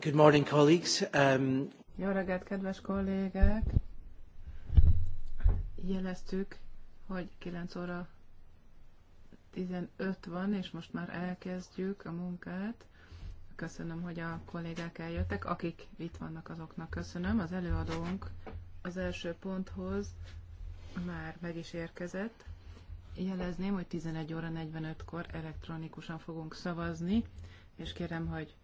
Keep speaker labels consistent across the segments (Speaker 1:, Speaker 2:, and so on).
Speaker 1: Good morning, colleagues. Um...
Speaker 2: Jó reggelt, kedves kollégák! Jeleztük, hogy 9 óra 15 van, és most már elkezdjük a munkát. Köszönöm, hogy a kollégák eljöttek. Akik itt vannak, azoknak köszönöm. Az előadónk az első ponthoz már meg is érkezett. Jelezném, hogy 11 óra 45-kor elektronikusan fogunk szavazni, és kérem, hogy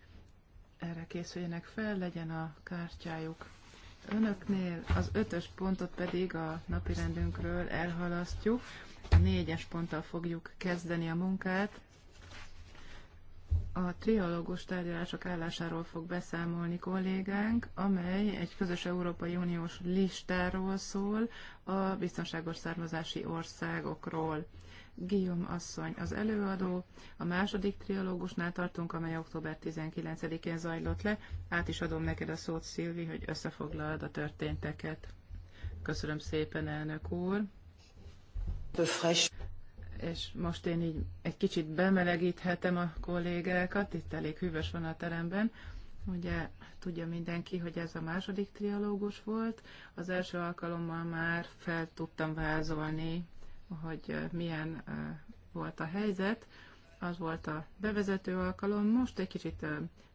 Speaker 2: erre készüljenek fel, legyen a kártyájuk önöknél, az ötös pontot pedig a napirendünkről elhalasztjuk, a négyes ponttal fogjuk kezdeni a munkát. A trialógus tárgyalások állásáról fog beszámolni kollégánk, amely egy közös Európai Uniós listáról szól a biztonságos származási országokról. Guillaume asszony az előadó. A második trialógusnál tartunk, amely október 19-én zajlott le. Át is adom neked a szót, Szilvi, hogy összefoglald a történteket. Köszönöm szépen, elnök úr. És most én így egy kicsit bemelegíthetem a kollégákat, itt elég hűvös van a teremben. Ugye tudja mindenki, hogy ez a második trialógus volt. Az első alkalommal már fel tudtam vázolni hogy milyen volt a helyzet. Az volt a bevezető alkalom. Most egy kicsit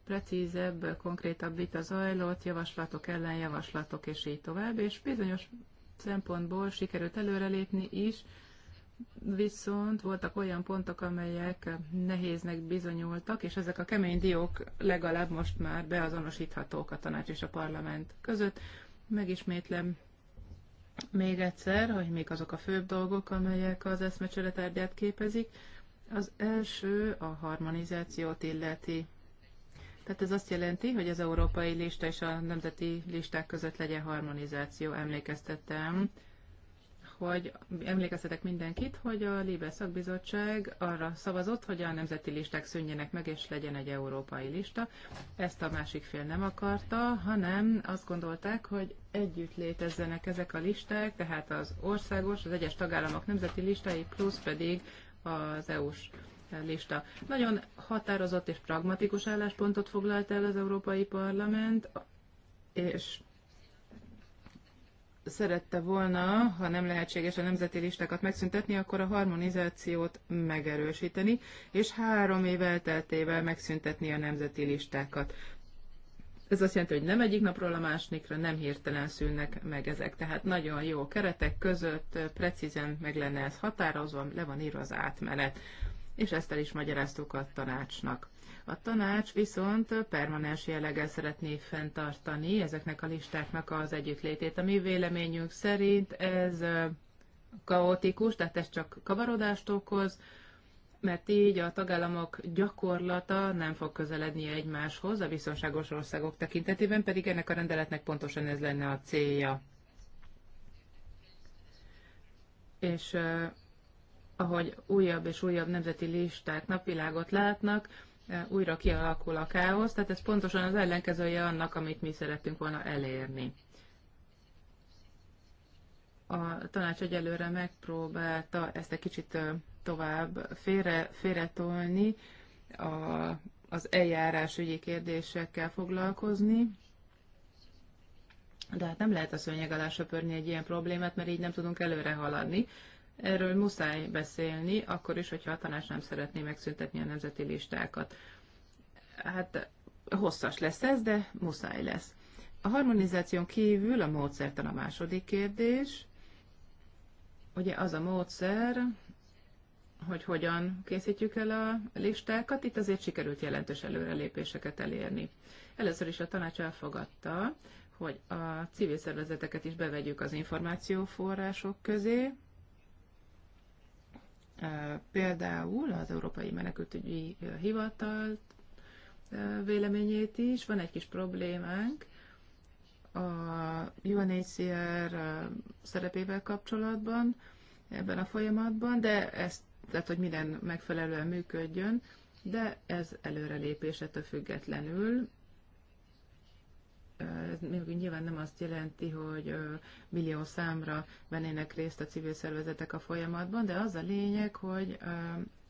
Speaker 2: precízebb, konkrétabb vita zajlott, javaslatok ellen javaslatok, és így tovább, és bizonyos szempontból sikerült előrelépni is, viszont voltak olyan pontok, amelyek nehéznek bizonyultak, és ezek a kemény diók legalább most már beazonosíthatók a tanács és a parlament között. Megismétlem még egyszer, hogy még azok a főbb dolgok, amelyek az eszmecsere tárgyát képezik. Az első a harmonizációt illeti. Tehát ez azt jelenti, hogy az európai lista és a nemzeti listák között legyen harmonizáció, emlékeztettem hogy emlékeztetek mindenkit, hogy a Libe szakbizottság arra szavazott, hogy a nemzeti listák szűnjenek meg, és legyen egy európai lista. Ezt a másik fél nem akarta, hanem azt gondolták, hogy együtt létezzenek ezek a listák, tehát az országos, az egyes tagállamok nemzeti listái, plusz pedig az EU-s lista. Nagyon határozott és pragmatikus álláspontot foglalt el az Európai Parlament, és szerette volna, ha nem lehetséges a nemzeti listákat megszüntetni, akkor a harmonizációt megerősíteni, és három év elteltével megszüntetni a nemzeti listákat. Ez azt jelenti, hogy nem egyik napról a másikra nem hirtelen szűnnek meg ezek. Tehát nagyon jó keretek között, precízen meg lenne ez határozva, le van írva az átmenet. És ezt el is magyaráztuk a tanácsnak. A tanács viszont permanens jelleggel szeretné fenntartani ezeknek a listáknak az együttlétét. A mi véleményünk szerint ez kaotikus, tehát ez csak kavarodást okoz, mert így a tagállamok gyakorlata nem fog közeledni egymáshoz, a biztonságos országok tekintetében pedig ennek a rendeletnek pontosan ez lenne a célja. És ahogy újabb és újabb nemzeti listák napvilágot látnak, újra kialakul a káosz, tehát ez pontosan az ellenkezője annak, amit mi szerettünk volna elérni. A tanács egyelőre megpróbálta ezt egy kicsit tovább félre, félretolni, a, az eljárás ügyi kérdésekkel foglalkozni, de hát nem lehet a szőnyeg alá söpörni egy ilyen problémát, mert így nem tudunk előre haladni. Erről muszáj beszélni, akkor is, hogyha a tanács nem szeretné megszüntetni a nemzeti listákat. Hát hosszas lesz ez, de muszáj lesz. A harmonizáción kívül a módszertan a második kérdés. Ugye az a módszer, hogy hogyan készítjük el a listákat, itt azért sikerült jelentős előrelépéseket elérni. Először is a tanács elfogadta, hogy a civil szervezeteket is bevegyük az információforrások közé, például az Európai Menekültügyi hivatal véleményét is. Van egy kis problémánk a UNHCR szerepével kapcsolatban ebben a folyamatban, de ezt, tehát hogy minden megfelelően működjön, de ez előrelépésetől függetlenül, ez még nyilván nem azt jelenti, hogy millió számra vennének részt a civil szervezetek a folyamatban, de az a lényeg, hogy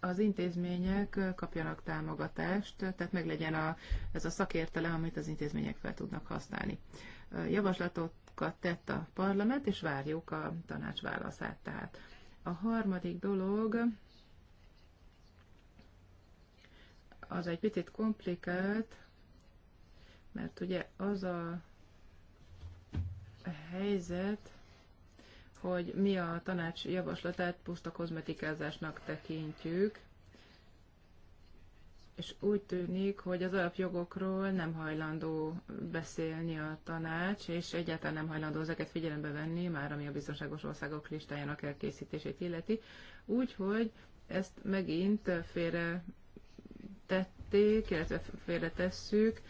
Speaker 2: az intézmények kapjanak támogatást, tehát meg legyen a, ez a szakértelem, amit az intézmények fel tudnak használni. Javaslatokat tett a parlament, és várjuk a tanács válaszát. Tehát a harmadik dolog, az egy picit komplikált, mert ugye az a helyzet, hogy mi a tanács javaslatát puszta kozmetikázásnak tekintjük, és úgy tűnik, hogy az alapjogokról nem hajlandó beszélni a tanács, és egyáltalán nem hajlandó ezeket figyelembe venni, már ami a biztonságos országok listájának elkészítését illeti. Úgyhogy ezt megint félre tették, illetve félre tesszük,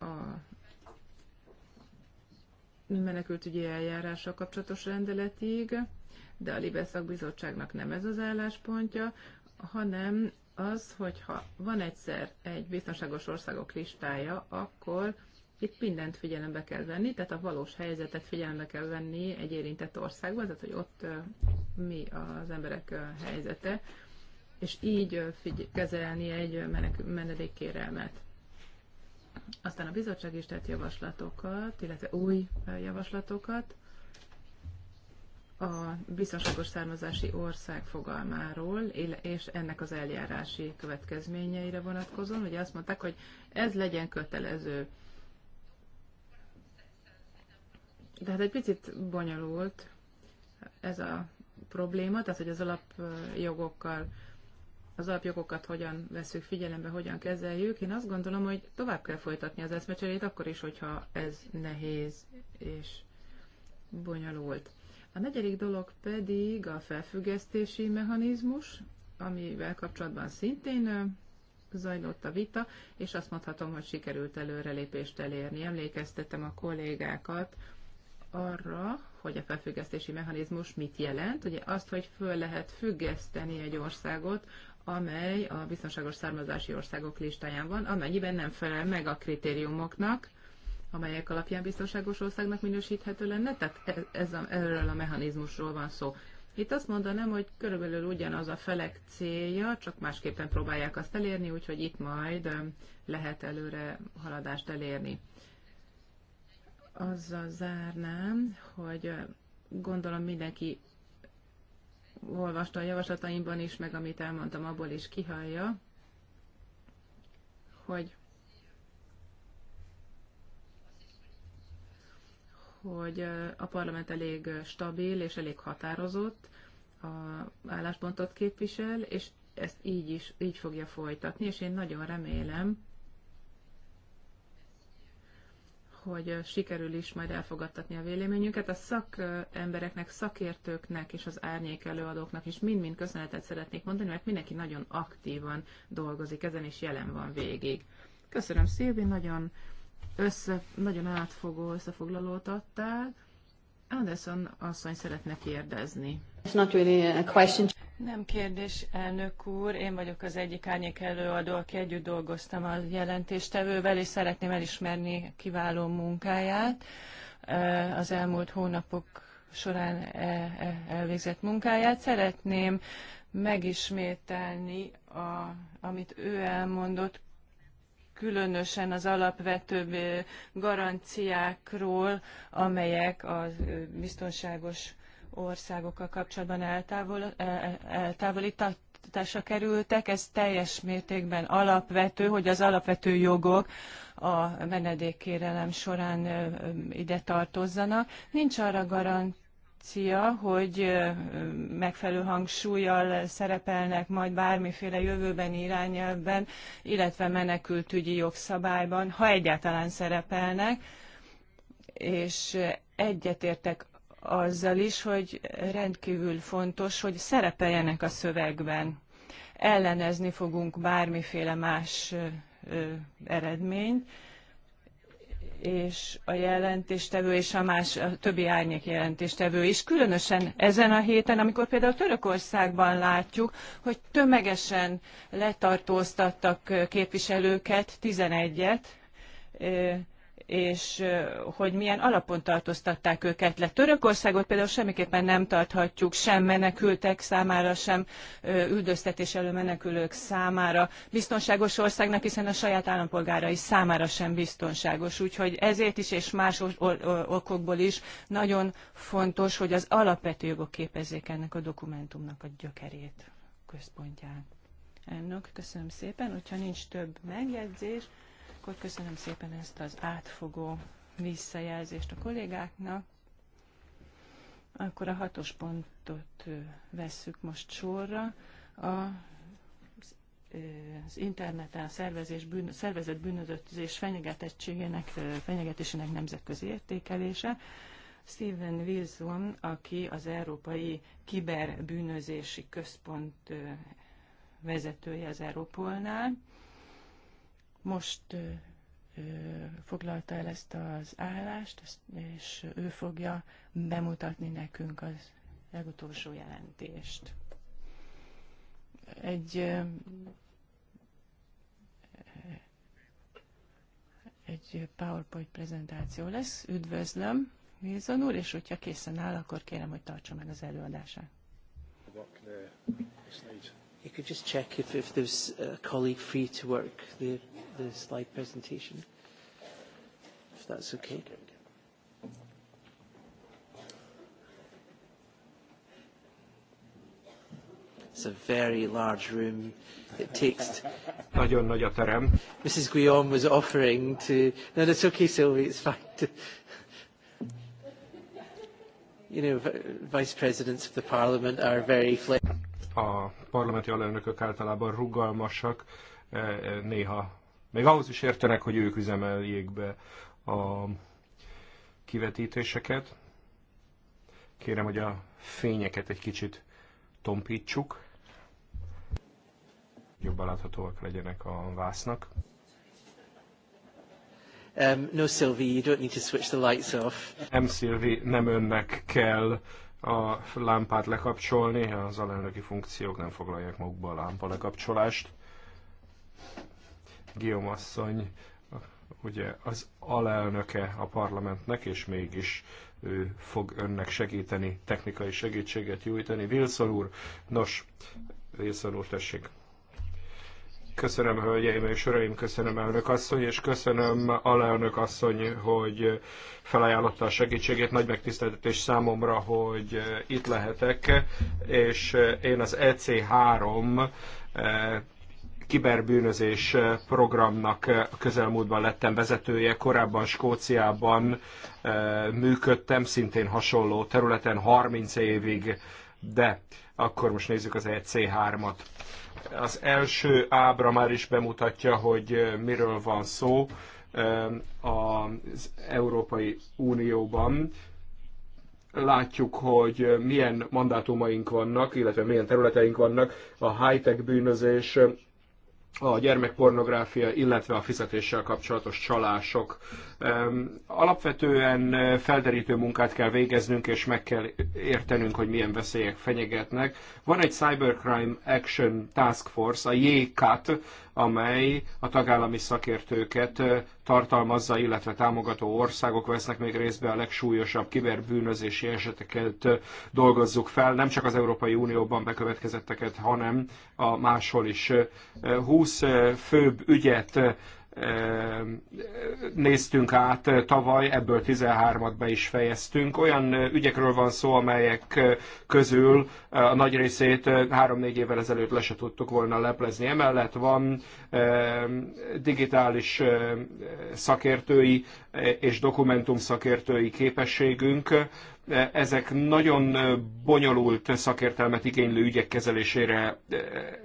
Speaker 2: a menekültügyi eljárással kapcsolatos rendeletig, de a Libe szakbizottságnak nem ez az álláspontja, hanem az, hogyha van egyszer egy biztonságos országok listája, akkor itt mindent figyelembe kell venni, tehát a valós helyzetet figyelembe kell venni egy érintett országban, tehát hogy ott mi az emberek helyzete, és így figy- kezelni egy menedékkérelmet. Aztán a bizottság is tett javaslatokat, illetve új eh, javaslatokat a biztonságos származási ország fogalmáról, és ennek az eljárási következményeire vonatkozóan. Ugye azt mondták, hogy ez legyen kötelező. De hát egy picit bonyolult ez a probléma, tehát hogy az alapjogokkal az alapjogokat hogyan veszük figyelembe, hogyan kezeljük. Én azt gondolom, hogy tovább kell folytatni az eszmecserét, akkor is, hogyha ez nehéz és bonyolult. A negyedik dolog pedig a felfüggesztési mechanizmus, amivel kapcsolatban szintén zajlott a vita, és azt mondhatom, hogy sikerült előrelépést elérni. Emlékeztetem a kollégákat arra, hogy a felfüggesztési mechanizmus mit jelent. Ugye azt, hogy föl lehet függeszteni egy országot amely a biztonságos származási országok listáján van, amennyiben nem felel meg a kritériumoknak, amelyek alapján biztonságos országnak minősíthető lenne, tehát e- ez a, erről a mechanizmusról van szó. Itt azt mondanám, hogy körülbelül ugyanaz a felek célja, csak másképpen próbálják azt elérni, úgyhogy itt majd lehet előre haladást elérni. Azzal zárnám, hogy gondolom mindenki olvasta a javaslataimban is, meg amit elmondtam, abból is kihallja, hogy hogy a parlament elég stabil és elég határozott a álláspontot képvisel, és ezt így is, így fogja folytatni, és én nagyon remélem, hogy sikerül is majd elfogadtatni a véleményünket. A szakembereknek, szakértőknek és az árnyék előadóknak is mind-mind köszönetet szeretnék mondani, mert mindenki nagyon aktívan dolgozik ezen, és jelen van végig. Köszönöm, Szilvi, nagyon, össze, nagyon átfogó összefoglalót adtál Anderson asszony szeretne kérdezni.
Speaker 3: It's not really a question. Nem kérdés, elnök úr. Én vagyok az egyik árnyék előadó, aki együtt dolgoztam a jelentéstevővel, és szeretném elismerni kiváló munkáját az elmúlt hónapok során e, e, elvégzett munkáját. Szeretném megismételni, a, amit ő elmondott, különösen az alapvetőbb garanciákról, amelyek a biztonságos országokkal kapcsolatban eltávol, e, e, eltávolítat, kerültek, ez teljes mértékben alapvető, hogy az alapvető jogok a menedékkérelem során ide tartozzanak. Nincs arra garant garancia, hogy megfelelő hangsúlyjal szerepelnek majd bármiféle jövőbeni irányelvben, illetve menekültügyi jogszabályban, ha egyáltalán szerepelnek, és egyetértek azzal is, hogy rendkívül fontos, hogy szerepeljenek a szövegben. Ellenezni fogunk bármiféle más eredményt, és a jelentéstevő és a más a többi árnyék jelentéstevő is. Különösen ezen a héten, amikor például Törökországban látjuk, hogy tömegesen letartóztattak képviselőket, 11-et, és hogy milyen alapon tartóztatták őket le. Törökországot például semmiképpen nem tarthatjuk sem menekültek számára, sem üldöztetés elő menekülők számára biztonságos országnak, hiszen a saját állampolgárai számára sem biztonságos. Úgyhogy ezért is és más okokból is nagyon fontos, hogy az alapvető jogok képezzék ennek a dokumentumnak a gyökerét központját. Elnök, köszönöm szépen. Hogyha nincs több megjegyzés, akkor köszönöm szépen ezt az átfogó visszajelzést a kollégáknak. Akkor a hatos pontot vesszük most sorra. A, az interneten a szervezés bűn, szervezett bűnözözés fenyegetettségének, fenyegetésének nemzetközi értékelése. Steven Wilson, aki az Európai Kiberbűnözési Központ vezetője az Európolnál most foglalta el ezt az állást, és ő fogja bemutatni nekünk az legutolsó jelentést. Egy egy PowerPoint prezentáció lesz. Üdvözlöm, Wilson úr, és hogyha készen áll, akkor kérem, hogy tartsa meg az előadását.
Speaker 1: Uh, You could just check if, if there's a colleague free to work the, the slide presentation, if that's okay. It's a very large room. It takes. Nagyon nagy a terem. Mrs. Guillaume was offering to. No, that's okay, Sylvie. It's fine. To... You know, vice presidents of the parliament
Speaker 4: are very flexible a parlamenti alelnökök általában rugalmasak, e, néha még ahhoz is értenek, hogy ők üzemeljék be a kivetítéseket. Kérem, hogy a fényeket egy kicsit tompítsuk. Jobban láthatóak legyenek a vásznak. Um, no, Sylvie, you don't need to switch the lights off. Nem, Sylvie, nem önnek kell a lámpát lekapcsolni, az alelnöki funkciók nem foglalják magukba a lámpa lekapcsolást. Guillaume asszony ugye az alelnöke a parlamentnek, és mégis ő fog önnek segíteni, technikai segítséget nyújtani. Wilson úr, nos, Wilson úr, tessék. Köszönöm, hölgyeim és uraim, köszönöm elnök asszony, és köszönöm alelnök asszony, hogy felajánlotta a segítségét. Nagy megtiszteltetés számomra, hogy itt lehetek, és én az EC3 eh, kiberbűnözés programnak a közelmúltban lettem vezetője, korábban Skóciában eh, működtem, szintén hasonló területen 30 évig, de akkor most nézzük az EC3-at. Az első ábra már is bemutatja, hogy miről van szó az Európai Unióban. Látjuk, hogy milyen mandátumaink vannak, illetve milyen területeink vannak. A high-tech bűnözés, a gyermekpornográfia, illetve a fizetéssel kapcsolatos csalások. Alapvetően felderítő munkát kell végeznünk, és meg kell értenünk, hogy milyen veszélyek fenyegetnek. Van egy Cybercrime Action Task Force, a JCAT, amely a tagállami szakértőket tartalmazza, illetve támogató országok vesznek még részbe a legsúlyosabb kiberbűnözési eseteket dolgozzuk fel, nem csak az Európai Unióban bekövetkezetteket, hanem a máshol is. 20 főbb ügyet néztünk át tavaly, ebből 13-at be is fejeztünk. Olyan ügyekről van szó, amelyek közül a nagy részét 3-4 évvel ezelőtt le se tudtuk volna leplezni. Emellett van digitális szakértői és dokumentum szakértői képességünk, ezek nagyon bonyolult szakértelmet igénylő ügyek kezelésére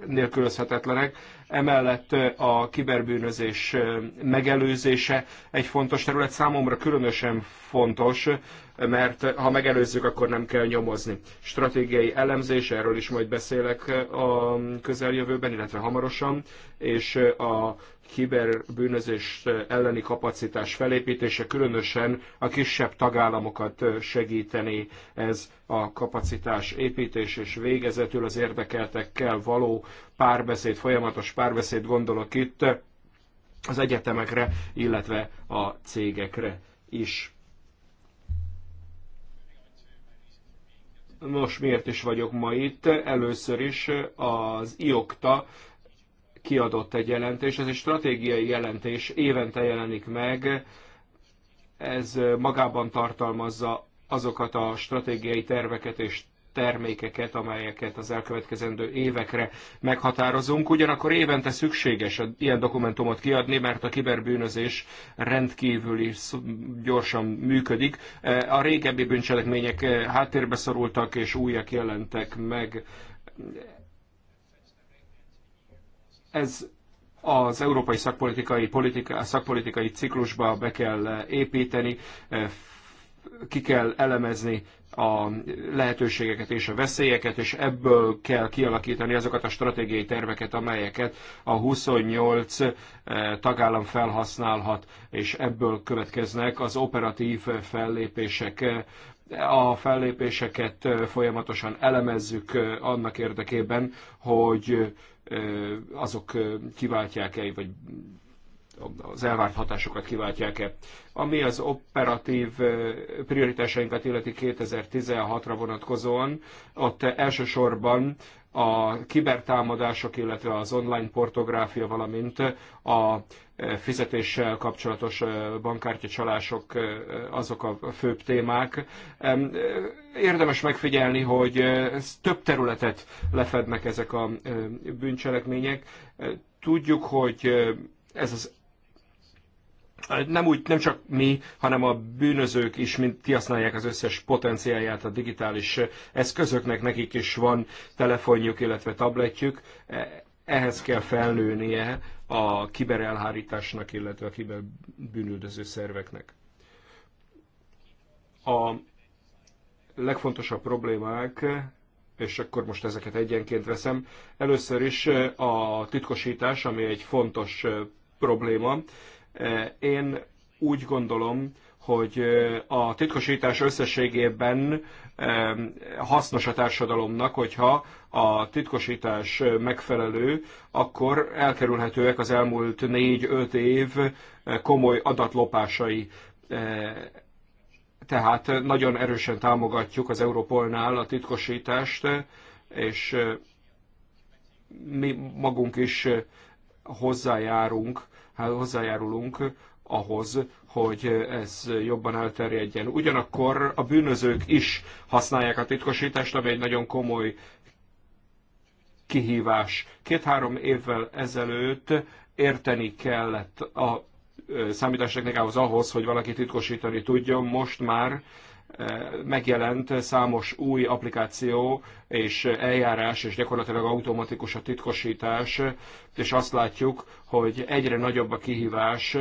Speaker 4: nélkülözhetetlenek. Emellett a kiberbűnözés megelőzése egy fontos terület, számomra különösen fontos, mert ha megelőzzük, akkor nem kell nyomozni. Stratégiai elemzés, erről is majd beszélek a közeljövőben, illetve hamarosan, és a kiberbűnözés elleni kapacitás felépítése, különösen a kisebb tagállamokat segíteni ez a kapacitás építés, és végezetül az érdekeltekkel való párbeszéd, folyamatos párbeszéd gondolok itt az egyetemekre, illetve a cégekre is. Most miért is vagyok ma itt? Először is az IOKTA kiadott egy jelentés, ez egy stratégiai jelentés, évente jelenik meg, ez magában tartalmazza azokat a stratégiai terveket és termékeket, amelyeket az elkövetkezendő évekre meghatározunk. Ugyanakkor évente szükséges ilyen dokumentumot kiadni, mert a kiberbűnözés rendkívüli gyorsan működik. Eh, a régebbi bűncselekmények eh, háttérbe szorultak, és újak jelentek meg ez az európai szakpolitikai, politika, szakpolitikai ciklusba be kell építeni, eh, ki kell elemezni a lehetőségeket és a veszélyeket, és ebből kell kialakítani azokat a stratégiai terveket, amelyeket a 28 eh, tagállam felhasználhat, és ebből következnek az operatív fellépések. A fellépéseket eh, folyamatosan elemezzük annak érdekében, hogy azok kiváltják-e, vagy az elvárt hatásokat kiváltják-e. Ami az operatív prioritásainkat illeti 2016-ra vonatkozóan, ott elsősorban a kibertámadások, illetve az online portográfia, valamint a fizetéssel kapcsolatos bankkártya csalások azok a főbb témák. Érdemes megfigyelni, hogy több területet lefednek ezek a bűncselekmények. Tudjuk, hogy ez az nem úgy, nem csak mi, hanem a bűnözők is mind kihasználják az összes potenciáját a digitális eszközöknek, nekik is van telefonjuk, illetve tabletjük, ehhez kell felnőnie, a kiberelhárításnak, illetve a kiberbűnöldöző szerveknek. A legfontosabb problémák, és akkor most ezeket egyenként veszem, először is a titkosítás, ami egy fontos probléma. Én úgy gondolom, hogy a titkosítás összességében hasznos a társadalomnak, hogyha a titkosítás megfelelő, akkor elkerülhetőek az elmúlt négy-öt év komoly adatlopásai. E, tehát nagyon erősen támogatjuk az Europolnál a titkosítást, és e, mi magunk is hozzájárunk, hát hozzájárulunk ahhoz, hogy ez jobban elterjedjen. Ugyanakkor a bűnözők is használják a titkosítást, ami egy nagyon komoly kihívás. Két-három évvel ezelőtt érteni kellett a számítástechnikához ahhoz, hogy valaki titkosítani tudjon. Most már megjelent számos új applikáció és eljárás, és gyakorlatilag automatikus a titkosítás, és azt látjuk, hogy egyre nagyobb a kihívás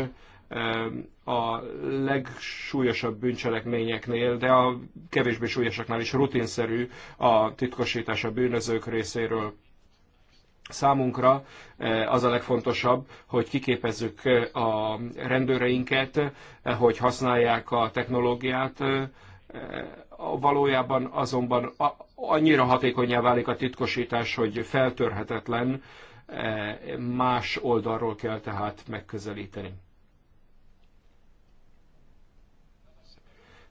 Speaker 4: a legsúlyosabb bűncselekményeknél, de a kevésbé súlyosaknál is rutinszerű a titkosítás a bűnözők részéről. Számunkra eh, az a legfontosabb, hogy kiképezzük eh, a rendőreinket, eh, hogy használják a technológiát, valójában azonban annyira hatékonyá válik a titkosítás, hogy feltörhetetlen, más oldalról kell tehát megközelíteni.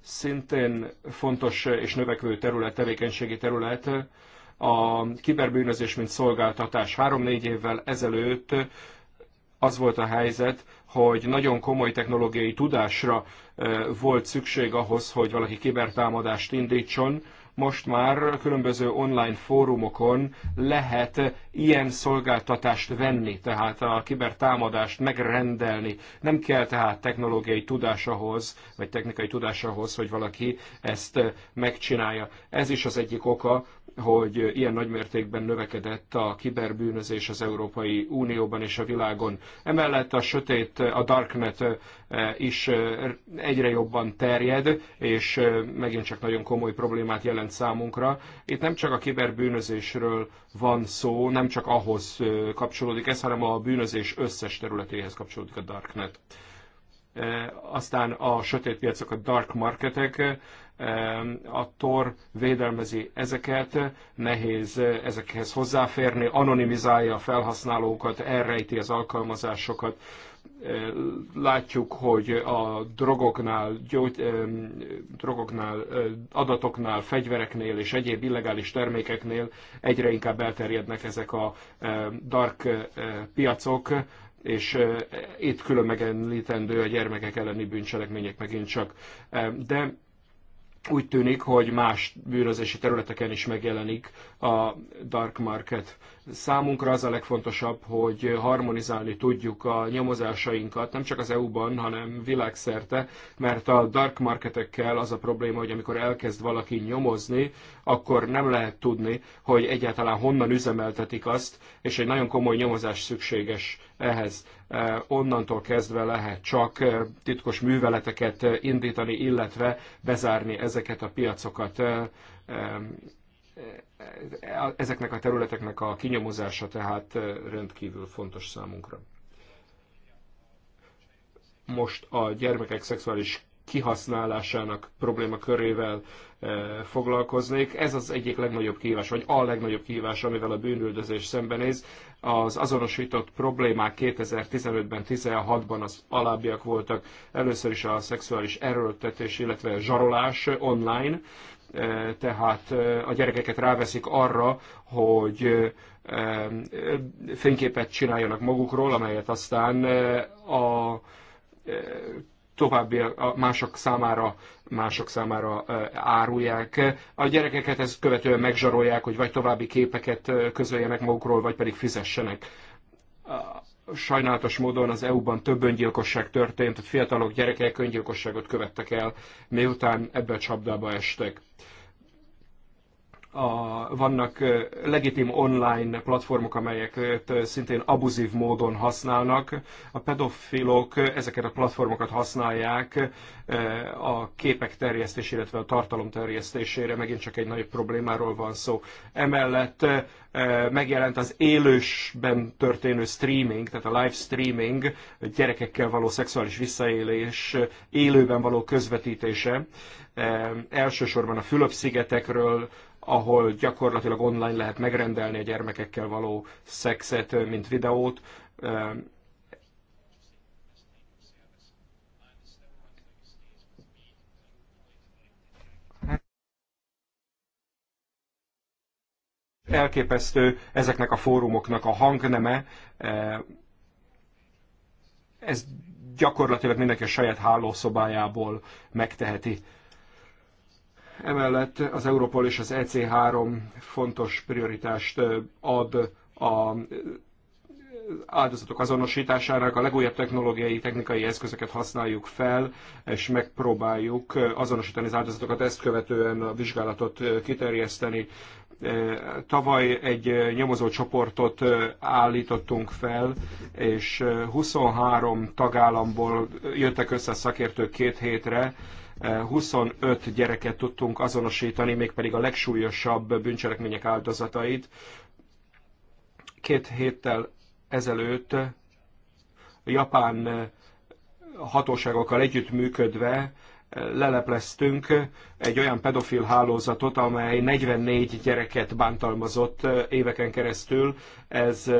Speaker 4: szintén fontos és növekvő terület, tevékenységi terület, a kiberbűnözés, mint szolgáltatás. Három-négy évvel ezelőtt az volt a helyzet, hogy nagyon komoly technológiai tudásra eh, volt szükség ahhoz, hogy valaki kibertámadást indítson, most már különböző online fórumokon lehet ilyen szolgáltatást venni, tehát a kibertámadást megrendelni. Nem kell tehát technológiai tudás ahhoz, vagy technikai tudás ahhoz, hogy valaki ezt megcsinálja. Ez is az egyik oka hogy ilyen nagymértékben növekedett a kiberbűnözés az Európai Unióban és a világon. Emellett a sötét, a darknet eh, is eh, egyre jobban terjed, és eh, megint csak nagyon komoly problémát jelent számunkra. Itt nem csak a kiberbűnözésről van szó, nem csak ahhoz kapcsolódik ez, hanem a bűnözés összes területéhez kapcsolódik a darknet aztán a sötét piacok, a dark marketek, a TOR védelmezi ezeket, nehéz ezekhez hozzáférni, anonimizálja a felhasználókat, elrejti az alkalmazásokat. Látjuk, hogy a drogoknál, gyógy, drogoknál, adatoknál, fegyvereknél és egyéb illegális termékeknél egyre inkább elterjednek ezek a dark piacok, és itt külön megemlítendő a gyermekek elleni bűncselekmények megint csak. De úgy tűnik, hogy más bűnözési területeken is megjelenik a dark market. Számunkra az a legfontosabb, hogy harmonizálni tudjuk a nyomozásainkat, nem csak az EU-ban, hanem világszerte, mert a dark marketekkel az a probléma, hogy amikor elkezd valaki nyomozni, akkor nem lehet tudni, hogy egyáltalán honnan üzemeltetik azt, és egy nagyon komoly nyomozás szükséges ehhez onnantól kezdve lehet csak titkos műveleteket indítani, illetve bezárni ezeket a piacokat. Ezeknek a területeknek a kinyomozása tehát rendkívül fontos számunkra. Most a gyermekek szexuális kihasználásának problémakörével eh, foglalkoznék. Ez az egyik legnagyobb kihívás, vagy a legnagyobb kihívás, amivel a bűnüldözés szembenéz. Az azonosított problémák 2015-ben, 16-ban az alábbiak voltak. Először is a szexuális erőltetés, illetve zsarolás online, eh, tehát eh, a gyerekeket ráveszik arra, hogy fényképet csináljanak magukról, amelyet aztán a további a mások számára mások számára árulják. A gyerekeket ez követően megzsarolják, hogy vagy további képeket közöljenek magukról, vagy pedig fizessenek. Sajnálatos módon az EU-ban több öngyilkosság történt, fiatalok, gyerekek öngyilkosságot követtek el, miután ebbe a csapdába estek a, vannak legitim online platformok, amelyeket szintén abuzív módon használnak. A pedofilok ezeket a platformokat használják a képek terjesztésére, illetve a tartalom terjesztésére. Megint csak egy nagy problémáról van szó. Emellett megjelent az élősben történő streaming, tehát a live streaming, gyerekekkel való szexuális visszaélés, élőben való közvetítése. Elsősorban a Fülöp-szigetekről ahol gyakorlatilag online lehet megrendelni a gyermekekkel való szexet, mint videót. Elképesztő ezeknek a fórumoknak a hangneme. Ez gyakorlatilag mindenki a saját hálószobájából megteheti. Emellett az Europol és az EC3 fontos prioritást ad a áldozatok azonosításának a legújabb technológiai, technikai eszközöket használjuk fel, és megpróbáljuk azonosítani az áldozatokat, ezt követően a vizsgálatot kiterjeszteni. Tavaly egy nyomozó csoportot állítottunk fel, és 23 tagállamból jöttek össze szakértők két hétre, 25 gyereket tudtunk azonosítani, mégpedig a legsúlyosabb bűncselekmények áldozatait. Két héttel ezelőtt a japán hatóságokkal együttműködve lelepleztünk egy olyan pedofil hálózatot, amely 44 gyereket bántalmazott éveken keresztül. Ez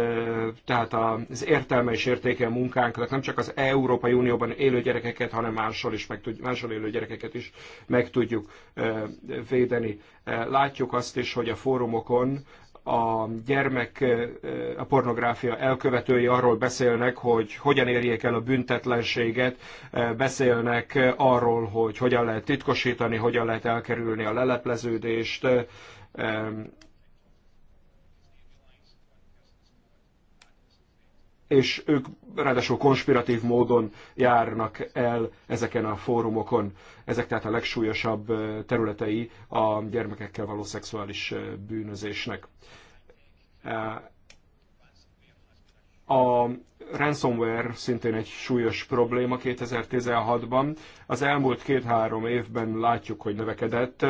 Speaker 4: tehát az értelme és értéke a munkánknak nem csak az Európai Unióban élő gyerekeket, hanem máshol, is meg tud, máshol élő gyerekeket is meg tudjuk védeni. Látjuk azt is, hogy a fórumokon a gyermek, a pornográfia elkövetői arról beszélnek, hogy hogyan érjék el a büntetlenséget, beszélnek arról, hogy hogyan lehet titkosítani, hogyan lehet elkerülni a lelepleződést, és ők ráadásul konspiratív módon járnak el ezeken a fórumokon. Ezek tehát a legsúlyosabb területei a gyermekekkel való szexuális bűnözésnek. A ransomware szintén egy súlyos probléma 2016-ban. Az elmúlt két-három évben látjuk, hogy növekedett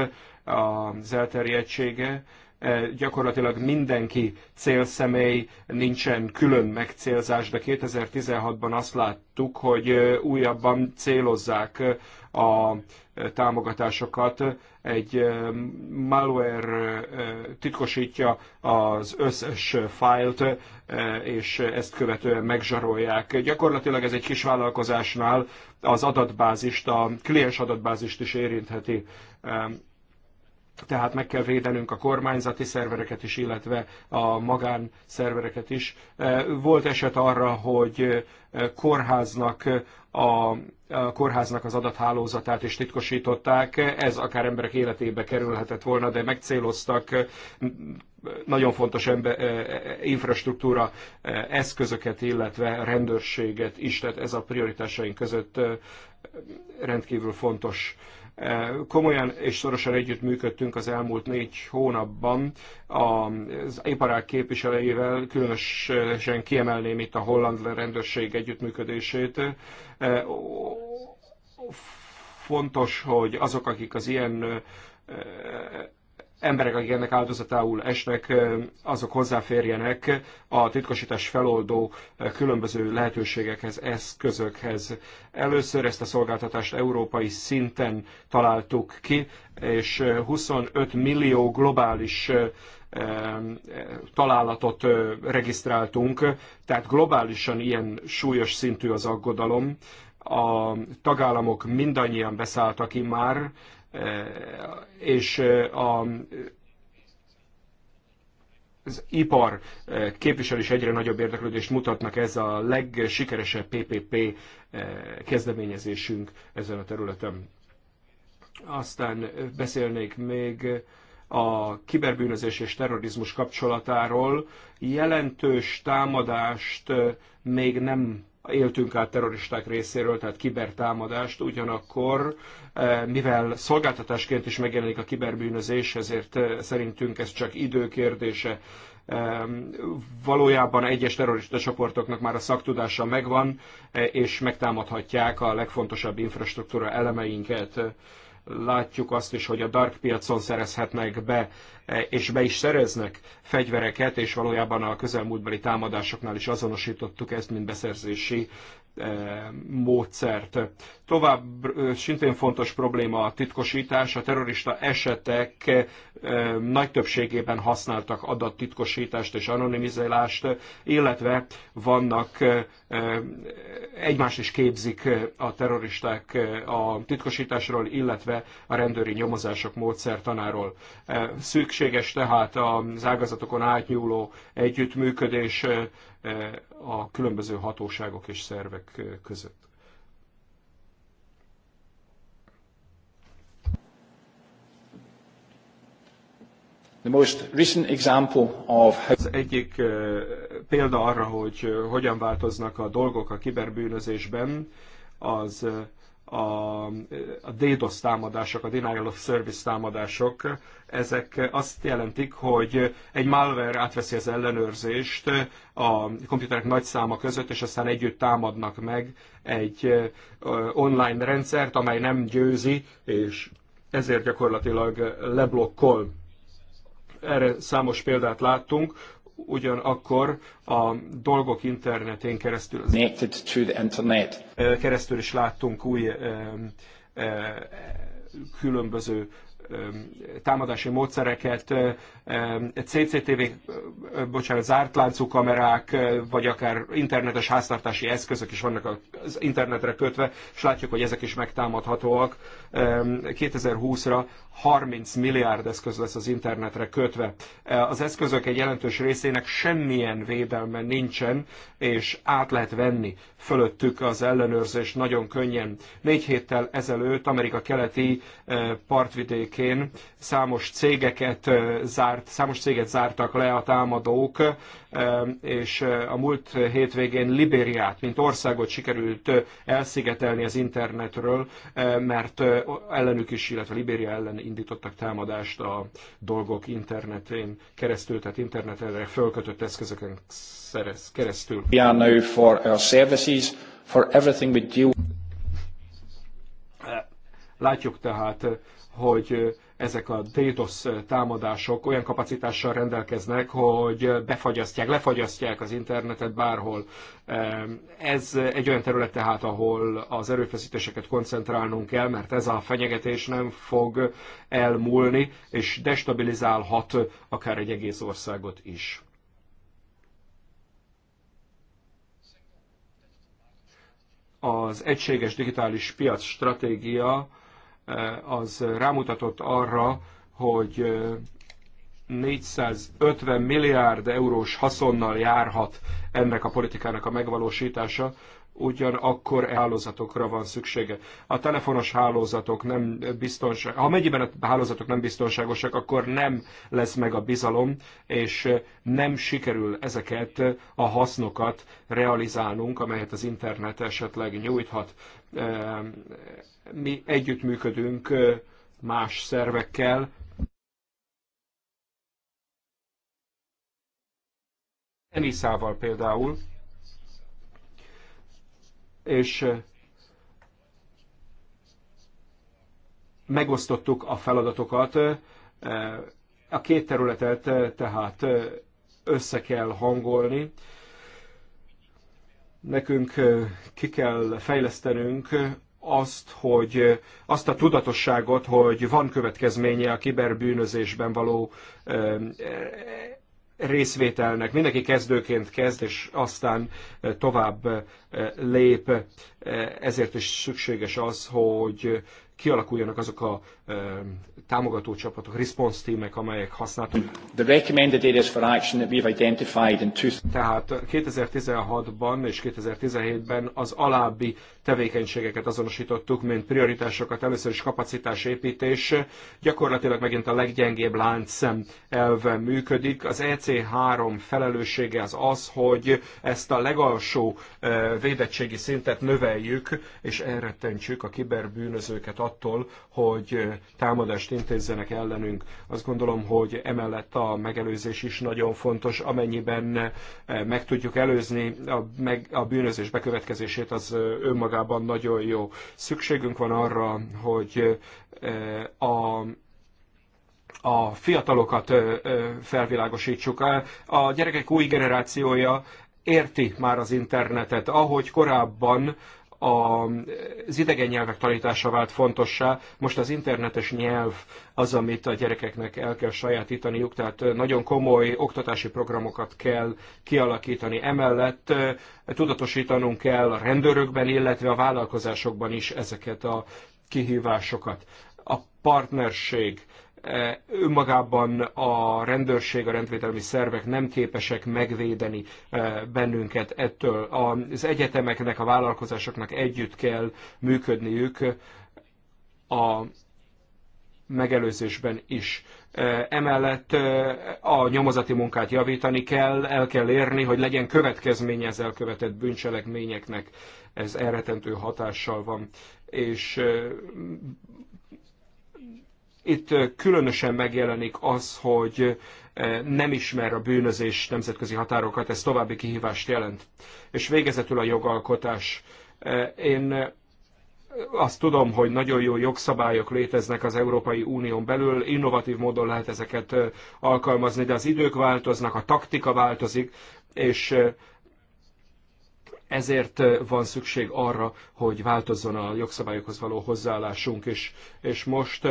Speaker 4: az elterjedtsége, E, gyakorlatilag mindenki célszemély, nincsen külön megcélzás, de 2016-ban azt láttuk, hogy e, újabban célozzák e, a támogatásokat. Egy malware titkosítja az összes fájlt, és ezt követően megzsarolják. Gyakorlatilag ez egy kis vállalkozásnál az adatbázist, a kliens adatbázist is érintheti tehát meg kell védenünk a kormányzati szervereket is, illetve a magán szervereket is. E, volt eset arra, hogy e, kórháznak a, a kórháznak az adathálózatát is titkosították. Ez akár emberek életébe kerülhetett volna, de megcéloztak e, nagyon fontos ember, infrastruktúra eszközöket, illetve rendőrséget is, tehát ez a prioritásaink között rendkívül fontos. E, komolyan és szorosan együttműködtünk az elmúlt négy hónapban az iparág képviselőivel, különösen kiemelném itt a holland rendőrség együttműködését e, fontos, hogy azok, akik az ilyen e, emberek, akik ennek áldozatául esnek, azok hozzáférjenek a titkosítás feloldó különböző lehetőségekhez, eszközökhez. Először ezt a szolgáltatást európai szinten találtuk ki, és 25 millió globális találatot regisztráltunk, tehát globálisan ilyen súlyos szintű az aggodalom. A tagállamok mindannyian beszálltak ki már, Eh, és eh, a, az ipar eh, képvisel is egyre nagyobb érdeklődést mutatnak, ez a legsikeresebb PPP kezdeményezésünk ezen a területen. Aztán beszélnék még a kiberbűnözés és terrorizmus kapcsolatáról. Jelentős támadást még nem éltünk át terroristák részéről, tehát kibertámadást, ugyanakkor eh, mivel szolgáltatásként is megjelenik a kiberbűnözés, ezért eh, szerintünk ez csak időkérdése. Eh, valójában egyes terrorista csoportoknak már a szaktudása megvan, és megtámadhatják a legfontosabb infrastruktúra elemeinket látjuk azt is, hogy a dark piacon szerezhetnek be, e, és be is szereznek fegyvereket, és valójában a közelmúltbeli támadásoknál is azonosítottuk ezt, mint beszerzési módszert. Tovább szintén fontos probléma a titkosítás. A terrorista esetek nagy többségében használtak adattitkosítást és anonimizálást, illetve vannak, egymást is képzik a terroristák a titkosításról, illetve a rendőri nyomozások módszertanáról. Szükséges tehát az ágazatokon átnyúló együttműködés a különböző hatóságok és szervek között. The most recent example of... Az egyik példa arra, hogy hogyan változnak a dolgok a kiberbűnözésben, az a, a DDoS támadások, a Denial of Service támadások, ezek azt jelentik, hogy egy malware átveszi az ellenőrzést a komputerek nagy száma között, és aztán együtt támadnak meg egy online rendszert, amely nem győzi, és ezért gyakorlatilag leblokkol erre számos példát láttunk ugyanakkor a dolgok internetén keresztül, internet. keresztül is láttunk új különböző támadási módszereket, CCTV, bocsánat, zárt láncú kamerák, vagy akár internetes háztartási eszközök is vannak az internetre kötve, és látjuk, hogy ezek is megtámadhatóak. 2020-ra 30 milliárd eszköz lesz az internetre kötve. E, az eszközök egy jelentős részének semmilyen védelme nincsen, és át lehet venni fölöttük az ellenőrzés nagyon könnyen. Négy héttel ezelőtt Amerika keleti e, partvidékén számos cégeket e, zárt, számos céget zártak le a támadók, Ehm, és eh, a múlt hétvégén Libériát, mint országot sikerült eh, elszigetelni az internetről, eh, mert ellenük is, illetve Libéria ellen indítottak támadást a dolgok internetén keresztül, tehát internetre fölkötött eszközöken keresztül. We are now for our services, for everything Látjuk tehát, hogy ezek a DDoS támadások olyan kapacitással rendelkeznek, hogy befagyasztják, lefagyasztják az internetet bárhol. Ez egy olyan terület tehát, ahol az erőfeszítéseket koncentrálnunk kell, mert ez a fenyegetés nem fog elmúlni, és destabilizálhat akár egy egész országot is. Az egységes digitális piac stratégia Eh, az rámutatott arra, hogy 450 eh, milliárd eurós haszonnal járhat ennek a politikának a megvalósítása, ugyanakkor e hálózatokra van szüksége. A telefonos hálózatok nem biztonságosak, ha mennyiben a hálózatok nem biztonságosak, akkor nem lesz meg a bizalom, és nem sikerül ezeket a hasznokat realizálnunk, amelyet az internet esetleg nyújthat. Ehm, mi együttműködünk más szervekkel, Enisával például, és megosztottuk a feladatokat. A két területet tehát össze kell hangolni. Nekünk ki kell fejlesztenünk azt, hogy azt a tudatosságot, hogy van következménye a kiberbűnözésben való részvételnek. Mindenki kezdőként kezd, és aztán eh, tovább eh, lép. Eh, ezért is szükséges az, hogy kialakuljanak azok a támogató csapatok, response teamek, amelyek használtak. The recommended areas for action that we've identified in two... Tehát 2016-ban és 2017-ben az alábbi tevékenységeket azonosítottuk, mint prioritásokat, először is kapacitásépítés, gyakorlatilag megint a leggyengébb láncszem elve működik. Az EC3 felelőssége az az, hogy ezt a legalsó védettségi szintet növeljük, és elrettentsük a kiberbűnözőket attól, hogy támadást intézzenek ellenünk. Azt gondolom, hogy emellett a megelőzés is nagyon fontos, amennyiben eh, meg tudjuk előzni a, meg, a bűnözés bekövetkezését, az eh, önmagában nagyon jó. Szükségünk van arra, hogy eh, a a fiatalokat felvilágosítsuk. A gyerekek új generációja érti már az internetet, ahogy korábban az idegen nyelvek tanítása vált fontossá. Most az internetes nyelv az, amit a gyerekeknek el kell sajátítaniuk, tehát nagyon komoly oktatási programokat kell kialakítani. Emellett tudatosítanunk kell a rendőrökben, illetve a vállalkozásokban is ezeket a kihívásokat. A partnerség önmagában a rendőrség, a rendvédelmi szervek nem képesek megvédeni bennünket ettől. Az egyetemeknek, a vállalkozásoknak együtt kell működniük a megelőzésben is. Emellett a nyomozati munkát javítani kell, el kell érni, hogy legyen következménye az elkövetett bűncselekményeknek. Ez elretentő hatással van. És itt különösen megjelenik az, hogy nem ismer a bűnözés nemzetközi határokat, ez további kihívást jelent. És végezetül a jogalkotás. Én azt tudom, hogy nagyon jó jogszabályok léteznek az Európai Unión belül, innovatív módon lehet ezeket alkalmazni, de az idők változnak, a taktika változik, és ezért van szükség arra, hogy változzon a jogszabályokhoz való hozzáállásunk, is. és most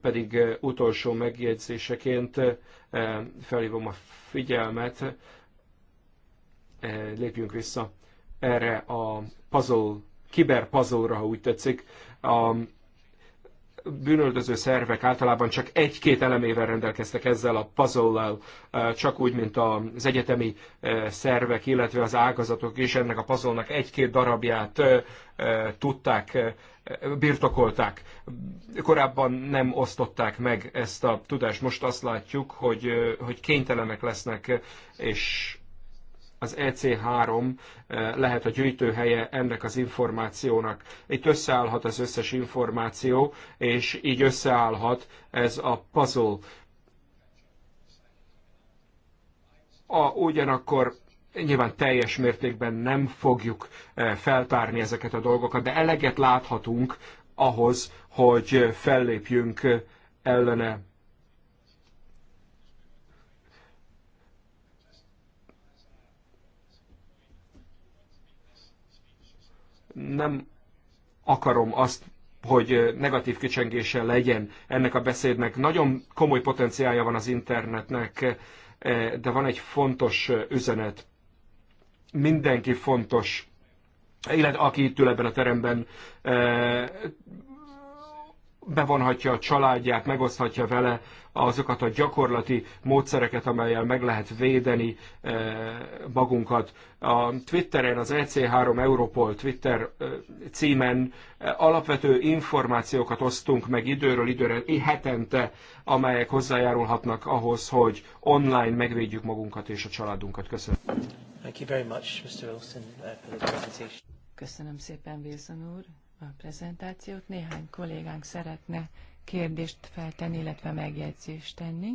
Speaker 4: pedig utolsó megjegyzéseként felhívom a figyelmet, lépjünk vissza erre a puzzle, kiberpuzzle-ra, ha úgy tetszik, a bűnöldöző szervek általában csak egy-két elemével rendelkeztek ezzel a puzzle csak úgy, mint az egyetemi szervek, illetve az ágazatok is ennek a puzzle egy-két darabját tudták, birtokolták. Korábban nem osztották meg ezt a tudást. Most azt látjuk, hogy, hogy kénytelenek lesznek, és az EC3 eh, lehet a gyűjtőhelye ennek az információnak. Itt összeállhat az összes információ, és így összeállhat ez a puzzle. A, ugyanakkor nyilván teljes mértékben nem fogjuk eh, feltárni ezeket a dolgokat, de eleget láthatunk ahhoz, hogy eh, fellépjünk ellene nem akarom azt, hogy negatív kicsengése legyen ennek a beszédnek. Nagyon komoly potenciálja van az internetnek, de van egy fontos üzenet. Mindenki fontos, illetve aki itt ül ebben a teremben, bevonhatja a családját, megoszthatja vele azokat a gyakorlati módszereket, amelyel meg lehet védeni eh, magunkat. A Twitteren, az EC3 Europol Twitter eh, címen eh, alapvető információkat osztunk meg időről időre, hetente, amelyek hozzájárulhatnak ahhoz, hogy online megvédjük magunkat és a családunkat. Köszönöm.
Speaker 3: Thank you very
Speaker 1: much, Mr. Olson, uh, for the presentation.
Speaker 3: Köszönöm szépen, Wilson úr, a prezentációt. Néhány kollégánk szeretne kérdést feltenni, illetve megjegyzést tenni.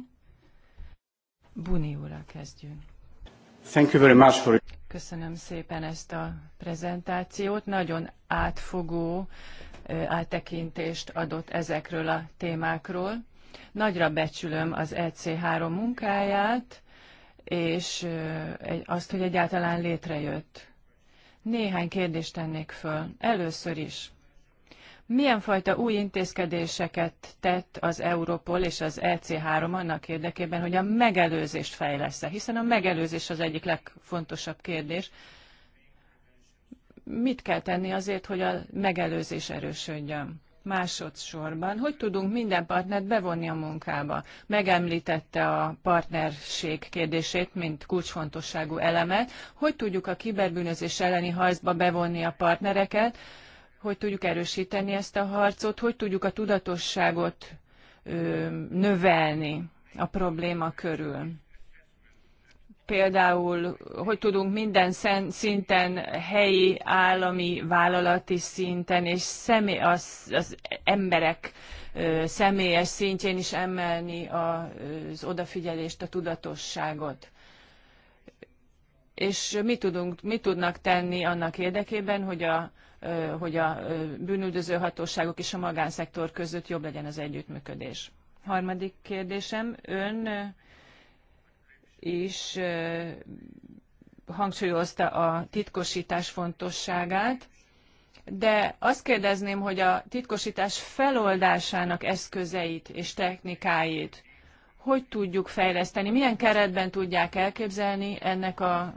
Speaker 3: Buni úrral kezdjünk.
Speaker 4: Thank you very much for
Speaker 3: Köszönöm szépen ezt a prezentációt. Nagyon átfogó áttekintést adott ezekről a témákról. Nagyra becsülöm az EC3 munkáját, és azt, hogy egyáltalán létrejött. Néhány kérdést tennék föl. Először is, milyen fajta új intézkedéseket tett az Europol és az EC3 annak érdekében, hogy a megelőzést fejlesz-e? Hiszen a megelőzés az egyik legfontosabb kérdés. Mit kell tenni azért, hogy a megelőzés erősödjön? másodszorban, hogy tudunk minden partnert bevonni a munkába. Megemlítette a partnerség kérdését, mint kulcsfontosságú elemet, hogy tudjuk a kiberbűnözés elleni harcba bevonni a partnereket, hogy tudjuk erősíteni ezt a harcot, hogy tudjuk a tudatosságot növelni a probléma körül. Például, hogy tudunk minden szinten, helyi, állami, vállalati szinten és személy, az, az emberek személyes szintjén is emelni az odafigyelést, a tudatosságot és mit, tudunk, mit tudnak tenni annak érdekében, hogy a hogy a bűnüldöző hatóságok és a magánszektor között jobb legyen az együttműködés. Harmadik kérdésem, ön is hangsúlyozta a titkosítás fontosságát, de azt kérdezném, hogy a titkosítás feloldásának eszközeit és technikáit hogy tudjuk fejleszteni, milyen keretben tudják elképzelni ennek a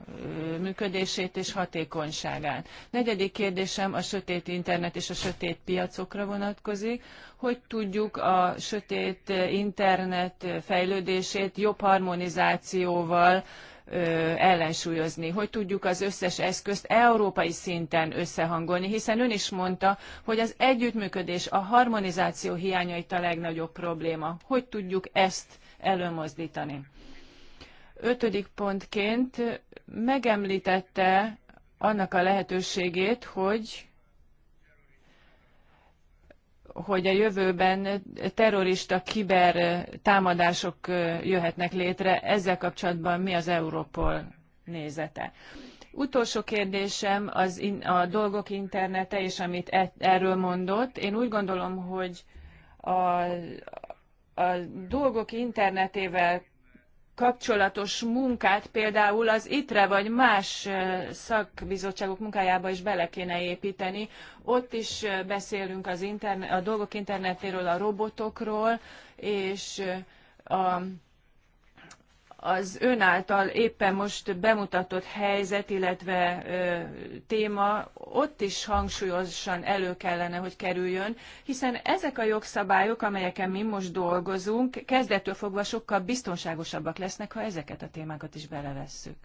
Speaker 3: működését és hatékonyságát. Negyedik kérdésem a sötét internet és a sötét piacokra vonatkozik. Hogy tudjuk a sötét internet fejlődését jobb harmonizációval ellensúlyozni, hogy tudjuk az összes eszközt európai szinten összehangolni, hiszen ön is mondta, hogy az együttműködés, a harmonizáció hiánya itt a legnagyobb probléma. Hogy tudjuk ezt előmozdítani. Ötödik pontként megemlítette annak a lehetőségét, hogy hogy a jövőben terrorista kiber támadások jöhetnek létre. Ezzel kapcsolatban mi az Európol nézete? Utolsó kérdésem az in, a dolgok internete, és amit e, erről mondott. Én úgy gondolom, hogy a, a dolgok internetével kapcsolatos munkát például az ITRE vagy más szakbizottságok munkájába is bele kéne építeni. Ott is beszélünk az interne- a dolgok internetéről, a robotokról, és a az ön által éppen most bemutatott helyzet, illetve ö, téma ott is hangsúlyosan elő kellene, hogy kerüljön, hiszen ezek a jogszabályok, amelyeken mi most dolgozunk, kezdettől fogva sokkal biztonságosabbak lesznek, ha ezeket a témákat is belevesszük.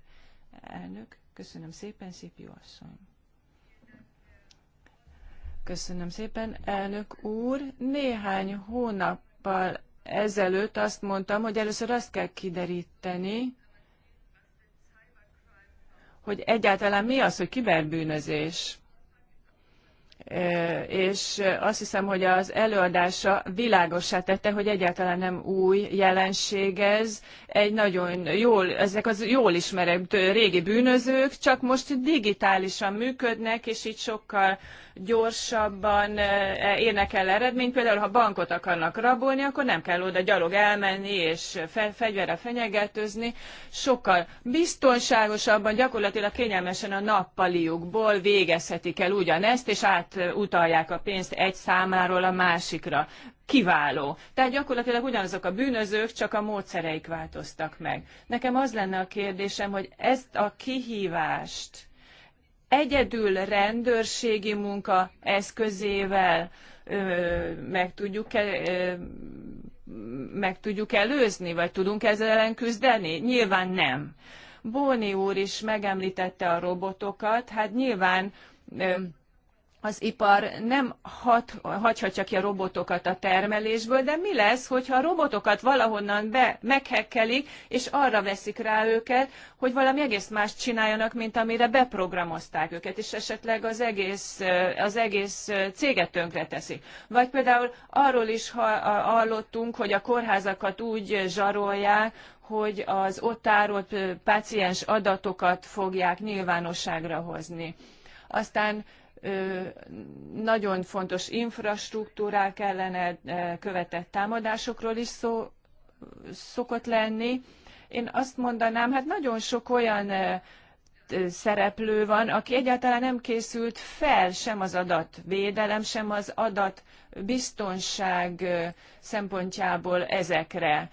Speaker 3: Elnök, köszönöm szépen, jó asszony. Köszönöm szépen, elnök úr. Néhány hónappal ezelőtt azt mondtam, hogy először azt kell kideríteni, hogy egyáltalán mi az, hogy kiberbűnözés. És azt hiszem, hogy az előadása világosá tette, hogy egyáltalán nem új jelenség ez, egy nagyon jól, ezek az jól ismerett régi bűnözők, csak most digitálisan működnek, és így sokkal gyorsabban eh, érnek el eredményt. Például, ha bankot akarnak rabolni, akkor nem kell oda gyalog elmenni és fe, fegyverre fenyegetőzni. Sokkal biztonságosabban, gyakorlatilag kényelmesen a nappaliukból végezhetik el ugyanezt, és átutalják a pénzt egy számáról a másikra kiváló. Tehát gyakorlatilag ugyanazok a bűnözők, csak a módszereik változtak meg. Nekem az lenne a kérdésem, hogy ezt a kihívást egyedül rendőrségi munka eszközével ö, meg tudjuk e, ö, meg tudjuk előzni, vagy tudunk ezzel ellen küzdeni? Nyilván nem. Bóni úr is megemlítette a robotokat, hát nyilván ö, az ipar nem hat, hagyhatja ki a robotokat a termelésből, de mi lesz, hogyha a robotokat valahonnan be, meghekkelik, és arra veszik rá őket, hogy valami egész más csináljanak, mint amire beprogramozták őket, és esetleg az egész, az egész céget tönkre teszik. Vagy például arról is hallottunk, hogy a kórházakat úgy zsarolják, hogy az ott tárolt páciens adatokat fogják nyilvánosságra hozni. Aztán nagyon fontos infrastruktúrák ellen követett támadásokról is szó szokott lenni. Én azt mondanám, hát nagyon sok olyan szereplő van, aki egyáltalán nem készült fel sem az adatvédelem, sem az adatbiztonság szempontjából ezekre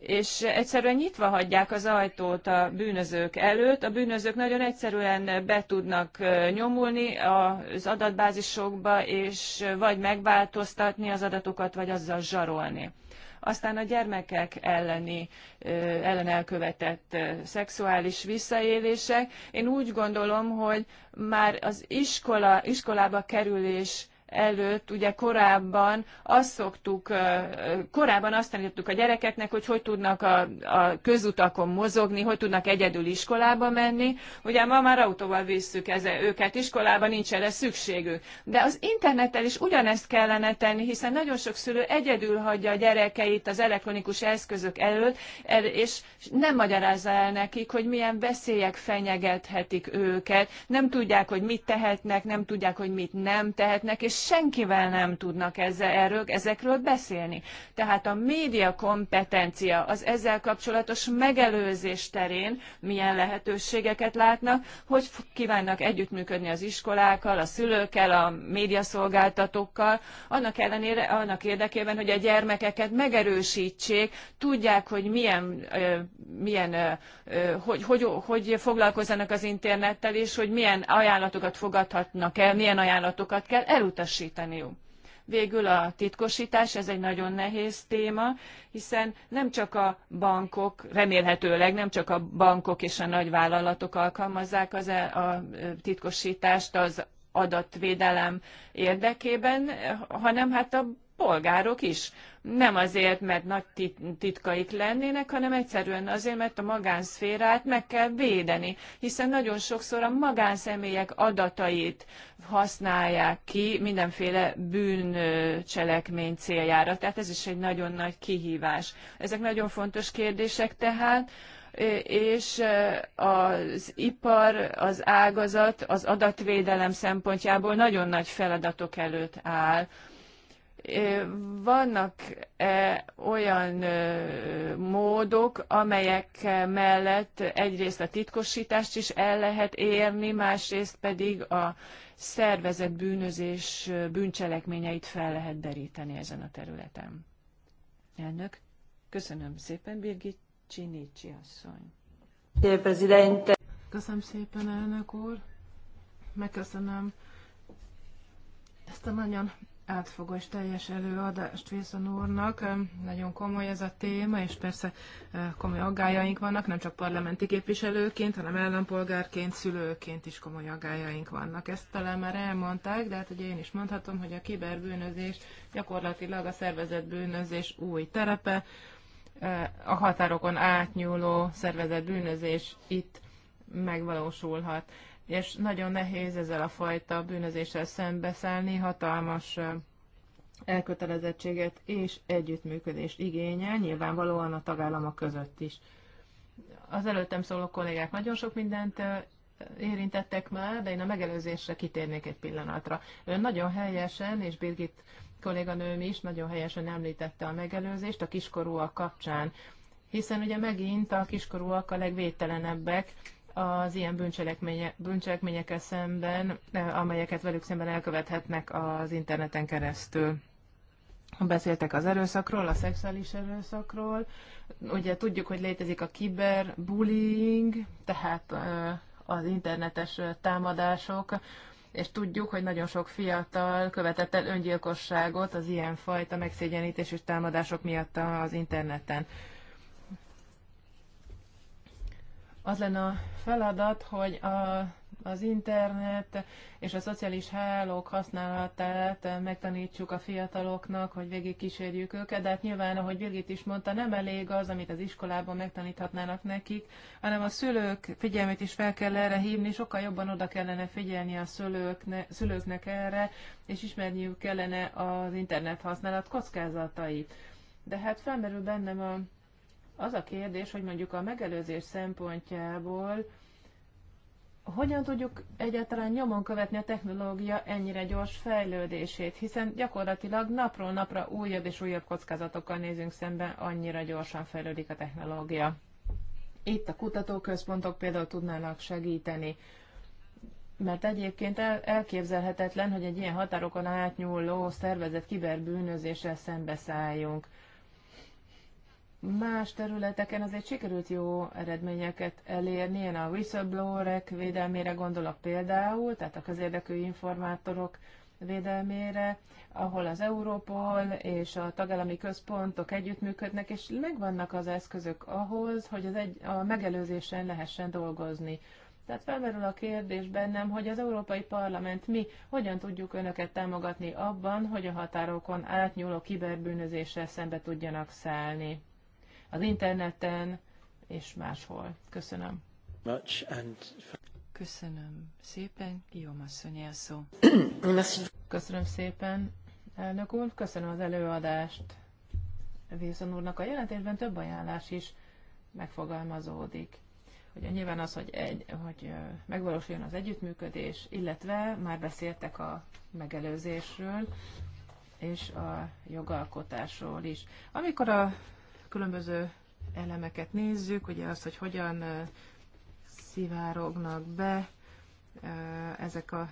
Speaker 3: és egyszerűen nyitva hagyják az ajtót a bűnözők előtt. A bűnözők nagyon egyszerűen be tudnak nyomulni az adatbázisokba, és vagy megváltoztatni az adatokat, vagy azzal zsarolni. Aztán a gyermekek elleni, ellen elkövetett szexuális visszaélések. Én úgy gondolom, hogy már az iskola, iskolába kerülés előtt, ugye korábban azt szoktuk, korábban azt tanítottuk a gyerekeknek, hogy hogy tudnak a, a közutakon mozogni, hogy tudnak egyedül iskolába menni. Ugye ma már autóval visszük eze, őket iskolába, nincs erre szükségük. De az internettel is ugyanezt kellene tenni, hiszen nagyon sok szülő egyedül hagyja a gyerekeit az elektronikus eszközök előtt, er, és nem magyarázza el nekik, hogy milyen veszélyek fenyegethetik őket, nem tudják, hogy mit tehetnek, nem tudják, hogy mit nem tehetnek, és és senkivel nem tudnak ezzel, erről, ezekről beszélni. Tehát a média kompetencia az ezzel kapcsolatos megelőzés terén milyen lehetőségeket látnak, hogy kívánnak együttműködni az iskolákkal, a szülőkkel, a médiaszolgáltatókkal, annak ellenére, annak érdekében, hogy a gyermekeket megerősítsék, tudják, hogy milyen, milyen hogy, hogy, hogy foglalkozzanak az internettel, és hogy milyen ajánlatokat fogadhatnak el, milyen ajánlatokat kell elutasítani biztosítaniuk. Végül a titkosítás, ez egy nagyon nehéz téma, hiszen nem csak a bankok, remélhetőleg nem csak a bankok és a nagyvállalatok alkalmazzák az e- a titkosítást az adatvédelem érdekében, hanem hát a polgárok is. Nem azért, mert nagy titkaik lennének, hanem egyszerűen azért, mert a magánszférát meg kell védeni, hiszen nagyon sokszor a magánszemélyek adatait használják ki mindenféle bűncselekmény céljára. Tehát ez is egy nagyon nagy kihívás. Ezek nagyon fontos kérdések tehát és az ipar, az ágazat, az adatvédelem szempontjából nagyon nagy feladatok előtt áll vannak-e olyan módok, amelyek mellett egyrészt a titkosítást is el lehet érni, másrészt pedig a szervezett bűnözés bűncselekményeit fel lehet deríteni ezen a területen? Elnök, köszönöm szépen, Birgit Csinicsi asszony.
Speaker 2: Köszönöm szépen, elnök úr. Megköszönöm ezt a nagyon átfogó és teljes előadást Wilson úrnak. Nagyon komoly ez a téma, és persze komoly aggájaink vannak, nem csak parlamenti képviselőként, hanem ellenpolgárként, szülőként is komoly aggájaink vannak. Ezt talán már elmondták, de hát ugye én is mondhatom, hogy a kiberbűnözés gyakorlatilag a szervezett bűnözés új terepe, a határokon átnyúló szervezett bűnözés itt megvalósulhat és nagyon nehéz ezzel a fajta bűnözéssel szembeszállni, hatalmas elkötelezettséget és együttműködést igényel, nyilvánvalóan a tagállamok között is. Az előttem szóló kollégák nagyon sok mindent érintettek már, de én a megelőzésre kitérnék egy pillanatra. Ön nagyon helyesen, és Birgit kolléganőm is nagyon helyesen említette a megelőzést a kiskorúak kapcsán, hiszen ugye megint a kiskorúak a legvételenebbek, az ilyen bűncselekménye, bűncselekményekkel szemben, eh, amelyeket velük szemben elkövethetnek az interneten keresztül. Beszéltek az erőszakról, a szexuális erőszakról. Ugye tudjuk, hogy létezik a kiberbullying, tehát eh, az internetes támadások, és tudjuk, hogy nagyon sok fiatal követett el öngyilkosságot az ilyenfajta megszégyenítés és támadások miatt az interneten. az lenne a feladat, hogy a, az internet és a szociális hálók használatát megtanítsuk a fiataloknak, hogy végig kísérjük őket, de hát nyilván, ahogy Birgit is mondta, nem elég az, amit az iskolában megtaníthatnának nekik, hanem a szülők figyelmét is fel kell erre hívni, sokkal jobban oda kellene figyelni a szülőkne, szülőknek erre, és ismerniük kellene az internet használat kockázatait. De hát felmerül bennem a az a kérdés, hogy mondjuk a megelőzés szempontjából hogyan tudjuk egyáltalán nyomon követni a technológia ennyire gyors fejlődését, hiszen gyakorlatilag napról napra újabb és újabb kockázatokkal nézünk szemben, annyira gyorsan fejlődik a technológia. Itt a kutatóközpontok például tudnának segíteni, mert egyébként elképzelhetetlen, hogy egy ilyen határokon átnyúló szervezet kiberbűnözéssel szembeszálljunk. Más területeken azért sikerült jó eredményeket elérni, én a whistleblowerek védelmére gondolok például, tehát a közérdekű informátorok védelmére, ahol az Európol és a tagállami központok együttműködnek, és megvannak az eszközök ahhoz, hogy az egy, a megelőzésen lehessen dolgozni. Tehát felmerül a kérdés bennem, hogy az Európai Parlament mi hogyan tudjuk önöket támogatni abban, hogy a határokon átnyúló kiberbűnözéssel szembe tudjanak szállni az interneten
Speaker 3: és máshol. Köszönöm. Köszönöm szépen, Guillaume asszony szó. Köszönöm szépen, elnök úr,
Speaker 2: köszönöm az előadást Wilson úrnak. A jelentésben több ajánlás is megfogalmazódik. Ugye nyilván az, hogy, egy, hogy megvalósuljon az együttműködés, illetve már beszéltek a megelőzésről és a jogalkotásról is. Amikor a különböző elemeket nézzük, ugye azt, hogy hogyan szivárognak be ezek a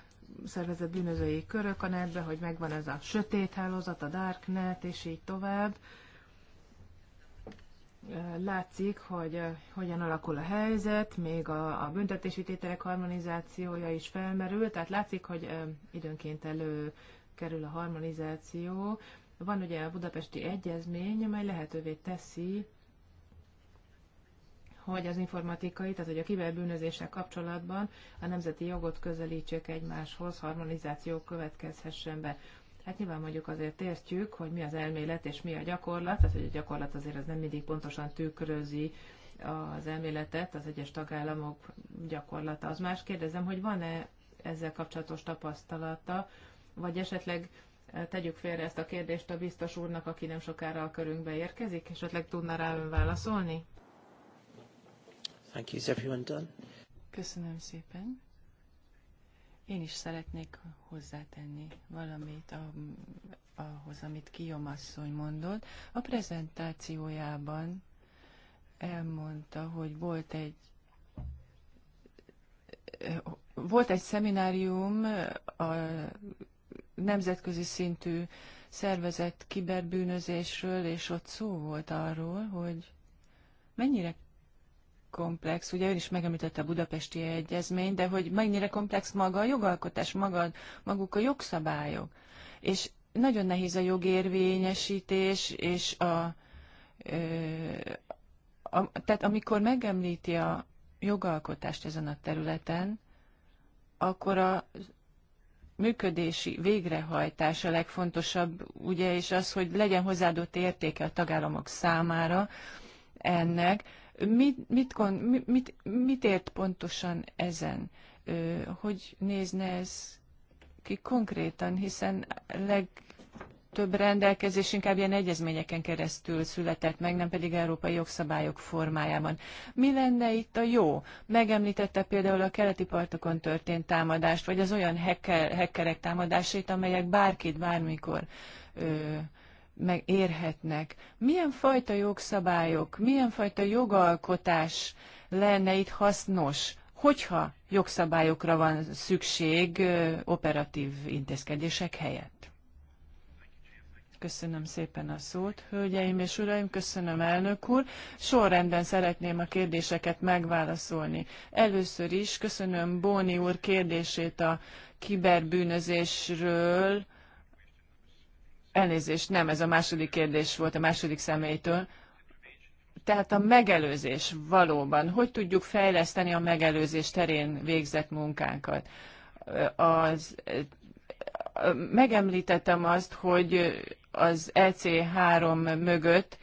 Speaker 2: szervezett bűnözői körök a netbe, hogy megvan ez a sötét hálózat, a darknet, és így tovább. Látszik, hogy hogyan alakul a helyzet, még a, a büntetési tételek harmonizációja is felmerül, tehát látszik, hogy időnként elő kerül a harmonizáció, van ugye a budapesti egyezmény, amely lehetővé teszi, hogy az informatikai, tehát hogy a kiberbűnözéssel kapcsolatban a nemzeti jogot közelítsék egymáshoz, harmonizáció következhessen be. Hát nyilván mondjuk azért értjük, hogy mi az elmélet és mi a gyakorlat, tehát hogy a gyakorlat azért az nem mindig pontosan tükrözi az elméletet, az egyes tagállamok gyakorlata. Az más kérdezem, hogy van-e ezzel kapcsolatos tapasztalata, vagy esetleg tegyük félre ezt a kérdést a biztos úrnak, aki nem sokára a körünkbe érkezik, esetleg tudna rá ön válaszolni?
Speaker 1: Thank you, everyone done.
Speaker 3: Köszönöm szépen. Én is szeretnék hozzátenni valamit a, ahhoz, amit Kijom asszony mondott. A prezentációjában elmondta, hogy volt egy eh, volt egy szeminárium a nemzetközi szintű szervezett kiberbűnözésről, és ott szó volt arról, hogy mennyire komplex, ugye ön is megemlítette a budapesti egyezményt, de hogy mennyire komplex maga a jogalkotás, maga, maguk a jogszabályok. És nagyon nehéz a jogérvényesítés, és a, a, a, tehát amikor megemlíti a jogalkotást ezen a területen, akkor a működési végrehajtás a legfontosabb, ugye, és az, hogy legyen hozzáadott értéke a tagállamok számára ennek. Mit, mit, mit, mit ért pontosan ezen? Hogy nézne ez ki konkrétan, hiszen leg, több rendelkezés inkább ilyen egyezményeken keresztül született meg, nem pedig európai jogszabályok formájában. Mi lenne itt a jó? Megemlítette például a keleti partokon történt támadást, vagy az olyan hacker, hackerek támadásait, amelyek bárkit bármikor ö, megérhetnek. Milyen fajta jogszabályok, milyen fajta jogalkotás lenne itt hasznos, hogyha jogszabályokra van szükség ö, operatív intézkedések helyett? Köszönöm szépen a szót. Hölgyeim és uraim, köszönöm elnök úr. Sorrendben szeretném a kérdéseket megválaszolni. Először is köszönöm Bóni úr kérdését a kiberbűnözésről. Elnézést, nem, ez a második kérdés volt a második személytől tehát a megelőzés valóban, hogy tudjuk fejleszteni a megelőzés terén végzett munkánkat. Az, megemlítettem azt, hogy az EC3 mögött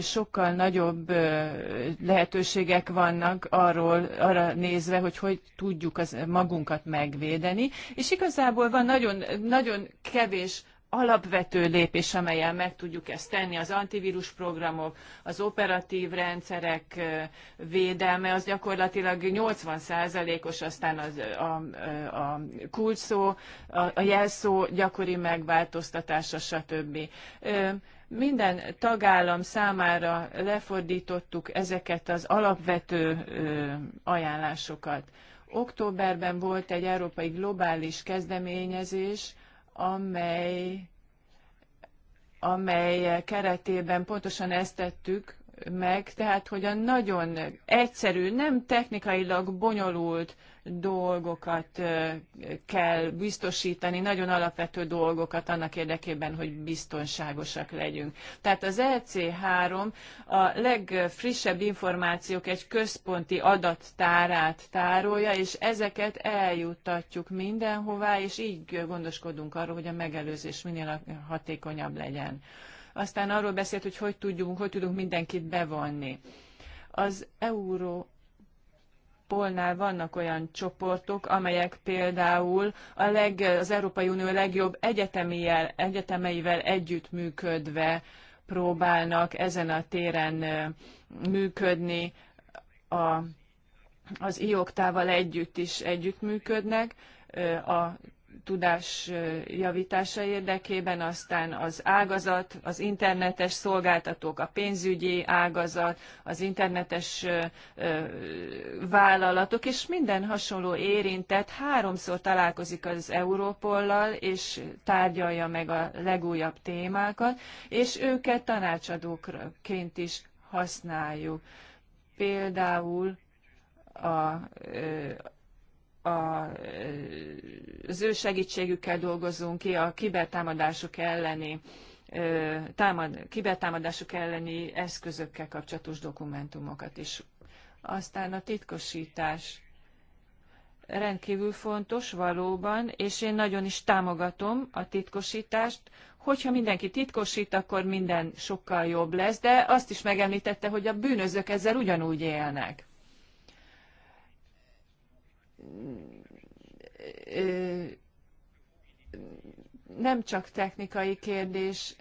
Speaker 3: sokkal nagyobb lehetőségek vannak arról, arra nézve, hogy hogy tudjuk az magunkat megvédeni, és igazából van nagyon, nagyon kevés alapvető lépés, amelyen meg tudjuk ezt tenni, az antivírus programok, az operatív rendszerek védelme, az gyakorlatilag 80%-os, aztán az, a, a, a kulcsszó, a, a jelszó gyakori megváltoztatása, stb. Minden tagállam számára lefordítottuk ezeket az alapvető ajánlásokat. Októberben volt egy európai globális kezdeményezés, amely, amely keretében pontosan ezt tettük meg, tehát hogy a nagyon egyszerű, nem technikailag bonyolult dolgokat kell biztosítani, nagyon alapvető dolgokat annak érdekében, hogy biztonságosak legyünk. Tehát az EC3 a legfrissebb információk egy központi adattárát tárolja, és ezeket eljuttatjuk mindenhová, és így gondoskodunk arról, hogy a megelőzés minél hatékonyabb legyen. Aztán arról beszélt, hogy hogy tudjunk, hogy tudunk mindenkit bevonni. Az euró Polnál vannak olyan csoportok, amelyek például a leg, az Európai Unió legjobb egyetemeivel, egyetemeivel együttműködve próbálnak ezen a téren működni, a, az ioktával együtt is együttműködnek, a tudás javítása érdekében, aztán az ágazat, az internetes szolgáltatók, a pénzügyi ágazat, az internetes vállalatok, és minden hasonló érintett háromszor találkozik az Európollal, és tárgyalja meg a legújabb témákat, és őket tanácsadóként is használjuk. Például a, a, az ő segítségükkel dolgozunk ki a kibertámadások elleni támad, kibertámadások elleni eszközökkel kapcsolatos dokumentumokat is. Aztán a titkosítás rendkívül fontos valóban, és én nagyon is támogatom a titkosítást, hogyha mindenki titkosít, akkor minden sokkal jobb lesz, de azt is megemlítette, hogy a bűnözők ezzel ugyanúgy élnek nem csak technikai kérdés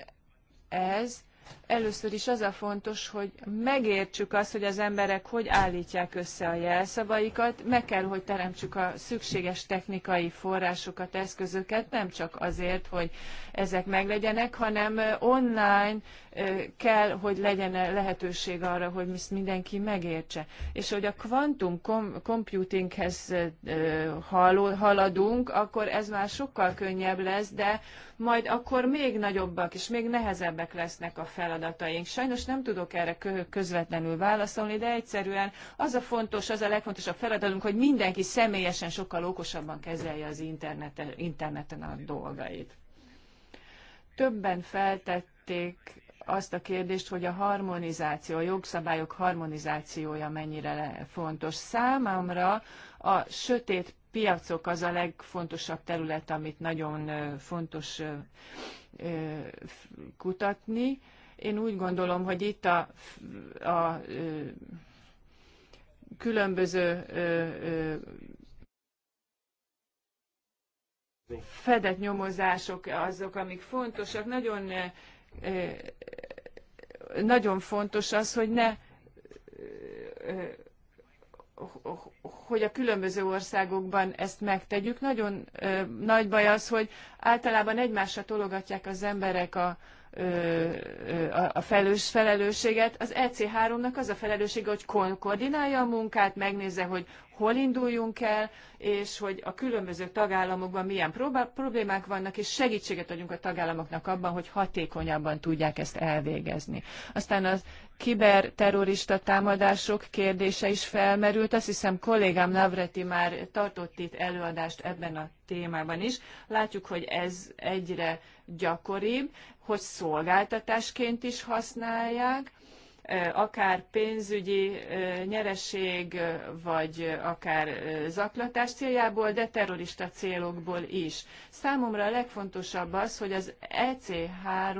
Speaker 3: ez, Először is az a fontos, hogy megértsük azt, hogy az emberek hogy állítják össze a jelszavaikat, meg kell, hogy teremtsük a szükséges technikai forrásokat, eszközöket, nem csak azért, hogy ezek meglegyenek, hanem online kell, hogy legyen lehetőség arra, hogy mindenki megértse. És hogy a kvantum kom- computinghez haladunk, akkor ez már sokkal könnyebb lesz, de majd akkor még nagyobbak és még nehezebbek lesznek a feladatok feladataink. Sajnos nem tudok erre közvetlenül válaszolni, de egyszerűen az a fontos, az a legfontosabb feladatunk, hogy mindenki személyesen sokkal okosabban kezelje az interneten, interneten a dolgait. Többen feltették azt a kérdést, hogy a harmonizáció, a jogszabályok harmonizációja mennyire fontos. Számomra a sötét piacok az a legfontosabb terület, amit nagyon fontos kutatni. Én úgy gondolom, hogy itt a, a különböző fedett nyomozások azok, amik fontosak. Nagyon, nagyon fontos az, hogy ne hogy a különböző országokban ezt megtegyük. Nagyon ö, nagy baj az, hogy általában egymásra tologatják az emberek a, a felős felelősséget. Az EC3-nak az a felelőssége, hogy koordinálja a munkát, megnézze, hogy hol induljunk el, és hogy a különböző tagállamokban milyen problémák vannak, és segítséget adjunk a tagállamoknak abban, hogy hatékonyabban tudják ezt elvégezni. Aztán az kiberterrorista támadások kérdése is felmerült. Azt hiszem kollégám Navreti már tartott itt előadást ebben a témában is. Látjuk, hogy ez egyre gyakoribb, hogy szolgáltatásként is használják, akár pénzügyi nyereség, vagy akár zaklatás céljából, de terrorista célokból is. Számomra a legfontosabb az, hogy az EC3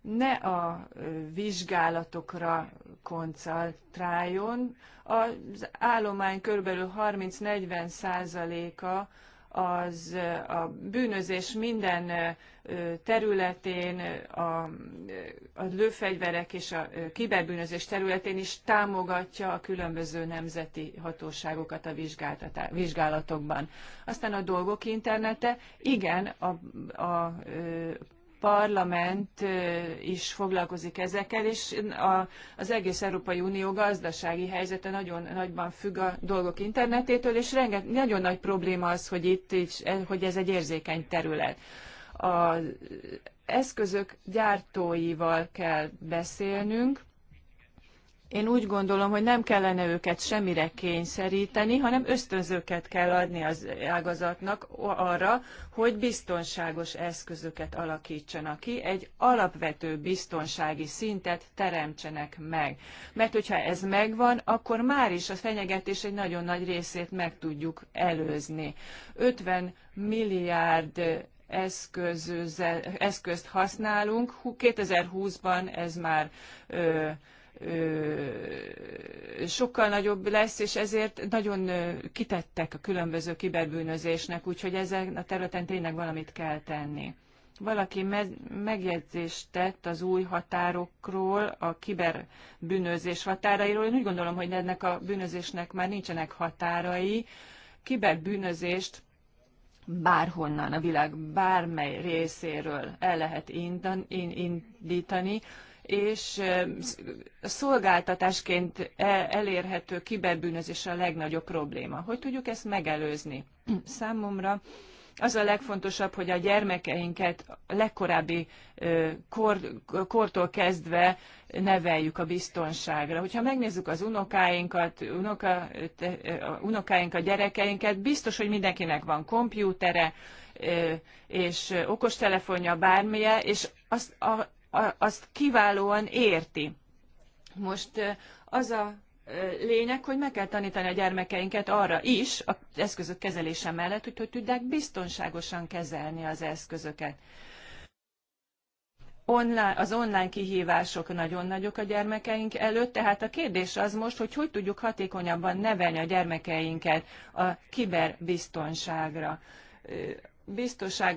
Speaker 3: ne a vizsgálatokra koncentráljon. Az állomány kb. 30-40 százaléka az a bűnözés minden területén, a, a lőfegyverek és a kiberbűnözés területén is támogatja a különböző nemzeti hatóságokat a vizsgálatokban. Aztán a dolgok internete, igen, a, a Parlament is foglalkozik ezekkel, és a, az egész Európai Unió gazdasági helyzete nagyon nagyban függ a dolgok internetétől, és renget, nagyon nagy probléma az, hogy itt is, e, hogy ez egy érzékeny terület. Az eszközök gyártóival kell beszélnünk, én úgy gondolom, hogy nem kellene őket semmire kényszeríteni, hanem ösztönzőket kell adni az ágazatnak arra, hogy biztonságos eszközöket alakítsanak ki, egy alapvető biztonsági szintet teremtsenek meg. Mert hogyha ez megvan, akkor már is a fenyegetés egy nagyon nagy részét meg tudjuk előzni. 50 milliárd eszközt használunk, 2020-ban ez már ö, sokkal nagyobb lesz, és ezért nagyon kitettek a különböző kiberbűnözésnek, úgyhogy ezen a területen tényleg valamit kell tenni. Valaki me- megjegyzést tett az új határokról, a kiberbűnözés határairól. Én úgy gondolom, hogy ennek a bűnözésnek már nincsenek határai. Kiberbűnözést bárhonnan, a világ bármely részéről el lehet indítani és szolgáltatásként e-, elérhető kiberbűnözés a legnagyobb probléma. Hogy tudjuk ezt megelőzni? Számomra az a legfontosabb, hogy a gyermekeinket a legkorábbi kor, kortól kezdve neveljük a biztonságra. Hogyha megnézzük az unokáinkat, unoka, unokáinkat, gyerekeinket, biztos, hogy mindenkinek van kompjútere, és okostelefonja, bármilyen, és azt a, azt kiválóan érti. Most az a lényeg, hogy meg kell tanítani a gyermekeinket arra is, az eszközök kezelése mellett, hogy, hogy tudják biztonságosan kezelni az eszközöket. Online, az online kihívások nagyon nagyok a gyermekeink előtt, tehát a kérdés az most, hogy hogy tudjuk hatékonyabban nevelni a gyermekeinket a kiberbiztonságra.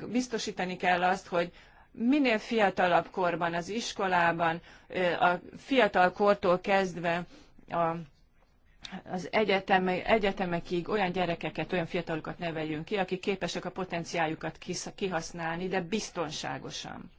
Speaker 3: biztosítani kell azt, hogy minél fiatalabb korban, az iskolában, a fiatal kortól kezdve a, az egyeteme, egyetemekig olyan gyerekeket, olyan fiatalokat neveljünk ki, akik képesek a potenciáljukat kihasználni, de biztonságosan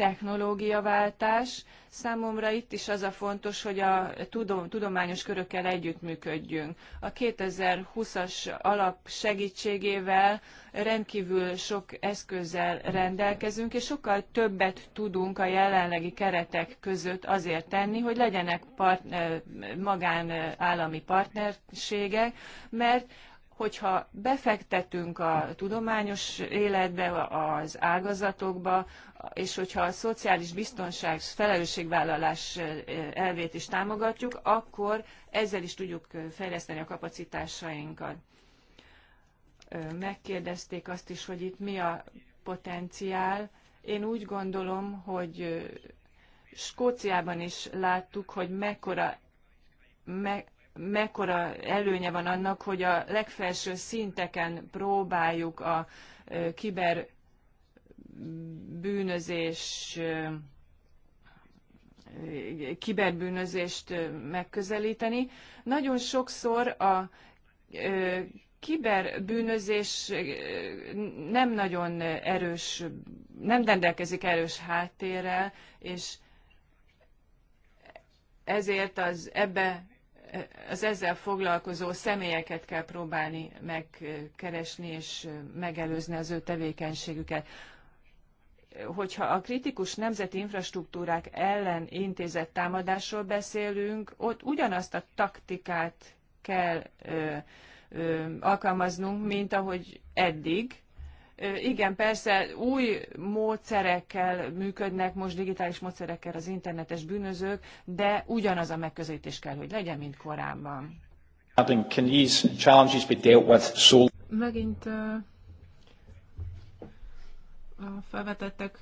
Speaker 3: technológiaváltás. Számomra itt is az a fontos, hogy a tudom, tudományos körökkel együttműködjünk. A 2020-as alap segítségével rendkívül sok eszközzel rendelkezünk, és sokkal többet tudunk a jelenlegi keretek között azért tenni, hogy legyenek partner, magánállami partnerségek, mert hogyha befektetünk a tudományos életbe, az ágazatokba, és hogyha a szociális biztonság felelősségvállalás elvét is támogatjuk, akkor ezzel is tudjuk fejleszteni a kapacitásainkat. Megkérdezték azt is, hogy itt mi a potenciál. Én úgy gondolom, hogy Skóciában is láttuk, hogy mekkora me, mekkora előnye van annak, hogy a legfelső szinteken próbáljuk a kiber bűnözés kiberbűnözést megközelíteni. Nagyon sokszor a kiberbűnözés nem nagyon erős, nem rendelkezik erős háttérrel, és ezért az ebbe az ezzel foglalkozó személyeket kell próbálni megkeresni és megelőzni az ő tevékenységüket. Hogyha a kritikus nemzeti infrastruktúrák ellen intézett támadásról beszélünk, ott ugyanazt a taktikát kell ö, ö, alkalmaznunk, mint ahogy eddig, igen, persze új módszerekkel működnek most digitális módszerekkel az internetes bűnözők, de ugyanaz a megközelítés kell, hogy legyen, mint korábban.
Speaker 2: Megint a felvetettek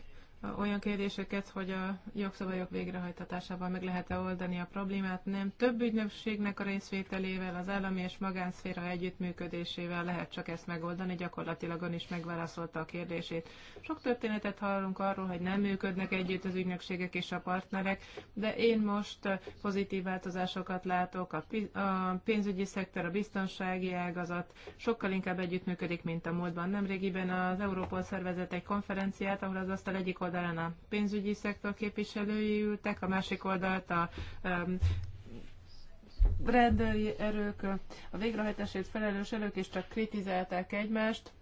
Speaker 2: olyan kérdéseket, hogy a jogszabályok végrehajtatásával meg lehet-e oldani a problémát, nem több ügynökségnek a részvételével, az állami és magánszféra együttműködésével lehet csak ezt megoldani, gyakorlatilag ön is megválaszolta a kérdését. Sok történetet hallunk arról, hogy nem működnek együtt az ügynökségek és a partnerek, de én most pozitív változásokat látok, a pénzügyi szektor, a biztonsági ágazat sokkal inkább együttműködik, mint a múltban. Nemrégiben az Európol szervezett egy konferenciát, ahol az asztal egyik oldalán a pénzügyi szektor képviselői ültek, a másik oldalt a rendőri erők, a végrehajtásért felelős erők, és csak kritizálták egymást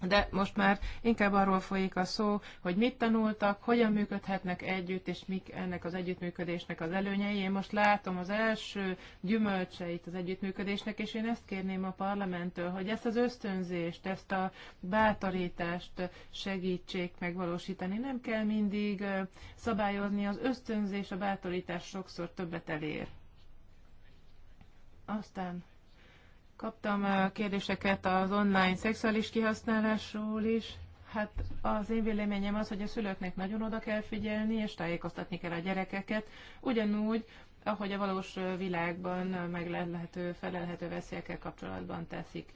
Speaker 2: de most már inkább arról folyik a szó, hogy mit tanultak, hogyan működhetnek együtt, és mik ennek az együttműködésnek az előnyei. Én most látom az első gyümölcseit az együttműködésnek, és én ezt kérném a parlamenttől, hogy ezt az ösztönzést, ezt a bátorítást segítsék megvalósítani. Nem kell mindig szabályozni, az ösztönzés, a bátorítás sokszor többet elér. Aztán Kaptam eh, kérdéseket az online szexuális kihasználásról is. Hát az én véleményem az, hogy a szülőknek nagyon oda kell figyelni, és tájékoztatni kell a gyerekeket, ugyanúgy, ahogy a valós világban meglelhető, felelhető veszélyekkel kapcsolatban teszik.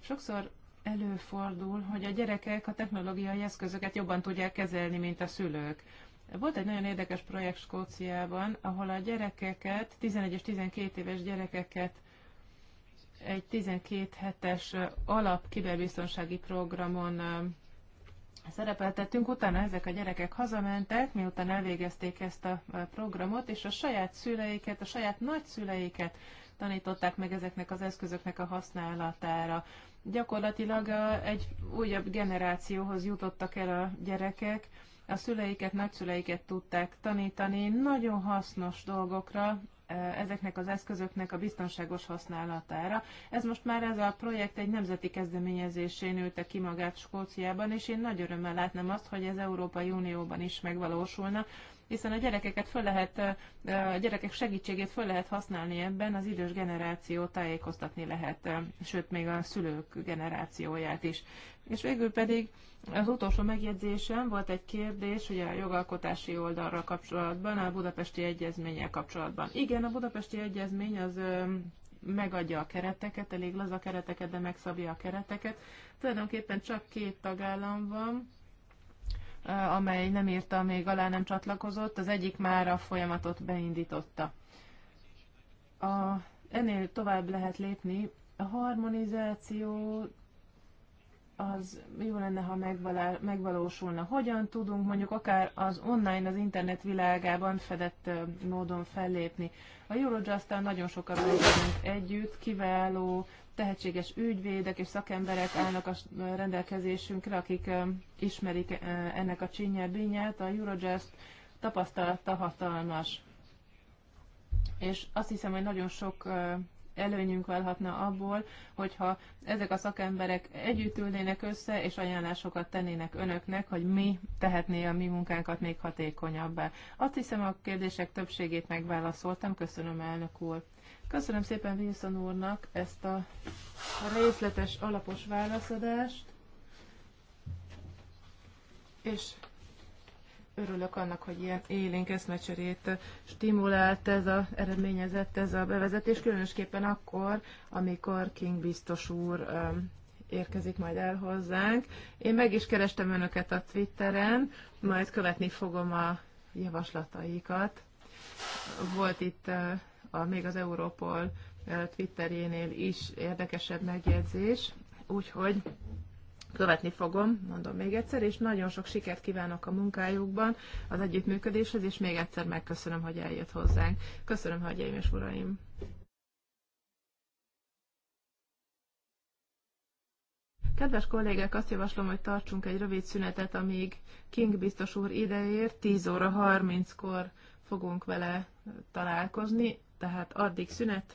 Speaker 2: Sokszor előfordul, hogy a gyerekek a technológiai eszközöket jobban tudják kezelni, mint a szülők. Volt egy nagyon érdekes projekt Skóciában, ahol a gyerekeket, 11 és 12 éves gyerekeket egy 12 hetes alap kiberbiztonsági programon szerepeltettünk, utána ezek a gyerekek hazamentek, miután elvégezték ezt a programot, és a saját szüleiket, a saját nagyszüleiket tanították meg ezeknek az eszközöknek a használatára. Gyakorlatilag egy újabb generációhoz jutottak el a gyerekek, a szüleiket, nagyszüleiket tudták tanítani nagyon hasznos dolgokra, ezeknek az eszközöknek a biztonságos használatára. Ez most már ez a projekt egy nemzeti kezdeményezésén ülte ki magát Skóciában, és én nagy örömmel látnám azt, hogy ez Európai Unióban is megvalósulna, hiszen a gyerekeket föl lehet, a gyerekek segítségét föl lehet használni ebben, az idős generáció tájékoztatni lehet, sőt még a szülők generációját is. És végül pedig az utolsó megjegyzésem volt egy kérdés, ugye a jogalkotási oldalra kapcsolatban, a budapesti egyezménnyel kapcsolatban. Igen, a budapesti egyezmény az megadja a kereteket, elég laza kereteket, de megszabja a kereteket. Tulajdonképpen csak két tagállam van, amely nem írta még alá, nem csatlakozott, az egyik már a folyamatot beindította. A, ennél tovább lehet lépni. A harmonizáció az jó lenne, ha megvalá, megvalósulna. Hogyan tudunk mondjuk akár az online, az internet világában fedett módon fellépni? A eurojust nagyon sokat dolgozunk együtt, kiváló, tehetséges ügyvédek és szakemberek állnak a rendelkezésünkre, akik ismerik ennek a csinyelbínyát. A Eurojust tapasztalata hatalmas. És azt hiszem, hogy nagyon sok előnyünk válhatna abból, hogyha ezek a szakemberek együtt ülnének össze, és ajánlásokat tennének önöknek, hogy mi tehetné a mi munkánkat még hatékonyabbá. Azt hiszem a kérdések többségét megválaszoltam. Köszönöm, elnök úr. Köszönöm szépen Wilson úrnak ezt a részletes, alapos válaszadást. És örülök annak, hogy ilyen élénk eszmecserét stimulált ez a eredményezett ez a bevezetés, különösképpen akkor, amikor King biztos úr érkezik majd el hozzánk. Én meg is kerestem önöket a Twitteren, majd követni fogom a javaslataikat. Volt itt a, még az Europol Twitterénél is érdekesebb megjegyzés, úgyhogy követni fogom, mondom még egyszer, és nagyon sok sikert kívánok a munkájukban, az együttműködéshez, és még egyszer megköszönöm, hogy eljött hozzánk. Köszönöm, hölgyeim és uraim! Kedves kollégák, azt javaslom, hogy tartsunk egy rövid szünetet, amíg King biztos úr ideér, 10 óra 30-kor fogunk vele találkozni, tehát addig szünet,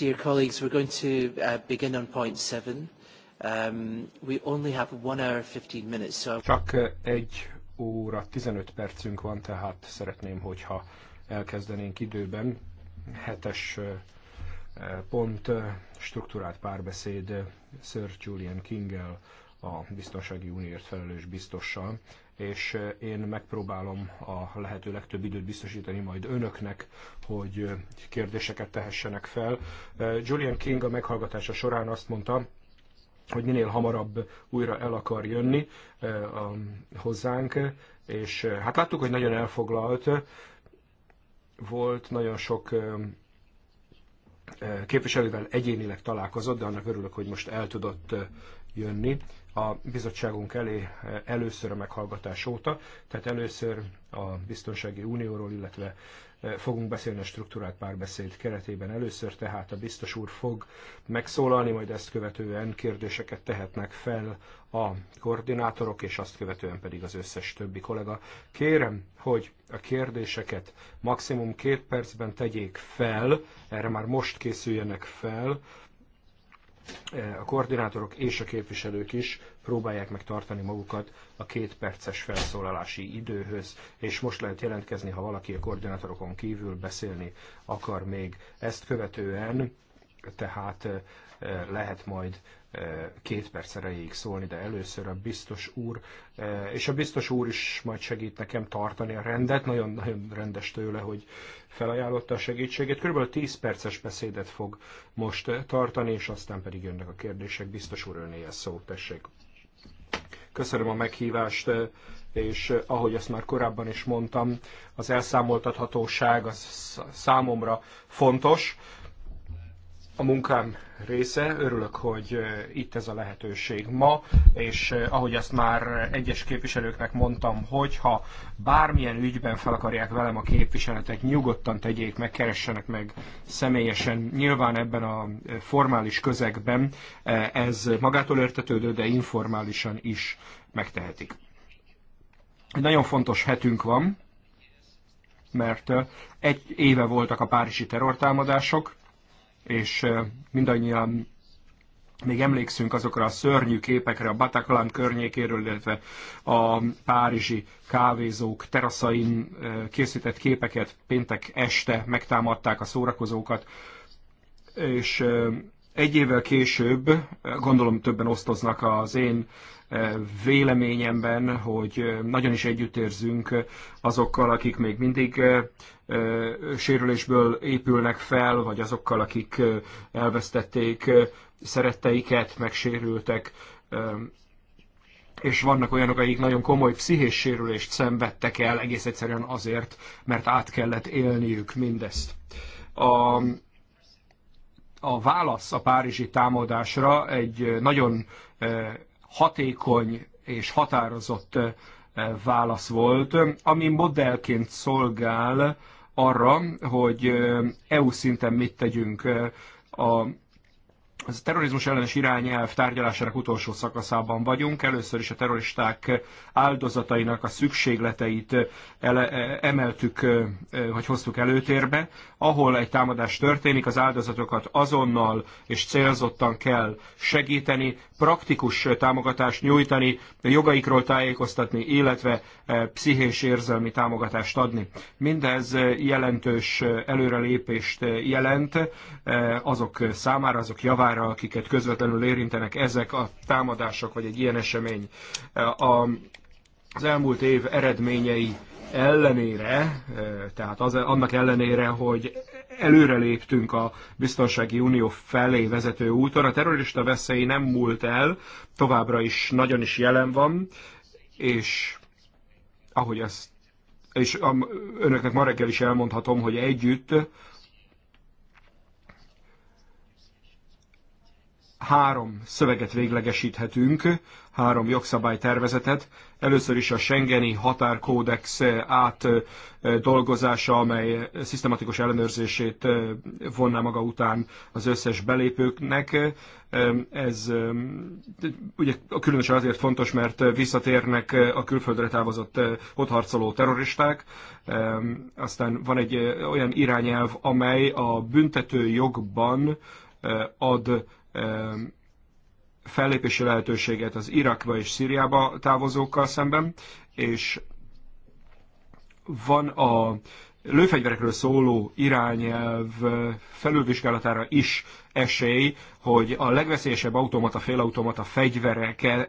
Speaker 1: Dear colleagues, we're going to uh, begin on point seven. Um, we only have one hour 15 minutes, so... Csak uh, egy óra
Speaker 4: 15 percünk van, tehát szeretném, hogyha elkezdenénk időben. Hetes uh, uh, pont, struktúrált párbeszéd Sir Julian Kinggel a Biztonsági Unióért felelős biztossal, és eh, én megpróbálom a lehető legtöbb időt biztosítani majd önöknek, hogy eh, kérdéseket tehessenek fel. Eh, Julian King a meghallgatása során azt mondta, hogy minél hamarabb újra el akar jönni hozzánk, és hát láttuk, hogy nagyon elfoglalt volt, nagyon sok képviselővel egyénileg találkozott, de annak örülök, hogy most el tudott jönni a bizottságunk elé eh, először a meghallgatás óta, tehát először a Biztonsági Unióról, illetve eh, fogunk beszélni a struktúrált párbeszéd keretében. Először tehát a biztos úr fog megszólalni, majd ezt követően kérdéseket tehetnek fel a koordinátorok, és azt követően pedig az összes többi kollega. Kérem, hogy a kérdéseket maximum két percben tegyék fel, erre már most készüljenek fel, a koordinátorok és a képviselők is próbálják meg tartani magukat a két perces felszólalási időhöz, és most lehet jelentkezni, ha valaki a koordinátorokon kívül beszélni akar még. Ezt követően tehát eh, lehet majd eh, két perc erejéig szólni, de először a biztos úr, eh, és a biztos úr is majd segít nekem tartani a rendet, nagyon-nagyon rendes tőle, hogy felajánlotta a segítségét. Körülbelül 10 perces beszédet fog most tartani, és aztán pedig jönnek a kérdések. Biztos úr, önnél szó, tessék. Köszönöm a meghívást, és ahogy ezt már korábban is mondtam, az elszámoltathatóság az számomra fontos. A munkám része. Örülök, hogy itt ez a lehetőség ma, és ahogy azt már egyes képviselőknek mondtam, hogyha bármilyen ügyben fel akarják velem a képviseletek, nyugodtan tegyék meg, keressenek meg személyesen. Nyilván ebben a formális közegben ez magától értetődő, de informálisan is megtehetik. Egy nagyon fontos hetünk van, mert egy éve voltak a párizsi terrortámadások, és mindannyian még emlékszünk azokra a szörnyű képekre a Bataclan környékéről, illetve a párizsi kávézók teraszain készített képeket péntek este megtámadták a szórakozókat, és egy évvel később, gondolom többen osztoznak az én véleményemben, hogy nagyon is együttérzünk azokkal, akik még mindig sérülésből épülnek fel, vagy azokkal, akik elvesztették szeretteiket, megsérültek, és vannak olyanok, akik nagyon komoly pszichés sérülést szenvedtek el egész egyszerűen azért, mert át kellett élniük mindezt. A, a válasz a párizsi támadásra egy nagyon hatékony és határozott válasz volt, ami modellként szolgál arra, hogy EU szinten mit tegyünk. A az terrorizmus ellenes irányelv tárgyalásának utolsó szakaszában vagyunk. Először is a terroristák áldozatainak a szükségleteit ele- emeltük, vagy hoztuk előtérbe ahol egy támadás történik, az áldozatokat azonnal és célzottan kell segíteni, praktikus támogatást nyújtani, jogaikról tájékoztatni, illetve eh, pszichés érzelmi támogatást adni. Mindez eh, jelentős eh, előrelépést jelent azok számára, azok javára, akiket közvetlenül érintenek ezek a támadások, vagy egy ilyen esemény. A, az elmúlt év eredményei ellenére, eh, tehát az, annak ellenére, hogy előre léptünk a biztonsági unió felé vezető úton, a terrorista veszély nem múlt el, továbbra is nagyon is jelen van, és ahogy ezt és önöknek ma reggel is elmondhatom, hogy együtt három szöveget véglegesíthetünk, három jogszabálytervezetet. Először is a Schengeni határkódex eh, átdolgozása, eh, amely eh, szisztematikus ellenőrzését vonná maga után az összes belépőknek. Ez ugye különösen azért fontos, mert visszatérnek a külföldre távozott otharcoló terroristák. Aztán van egy olyan irányelv, amely a büntető jogban ad fellépési lehetőséget az Irakba és Szíriába távozókkal szemben, és van a lőfegyverekről szóló irányelv felülvizsgálatára is esély, hogy a legveszélyesebb automata, félautomata fegyverek eh,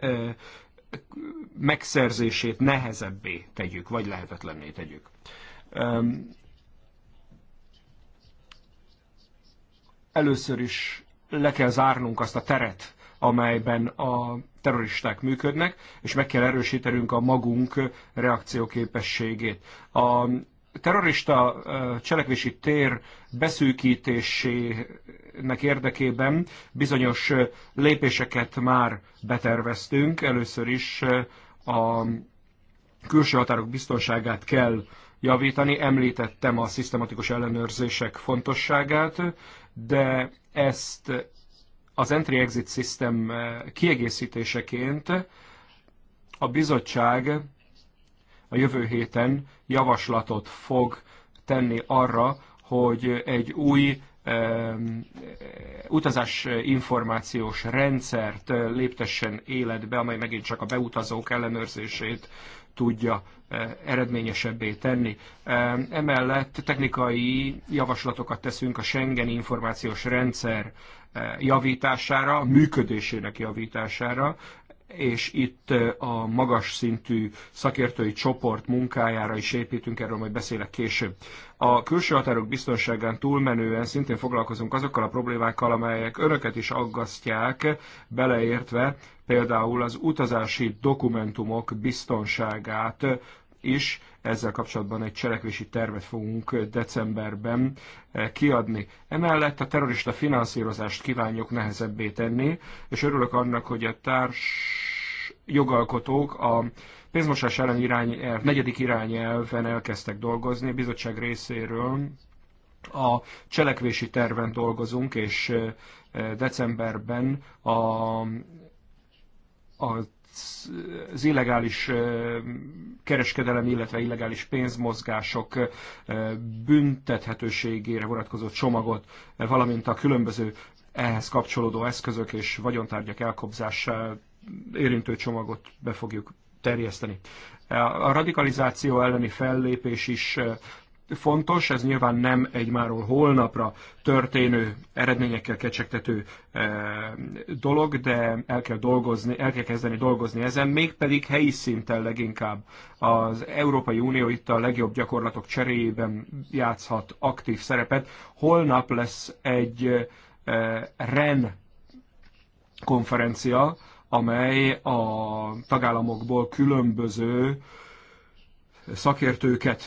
Speaker 4: megszerzését nehezebbé tegyük, vagy lehetetlenné tegyük. Először is le kell zárnunk azt a teret, amelyben a terroristák működnek, és meg kell erősítenünk a magunk reakcióképességét. A terrorista cselekvési tér beszűkítésének érdekében bizonyos lépéseket már beterveztünk. Először is a külső határok biztonságát kell javítani. Említettem a szisztematikus ellenőrzések fontosságát, de ezt az entry-exit system eh, kiegészítéseként a bizottság a jövő héten javaslatot fog tenni arra, hogy egy új eh, utazás információs rendszert eh, léptessen életbe, amely megint csak a beutazók ellenőrzését tudja eh, eredményesebbé tenni. Eh, emellett technikai javaslatokat teszünk a Schengen információs rendszer eh, javítására, működésének javítására, és itt a magas szintű szakértői csoport munkájára is építünk, erről majd beszélek később. A külső határok biztonságán túlmenően szintén foglalkozunk azokkal a problémákkal, amelyek önöket is aggasztják, beleértve például az utazási dokumentumok biztonságát, is. Ezzel kapcsolatban egy cselekvési tervet fogunk decemberben eh, kiadni. Emellett a terrorista finanszírozást kívánjuk nehezebbé tenni, és örülök annak, hogy a társ jogalkotók a pénzmosás ellen irányelv, negyedik irányelven elkezdtek dolgozni, a bizottság részéről a cselekvési terven dolgozunk, és eh, decemberben a, a az illegális kereskedelem, illetve illegális pénzmozgások büntethetőségére vonatkozó csomagot, valamint a különböző ehhez kapcsolódó eszközök és vagyontárgyak elkobzása érintő csomagot be fogjuk terjeszteni. A radikalizáció elleni fellépés is fontos, ez nyilván nem egy máról holnapra történő eredményekkel kecsegtető eh, dolog, de el kell dolgozni, el kell kezdeni dolgozni ezen, mégpedig helyi szinten leginkább. Az Európai Unió itt a legjobb gyakorlatok cseréjében játszhat aktív szerepet. Holnap lesz egy eh, REN konferencia, amely a tagállamokból különböző szakértőket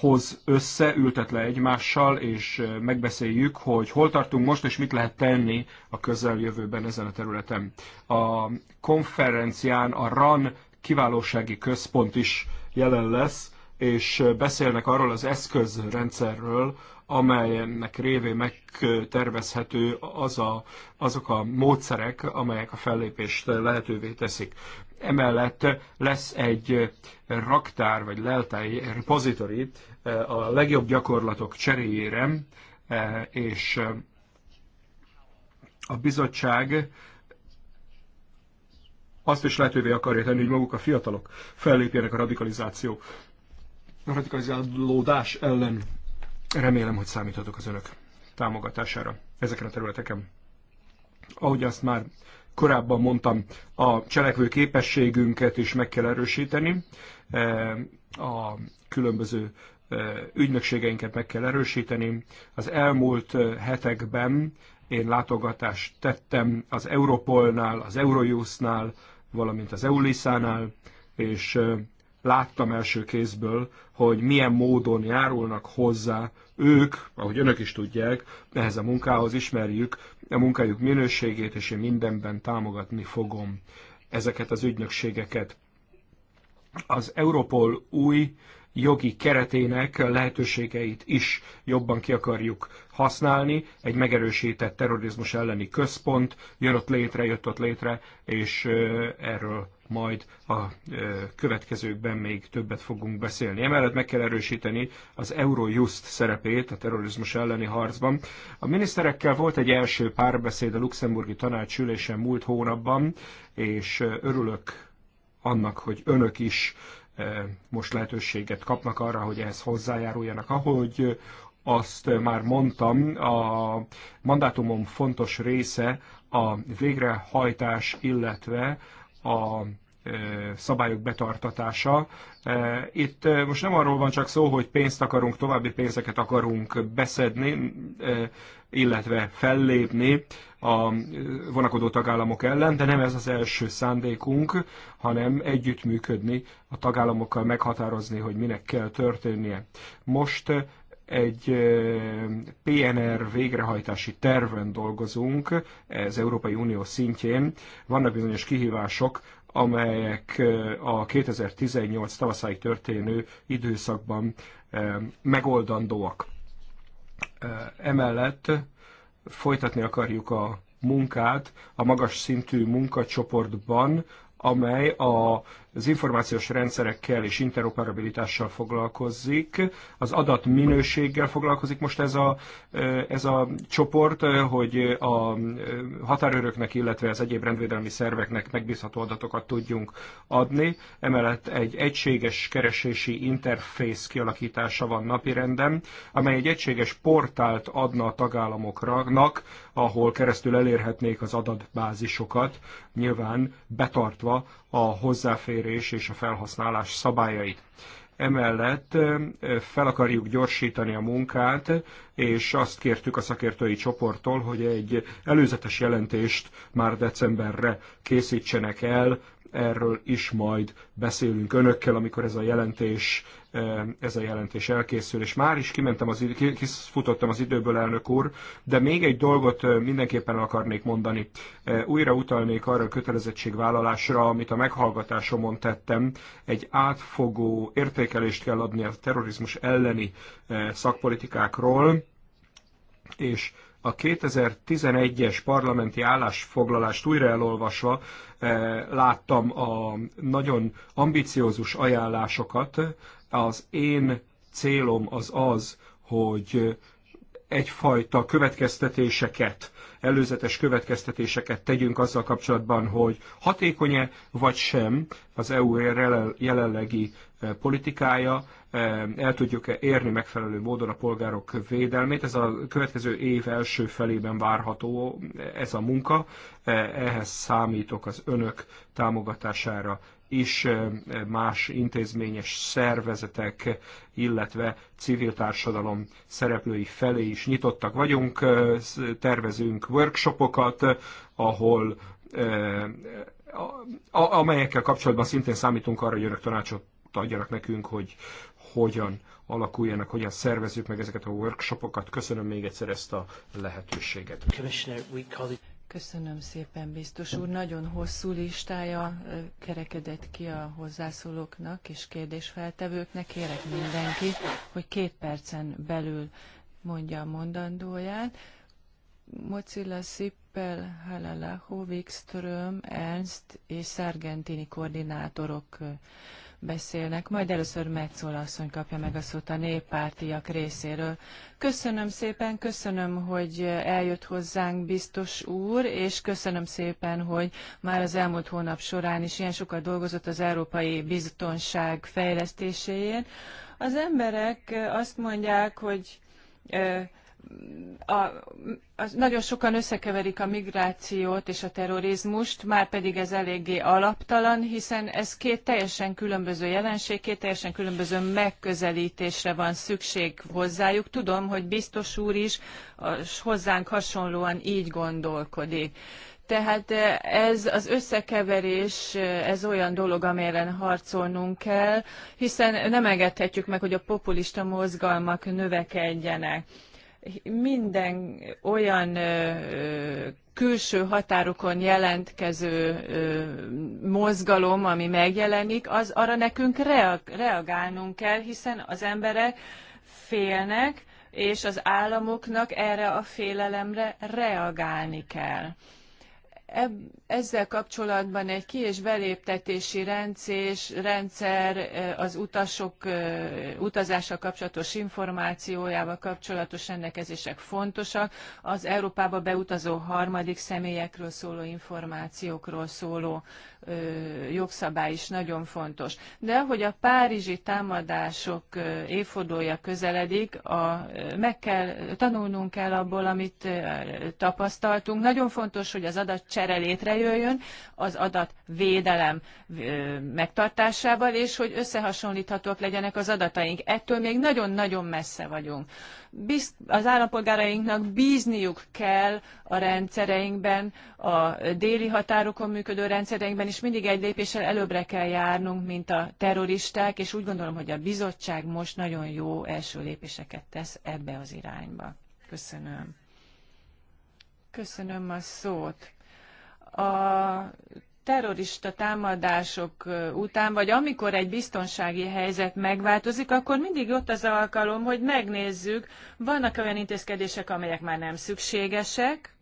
Speaker 4: hoz össze, ültet le egymással, és megbeszéljük, hogy hol tartunk most, és mit lehet tenni a közeljövőben ezen a területen. A konferencián a RAN kiválósági központ is jelen lesz, és beszélnek arról az eszközrendszerről, amelynek révén megtervezhető az a, azok a módszerek, amelyek a fellépést lehetővé teszik. Emellett lesz egy raktár vagy leltári repository eh, a legjobb gyakorlatok cseréjére, eh, és eh, a bizottság azt is lehetővé akarja tenni, hogy maguk a fiatalok fellépjenek a radikalizáció, a radikalizálódás ellen. Remélem, hogy számíthatok az önök támogatására ezeken a területeken. Ahogy azt már korábban mondtam, a cselekvő képességünket is meg kell erősíteni, e, a különböző e, ügynökségeinket meg kell erősíteni. Az elmúlt e, hetekben én látogatást tettem az Europolnál, az Eurojustnál, valamint az Eulisánál, és láttam első kézből, hogy milyen módon járulnak hozzá ők, ahogy önök is tudják, ehhez a munkához ismerjük a munkájuk minőségét, és én mindenben támogatni fogom ezeket az ügynökségeket. Az Europol új jogi keretének lehetőségeit is jobban ki akarjuk használni. Egy megerősített terrorizmus elleni központ jön ott létre, jött ott létre, és erről majd a következőkben még többet fogunk beszélni. Emellett meg kell erősíteni az Eurojust szerepét a terrorizmus elleni harcban. A miniszterekkel volt egy első párbeszéd a luxemburgi tanácsülésen múlt hónapban, és örülök annak, hogy önök is most lehetőséget kapnak arra, hogy ehhez hozzájáruljanak. Ahogy azt már mondtam, a mandátumom fontos része a végrehajtás, illetve a szabályok betartatása. Itt most nem arról van csak szó, hogy pénzt akarunk, további pénzeket akarunk beszedni, illetve fellépni a vonakodó tagállamok ellen, de nem ez az első szándékunk, hanem együttműködni a tagállamokkal, meghatározni, hogy minek kell történnie. Most egy PNR végrehajtási terven dolgozunk az Európai Unió szintjén. Vannak bizonyos kihívások, amelyek a 2018 tavaszáig történő időszakban megoldandóak. Emellett folytatni akarjuk a munkát a magas szintű munkacsoportban, amely a az információs rendszerekkel és interoperabilitással foglalkozik, az adat minőséggel foglalkozik most ez a, ez a csoport, hogy a határőröknek, illetve az egyéb rendvédelmi szerveknek megbízható adatokat tudjunk adni. Emellett egy egységes keresési interfész kialakítása van napirenden, amely egy egységes portált adna a tagállamoknak, ahol keresztül elérhetnék az adatbázisokat, nyilván betartva a hozzáférés hozzáférés és a felhasználás szabályait. Emellett fel akarjuk gyorsítani a munkát, és azt kértük a szakértői csoporttól, hogy egy előzetes jelentést már decemberre készítsenek el erről is majd beszélünk önökkel, amikor ez a jelentés, eh, ez a jelentés elkészül. És már is kimentem az, idő kifutottam az időből, elnök úr, de még egy dolgot eh, mindenképpen akarnék mondani. Eh, újra utalnék arra a kötelezettségvállalásra, amit a meghallgatásomon tettem. Egy átfogó értékelést kell adni a terrorizmus elleni szakpolitikákról, és a 2011-es parlamenti állásfoglalást újra elolvasva eh, láttam a nagyon ambiciózus ajánlásokat. Az én célom az az, hogy egyfajta következtetéseket előzetes következtetéseket tegyünk azzal kapcsolatban, hogy hatékony-e vagy sem az EU jelenlegi e, politikája, e, el tudjuk-e érni megfelelő módon a polgárok védelmét. Ez a következő év első felében várható e, ez a munka. Ehhez számítok az önök támogatására is más intézményes szervezetek, illetve civil társadalom szereplői felé is nyitottak vagyunk, tervezünk workshopokat, ahol amelyekkel kapcsolatban szintén számítunk arra, hogy önök tanácsot adjanak nekünk, hogy hogyan alakuljanak, hogyan szervezzük meg ezeket a workshopokat. Köszönöm még egyszer ezt a
Speaker 1: lehetőséget.
Speaker 3: Köszönöm szépen, biztos úr. Nagyon hosszú listája kerekedett ki a hozzászólóknak és kérdésfeltevőknek. Kérek mindenki, hogy két percen belül mondja a mondandóját. Mozilla Sippel, Halala, Hovigström, Ernst és Sargentini koordinátorok beszélnek. Majd először Metzola asszony kapja meg a szót a néppártiak részéről. Köszönöm szépen, köszönöm, hogy eljött hozzánk biztos úr, és köszönöm szépen, hogy már az elmúlt hónap során is ilyen sokat dolgozott az európai biztonság fejlesztéséjén. Az emberek azt mondják, hogy a, az nagyon sokan összekeverik a migrációt és a terrorizmust, már pedig ez eléggé alaptalan, hiszen ez két teljesen különböző jelenség, két teljesen különböző megközelítésre van szükség hozzájuk. Tudom, hogy biztos úr is hozzánk hasonlóan így gondolkodik. Tehát ez az összekeverés, ez olyan dolog, amelyen harcolnunk kell, hiszen nem engedhetjük meg, hogy a populista mozgalmak növekedjenek minden olyan külső határokon jelentkező mozgalom, ami megjelenik, az arra nekünk reagálnunk kell, hiszen az emberek félnek, és az államoknak erre a félelemre reagálni kell ezzel kapcsolatban egy ki- és beléptetési rendszer az utasok utazással kapcsolatos információjával kapcsolatos rendelkezések fontosak, az Európába beutazó harmadik személyekről szóló információkról szóló jogszabály is nagyon fontos. De hogy a párizsi támadások évfordulója közeledik, a, meg kell, tanulnunk kell abból, amit tapasztaltunk. Nagyon fontos, hogy az adat csere létrejöjjön az védelem megtartásával, és hogy összehasonlíthatók legyenek az adataink. Ettől még nagyon-nagyon messze vagyunk. Biz, az állampolgárainknak bízniuk kell a rendszereinkben, a déli határokon működő rendszereinkben, és mindig egy lépéssel előbbre kell járnunk, mint a terroristák, és úgy gondolom, hogy a bizottság most nagyon jó első lépéseket tesz ebbe az irányba. Köszönöm. Köszönöm a szót a terrorista támadások után, vagy amikor egy biztonsági helyzet megváltozik, akkor mindig ott az alkalom, hogy megnézzük, vannak olyan intézkedések, amelyek már nem szükségesek,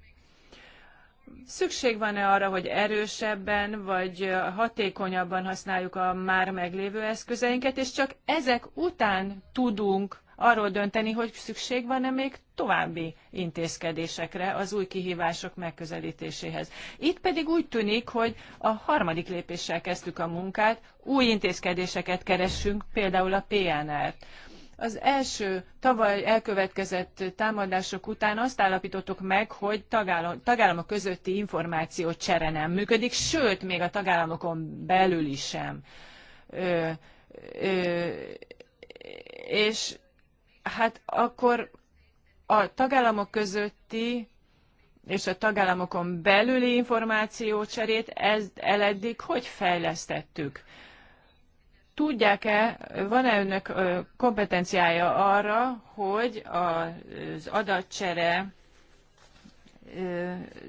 Speaker 3: Szükség van-e arra, hogy erősebben vagy hatékonyabban használjuk a már meglévő eszközeinket, és csak ezek után tudunk arról dönteni, hogy szükség van-e még további intézkedésekre az új kihívások megközelítéséhez. Itt pedig úgy tűnik, hogy a harmadik lépéssel kezdtük a munkát, új intézkedéseket keressünk, például a PNR-t. Az első tavaly elkövetkezett támadások után azt állapítottuk meg, hogy tagállam, tagállamok közötti információ csere nem működik, sőt, még a tagállamokon belül is sem. Ö, ö, és hát akkor a tagállamok közötti és a tagállamokon belüli információcserét ez eleddig hogy fejlesztettük? Tudják-e, van-e önök kompetenciája arra, hogy az adatcsere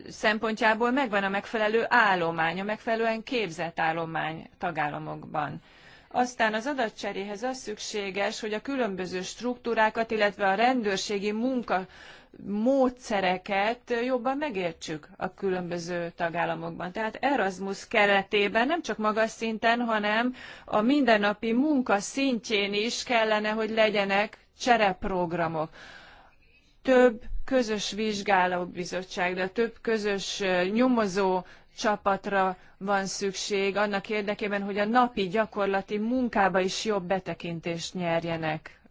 Speaker 3: szempontjából megvan a megfelelő állomány, a megfelelően képzett állomány tagállamokban? Aztán az adatcseréhez az szükséges, hogy a különböző struktúrákat, illetve a rendőrségi munka módszereket jobban megértsük a különböző tagállamokban. Tehát Erasmus keretében nem csak magas szinten, hanem a mindennapi munka szintjén is kellene, hogy legyenek csereprogramok. Több közös vizsgálóbizottság, de több közös nyomozó csapatra van szükség annak érdekében, hogy a napi gyakorlati munkába is jobb betekintést nyerjenek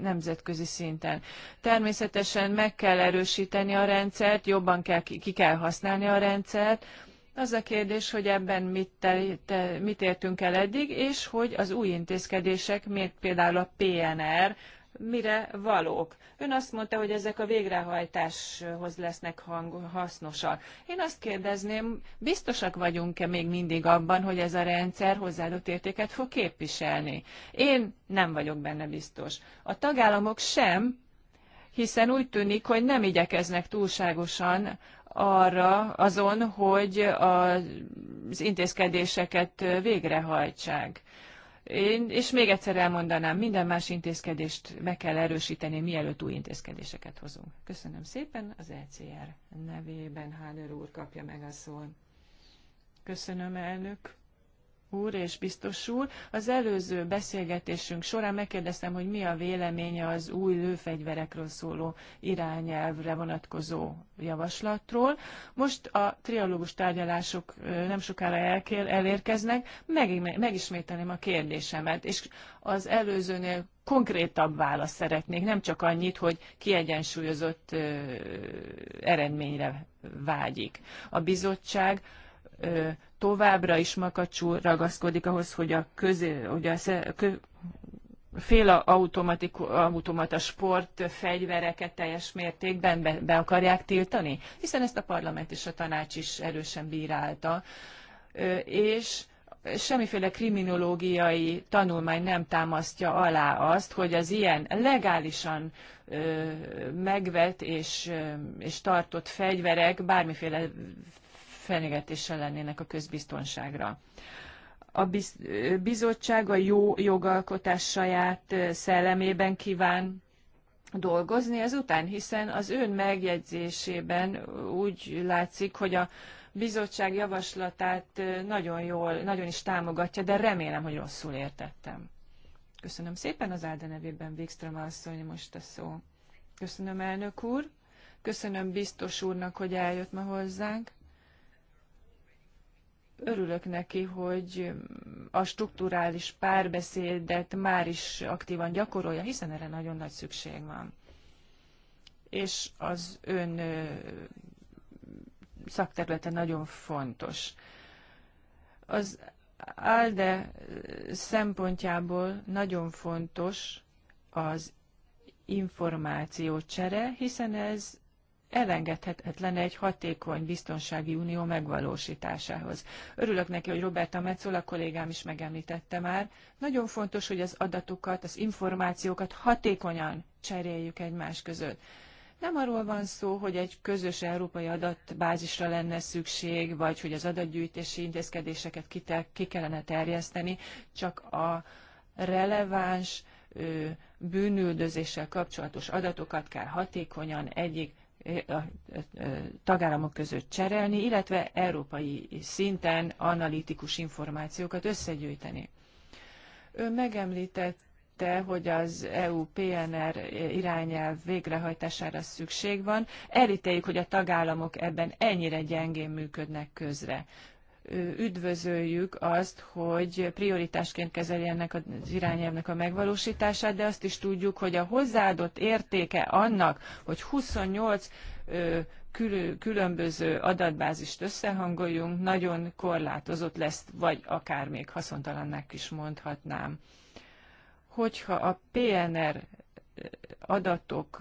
Speaker 3: nemzetközi szinten. Természetesen meg kell erősíteni a rendszert, jobban kell, ki kell használni a rendszert, az a kérdés, hogy ebben mit, te, te, mit értünk el eddig, és hogy az új intézkedések, mint például a PNR, mire valók. Ön azt mondta, hogy ezek a végrehajtáshoz lesznek hang, hasznosak. Én azt kérdezném, biztosak vagyunk-e még mindig abban, hogy ez a rendszer hozzáadott értéket fog képviselni? Én nem vagyok benne biztos. A tagállamok sem, hiszen úgy tűnik, hogy nem igyekeznek túlságosan arra azon, hogy az intézkedéseket végrehajtsák. Én, és még egyszer elmondanám, minden más intézkedést meg kell erősíteni, mielőtt új intézkedéseket hozunk. Köszönöm szépen, az ECR nevében Háder úr kapja meg a szót. Köszönöm, elnök úr és biztos úr. Az előző beszélgetésünk során megkérdeztem, hogy mi a véleménye az új lőfegyverekről szóló irányelvre vonatkozó javaslatról. Most a trialógus tárgyalások nem sokára elérkeznek, meg, megismételném a kérdésemet, és az előzőnél konkrétabb választ szeretnék, nem csak annyit, hogy kiegyensúlyozott eredményre vágyik. A bizottság továbbra is makacsul ragaszkodik ahhoz, hogy a, közé, hogy a kö, automata sport fegyvereket teljes mértékben be, be akarják tiltani, hiszen ezt a parlament és a tanács is erősen bírálta, és semmiféle kriminológiai tanulmány nem támasztja alá azt, hogy az ilyen legálisan megvet és, és tartott fegyverek bármiféle fenyegetéssel lennének a közbiztonságra. A bizottság a jó jogalkotás saját szellemében kíván dolgozni ezután, hiszen az ön megjegyzésében úgy látszik, hogy a bizottság javaslatát nagyon jól, nagyon is támogatja, de remélem, hogy rosszul értettem. Köszönöm szépen az Áda nevében, Wikström asszony, most a szó. Köszönöm, elnök úr. Köszönöm biztos úrnak, hogy eljött ma hozzánk. Örülök neki, hogy a strukturális párbeszédet már is aktívan gyakorolja, hiszen erre nagyon nagy szükség van. És az ön szakterülete nagyon fontos. Az ALDE szempontjából nagyon fontos az információcsere, hiszen ez elengedhetetlen egy hatékony biztonsági unió megvalósításához. Örülök neki, hogy Roberta Metzola kollégám is megemlítette már. Nagyon fontos, hogy az adatokat, az információkat hatékonyan cseréljük egymás között. Nem arról van szó, hogy egy közös európai adatbázisra lenne szükség, vagy hogy az adatgyűjtési intézkedéseket ki kellene terjeszteni, csak a releváns bűnüldözéssel kapcsolatos adatokat kell hatékonyan egyik tagállamok között cserélni, illetve európai szinten analitikus információkat összegyűjteni. Ő megemlítette, hogy az EU-PNR irányelv végrehajtására szükség van. Elítéljük, hogy a tagállamok ebben ennyire gyengén működnek közre üdvözöljük azt, hogy prioritásként kezeli ennek az irányelvnek a megvalósítását, de azt is tudjuk, hogy a hozzáadott értéke annak, hogy 28 különböző adatbázist összehangoljunk, nagyon korlátozott lesz, vagy akár még haszontalannak is mondhatnám. Hogyha a PNR adatok,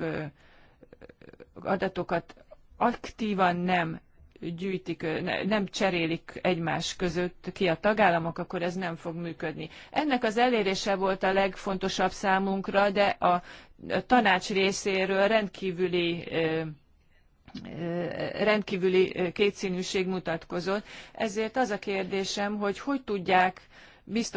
Speaker 3: adatokat aktívan nem gyűjtik, nem cserélik egymás között ki a tagállamok, akkor ez nem fog működni. Ennek az elérése volt a legfontosabb számunkra, de a tanács részéről rendkívüli rendkívüli kétszínűség mutatkozott. Ezért az a kérdésem, hogy hogy tudják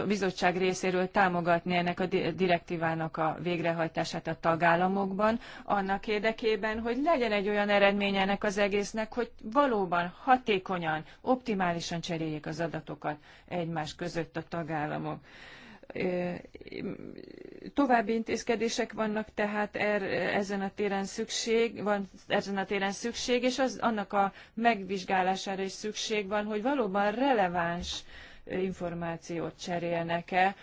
Speaker 3: bizottság részéről támogatni ennek a direktívának a végrehajtását a tagállamokban, annak érdekében, hogy legyen egy olyan eredmény ennek az egésznek, hogy valóban hatékonyan, optimálisan cseréljék az adatokat egymás között a tagállamok. További intézkedések vannak tehát er, ezen a téren szükség, van ezen a téren szükség, és az, annak a megvizsgálására is szükség van, hogy valóban releváns információt cserélnek-e.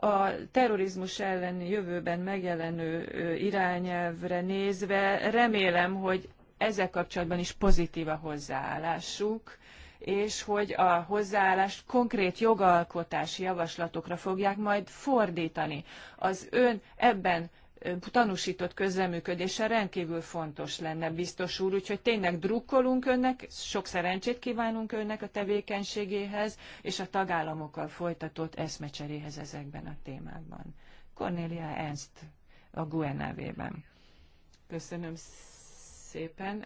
Speaker 3: A terrorizmus ellen jövőben megjelenő irányelvre nézve remélem, hogy ezzel kapcsolatban is pozitív a hozzáállásuk, és hogy a hozzáállást konkrét jogalkotási javaslatokra fogják majd fordítani. Az ön ebben tanúsított közreműködése rendkívül fontos lenne, biztos úr, úgyhogy tényleg drukkolunk önnek, sok szerencsét kívánunk önnek a tevékenységéhez és a tagállamokkal folytatott eszmecseréhez ezekben a témákban. Cornelia Ernst a GUE nevében. Köszönöm szépen,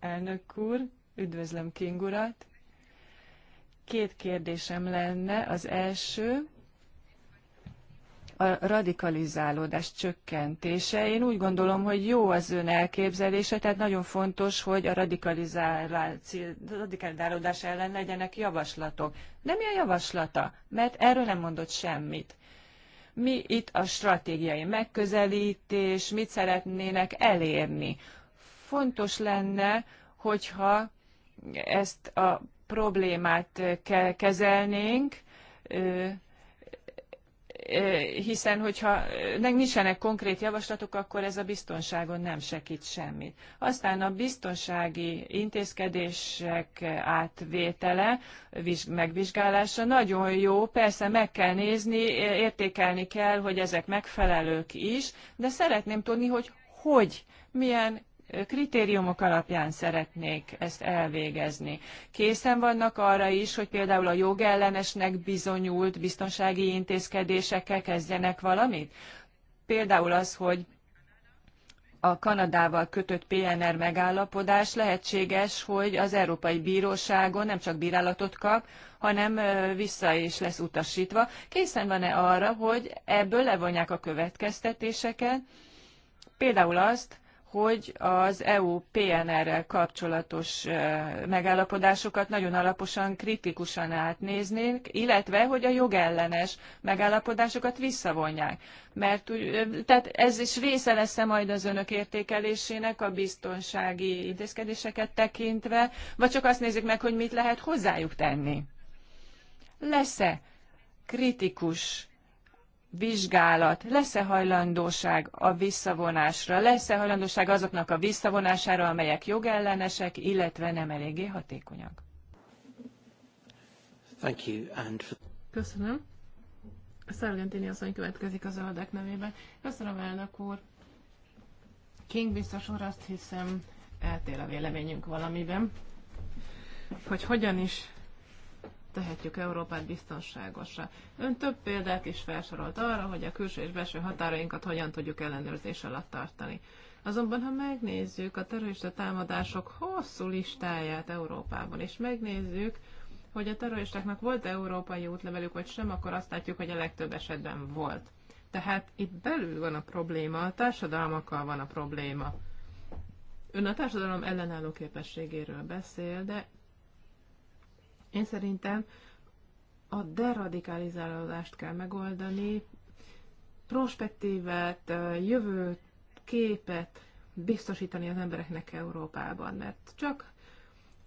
Speaker 3: elnök úr, üdvözlöm King urat. Két kérdésem lenne, az első, a radikalizálódás csökkentése. Én úgy gondolom, hogy jó az ön elképzelése, tehát nagyon fontos, hogy a radikalizálódás ellen legyenek javaslatok. De mi a javaslata? Mert erről nem mondott semmit. Mi itt a stratégiai megközelítés, mit szeretnének elérni? Fontos lenne, hogyha ezt a problémát kezelnénk, hiszen hogyha nincsenek konkrét javaslatok, akkor ez a biztonságon nem segít semmit. Aztán a biztonsági intézkedések átvétele, megvizsgálása nagyon jó, persze meg kell nézni, értékelni kell, hogy ezek megfelelők is, de szeretném tudni, hogy hogy milyen kritériumok alapján szeretnék ezt elvégezni. Készen vannak arra is, hogy például a jogellenesnek bizonyult biztonsági intézkedésekkel kezdjenek valamit? Például az, hogy a Kanadával kötött PNR megállapodás lehetséges, hogy az Európai Bíróságon nem csak bírálatot kap, hanem vissza is lesz utasítva. Készen van-e arra, hogy ebből levonják a következtetéseket? Például azt, hogy az EU PNR-rel kapcsolatos megállapodásokat nagyon alaposan, kritikusan átnéznénk, illetve hogy a jogellenes megállapodásokat visszavonják. Mert tehát ez is része lesz -e majd az önök értékelésének a biztonsági intézkedéseket tekintve, vagy csak azt nézik meg, hogy mit lehet hozzájuk tenni. Lesz-e kritikus vizsgálat, lesz-e hajlandóság a visszavonásra, lesz-e hajlandóság azoknak a visszavonására, amelyek jogellenesek, illetve nem eléggé hatékonyak?
Speaker 1: Thank you and for...
Speaker 3: Köszönöm. Szergentini asszony következik a zöldek nevében.
Speaker 2: Köszönöm, elnök úr. King biztos úr, azt hiszem, eltér a véleményünk valamiben, hogy hogyan is tehetjük Európát biztonságosra. Ön több példát is felsorolt arra, hogy a külső és belső határainkat hogyan tudjuk ellenőrzés alatt tartani. Azonban, ha megnézzük a terrorista támadások hosszú listáját Európában, és megnézzük, hogy a terroristáknak volt európai útlevelük, vagy sem, akkor azt látjuk, hogy a legtöbb esetben volt. Tehát itt belül van a probléma, a társadalmakkal van a probléma. Ön a társadalom ellenálló képességéről beszél, de én szerintem a deradikalizálódást kell megoldani, prospektívet, jövő képet biztosítani az embereknek Európában, mert csak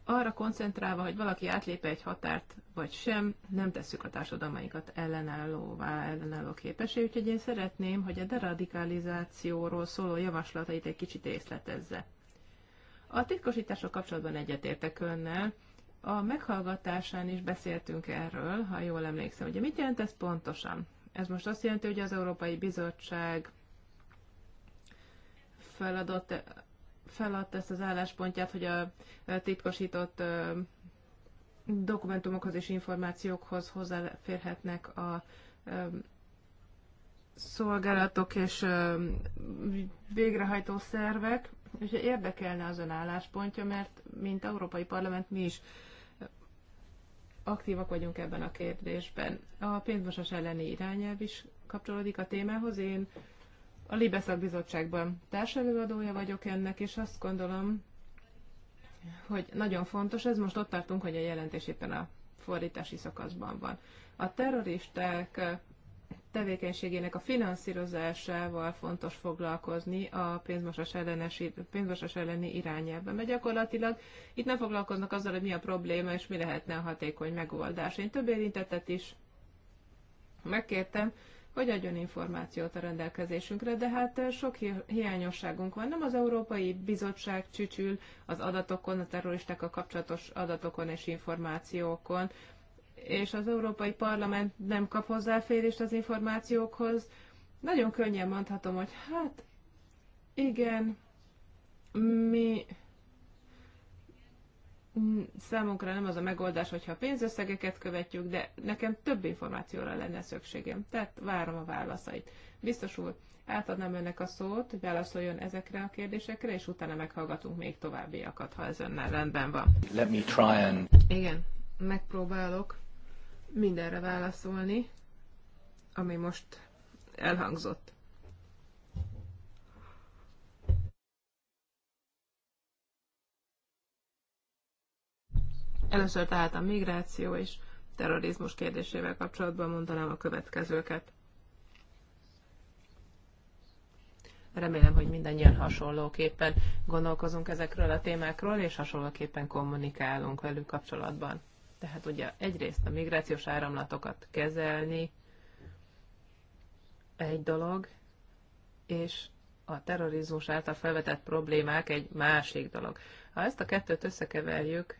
Speaker 2: arra koncentrálva, hogy valaki átlép egy határt, vagy sem, nem tesszük a társadalmainkat ellenállóvá, ellenálló képesé. Úgyhogy én szeretném, hogy a deradikalizációról szóló javaslatait egy kicsit részletezze. A titkosítások kapcsolatban egyetértek önnel, a meghallgatásán is beszéltünk erről, ha jól emlékszem. Ugye mit jelent ez pontosan? Ez most azt jelenti, hogy az Európai Bizottság feladott, feladta ezt az álláspontját, hogy a titkosított dokumentumokhoz és információkhoz hozzáférhetnek a szolgálatok és végrehajtó szervek. És érdekelne az ön álláspontja, mert mint Európai Parlament mi is aktívak vagyunk ebben a kérdésben. A pénzmosás elleni irányelv is kapcsolódik a témához. Én a Libeszak Bizottságban társelőadója vagyok ennek, és azt gondolom, hogy nagyon fontos ez. Most ott tartunk, hogy a jelentés éppen a fordítási szakaszban van. A terroristák tevékenységének a finanszírozásával fontos foglalkozni a pénzmosás, ellenes, pénzmosás elleni irányelvben. Mert gyakorlatilag itt nem foglalkoznak azzal, hogy mi a probléma és mi lehetne a hatékony megoldás. Én több érintettet is megkértem, hogy adjon információt a rendelkezésünkre, de hát sok hiányosságunk van. Nem az Európai Bizottság csücsül az adatokon, a terroristákkal kapcsolatos adatokon és információkon, és az Európai Parlament nem kap hozzáférést az információkhoz, nagyon könnyen mondhatom, hogy hát igen, mi számunkra nem az a megoldás, hogyha a pénzösszegeket követjük, de nekem több információra lenne szükségem. Tehát várom a válaszait. Biztos úr, átadnám önnek a szót, hogy válaszoljon ezekre a kérdésekre, és utána meghallgatunk még továbbiakat, ha ez önnel rendben van.
Speaker 5: Let me try and...
Speaker 2: Igen, megpróbálok mindenre válaszolni, ami most elhangzott. Először tehát a migráció és terrorizmus kérdésével kapcsolatban mondanám a következőket. Remélem, hogy mindannyian hasonlóképpen gondolkozunk ezekről a témákról, és hasonlóképpen kommunikálunk velük kapcsolatban. Tehát ugye egyrészt a migrációs áramlatokat kezelni egy dolog, és a terrorizmus által felvetett problémák egy másik dolog. Ha ezt a kettőt összekeverjük,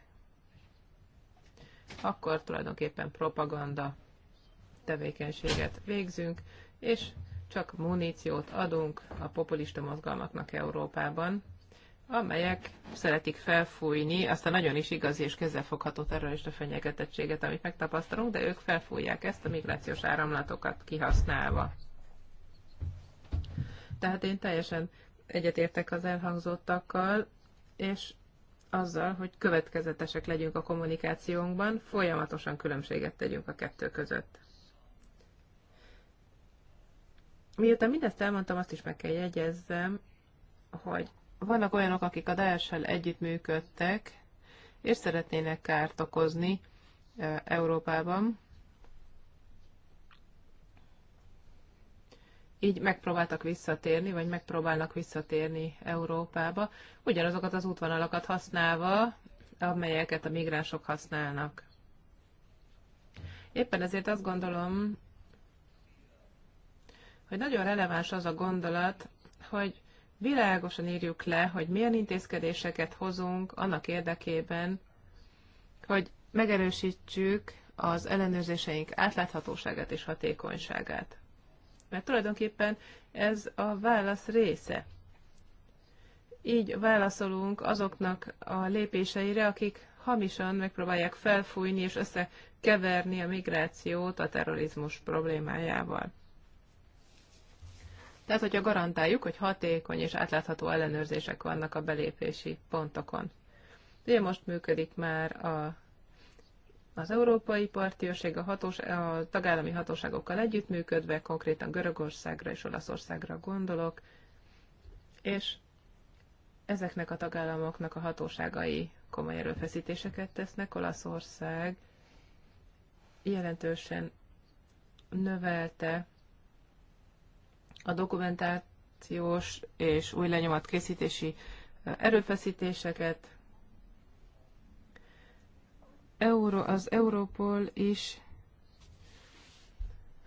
Speaker 2: akkor tulajdonképpen propaganda tevékenységet végzünk, és csak muníciót adunk a populista mozgalmaknak Európában, amelyek szeretik felfújni azt a nagyon is igazi és kezelfogható terrorista fenyegetettséget, amit megtapasztalunk, de ők felfújják ezt a migrációs áramlatokat kihasználva. Tehát én teljesen egyetértek az elhangzottakkal, és azzal, hogy következetesek legyünk a kommunikációnkban, folyamatosan különbséget tegyünk a kettő között. Miután mindezt elmondtam, azt is meg kell jegyezzem, hogy vannak olyanok, akik a Daesh-el együttműködtek, és szeretnének kárt okozni e, Európában. Így megpróbáltak visszatérni, vagy megpróbálnak visszatérni Európába, ugyanazokat az útvonalakat használva, amelyeket a migránsok használnak. Éppen ezért azt gondolom, hogy nagyon releváns az a gondolat, hogy világosan írjuk le, hogy milyen intézkedéseket hozunk annak érdekében, hogy megerősítsük az ellenőrzéseink átláthatóságát és hatékonyságát. Mert tulajdonképpen ez a válasz része. Így válaszolunk azoknak a lépéseire, akik hamisan megpróbálják felfújni és összekeverni a migrációt a terrorizmus problémájával. Tehát, hogyha garantáljuk, hogy hatékony és átlátható ellenőrzések vannak a belépési pontokon. Ugye most működik már a, az Európai Partiőrség, a, hatós, a tagállami hatóságokkal együttműködve, konkrétan Görögországra és Olaszországra gondolok, és ezeknek a tagállamoknak a hatóságai komoly erőfeszítéseket tesznek. Olaszország jelentősen növelte a dokumentációs és új lenyomat készítési erőfeszítéseket. Euró, az Európol is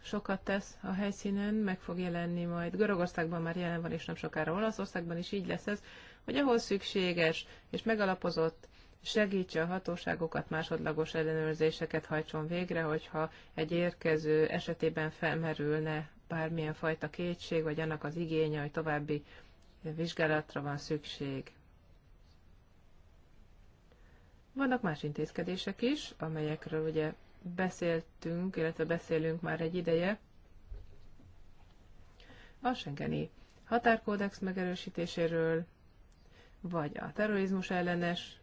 Speaker 2: sokat tesz a helyszínen, meg fog jelenni majd. Görögországban már jelen van, és nem sokára Olaszországban is így lesz ez, hogy ahol szükséges és megalapozott segítse a hatóságokat, másodlagos ellenőrzéseket hajtson végre, hogyha egy érkező esetében felmerülne bármilyen fajta kétség, vagy annak az igénye, hogy további vizsgálatra van szükség. Vannak más intézkedések is, amelyekről ugye beszéltünk, illetve beszélünk már egy ideje. A Schengeni határkódex megerősítéséről, vagy a terrorizmus ellenes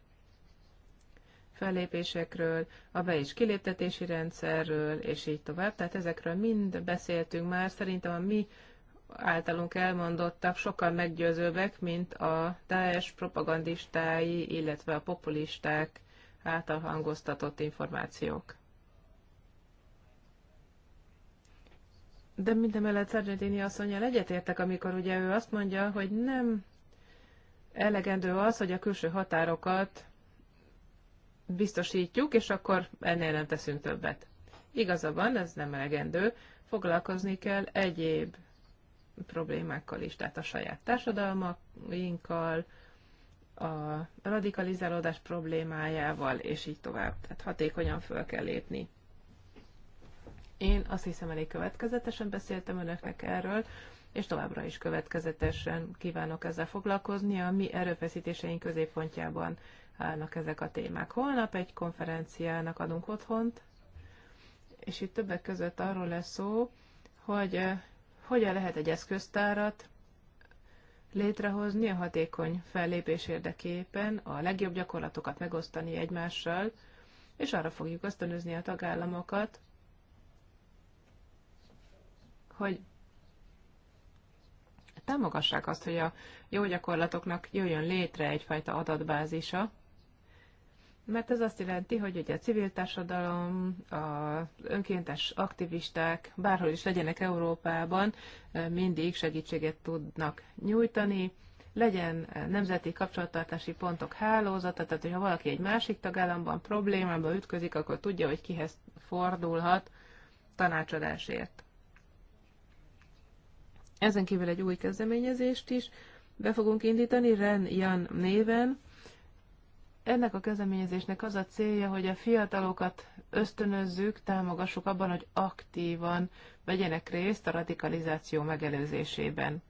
Speaker 2: fellépésekről, a be- és kiléptetési rendszerről, és így tovább. Tehát ezekről mind beszéltünk már. Szerintem a mi általunk elmondottak sokkal meggyőzőbbek, mint a teljes propagandistái, illetve a populisták által hangoztatott információk. De mindemellett Sargentini asszonyjal egyetértek, amikor ugye ő azt mondja, hogy nem elegendő az, hogy a külső határokat biztosítjuk, és akkor ennél nem teszünk többet. Igaza van, ez nem elegendő, foglalkozni kell egyéb problémákkal is, tehát a saját társadalmainkkal, a radikalizálódás problémájával, és így tovább. Tehát hatékonyan föl kell lépni. Én azt hiszem, elég következetesen beszéltem önöknek erről, és továbbra is következetesen kívánok ezzel foglalkozni a mi erőfeszítéseink középpontjában állnak ezek a témák. Holnap egy konferenciának adunk otthont, és itt többek között arról lesz szó, hogy eh, hogyan lehet egy eszköztárat létrehozni a hatékony fellépés érdekében, a legjobb gyakorlatokat megosztani egymással, és arra fogjuk ösztönözni a tagállamokat, hogy támogassák azt, hogy a jó gyakorlatoknak jöjjön létre egyfajta adatbázisa, mert ez azt jelenti, hogy ugye a civil társadalom, az önkéntes aktivisták, bárhol is legyenek Európában, mindig segítséget tudnak nyújtani, legyen nemzeti kapcsolattartási pontok hálózata, tehát hogyha valaki egy másik tagállamban problémába ütközik, akkor tudja, hogy kihez fordulhat tanácsadásért. Ezen kívül egy új kezdeményezést is be fogunk indítani, Ren Jan néven, ennek a kezdeményezésnek az a célja, hogy a fiatalokat ösztönözzük, támogassuk abban, hogy aktívan vegyenek részt a radikalizáció megelőzésében.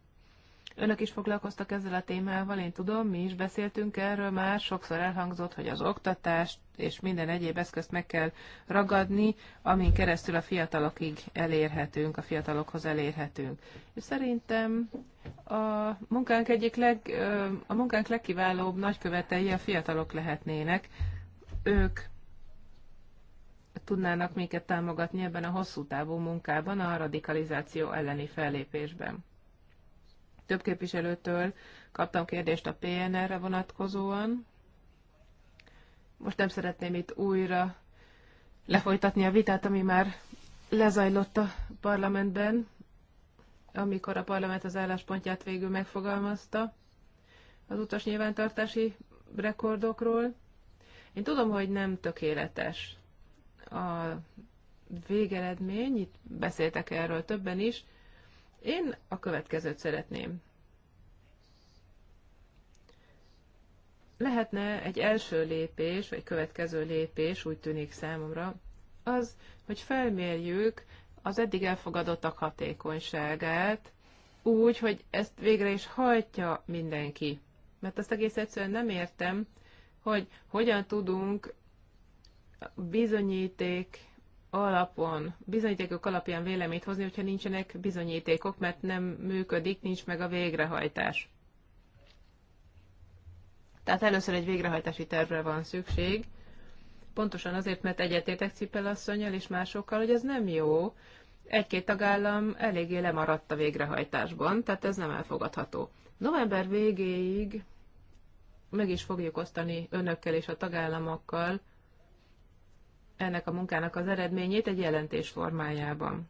Speaker 2: Önök is foglalkoztak ezzel a témával, én tudom, mi is beszéltünk erről már, sokszor elhangzott, hogy az oktatást és minden egyéb eszközt meg kell ragadni, amin keresztül a fiatalokig elérhetünk, a fiatalokhoz elérhetünk. És szerintem a munkánk egyik leg, a munkánk legkiválóbb nagykövetei a fiatalok lehetnének. Ők tudnának minket támogatni ebben a hosszú távú munkában, a radikalizáció elleni fellépésben több képviselőtől kaptam kérdést a PNR-re vonatkozóan. Most nem szeretném itt újra lefolytatni a vitát, ami már lezajlott a parlamentben, amikor a parlament az álláspontját végül megfogalmazta az utas nyilvántartási rekordokról. Én tudom, hogy nem tökéletes a végeredmény, itt beszéltek erről többen is, én a következőt szeretném. Lehetne egy első lépés, vagy következő lépés, úgy tűnik számomra, az, hogy felmérjük az eddig elfogadottak hatékonyságát, úgy, hogy ezt végre is hajtja mindenki. Mert azt egész egyszerűen nem értem, hogy hogyan tudunk bizonyíték alapon, bizonyítékok alapján véleményt hozni, hogyha nincsenek bizonyítékok, mert nem működik, nincs meg a végrehajtás. Tehát először egy végrehajtási tervre van szükség, pontosan azért, mert egyetértek Cipel asszonyjal és másokkal, hogy ez nem jó. Egy-két tagállam eléggé lemaradt a végrehajtásban, tehát ez nem elfogadható. November végéig meg is fogjuk osztani önökkel és a tagállamokkal ennek a munkának az eredményét egy jelentés formájában.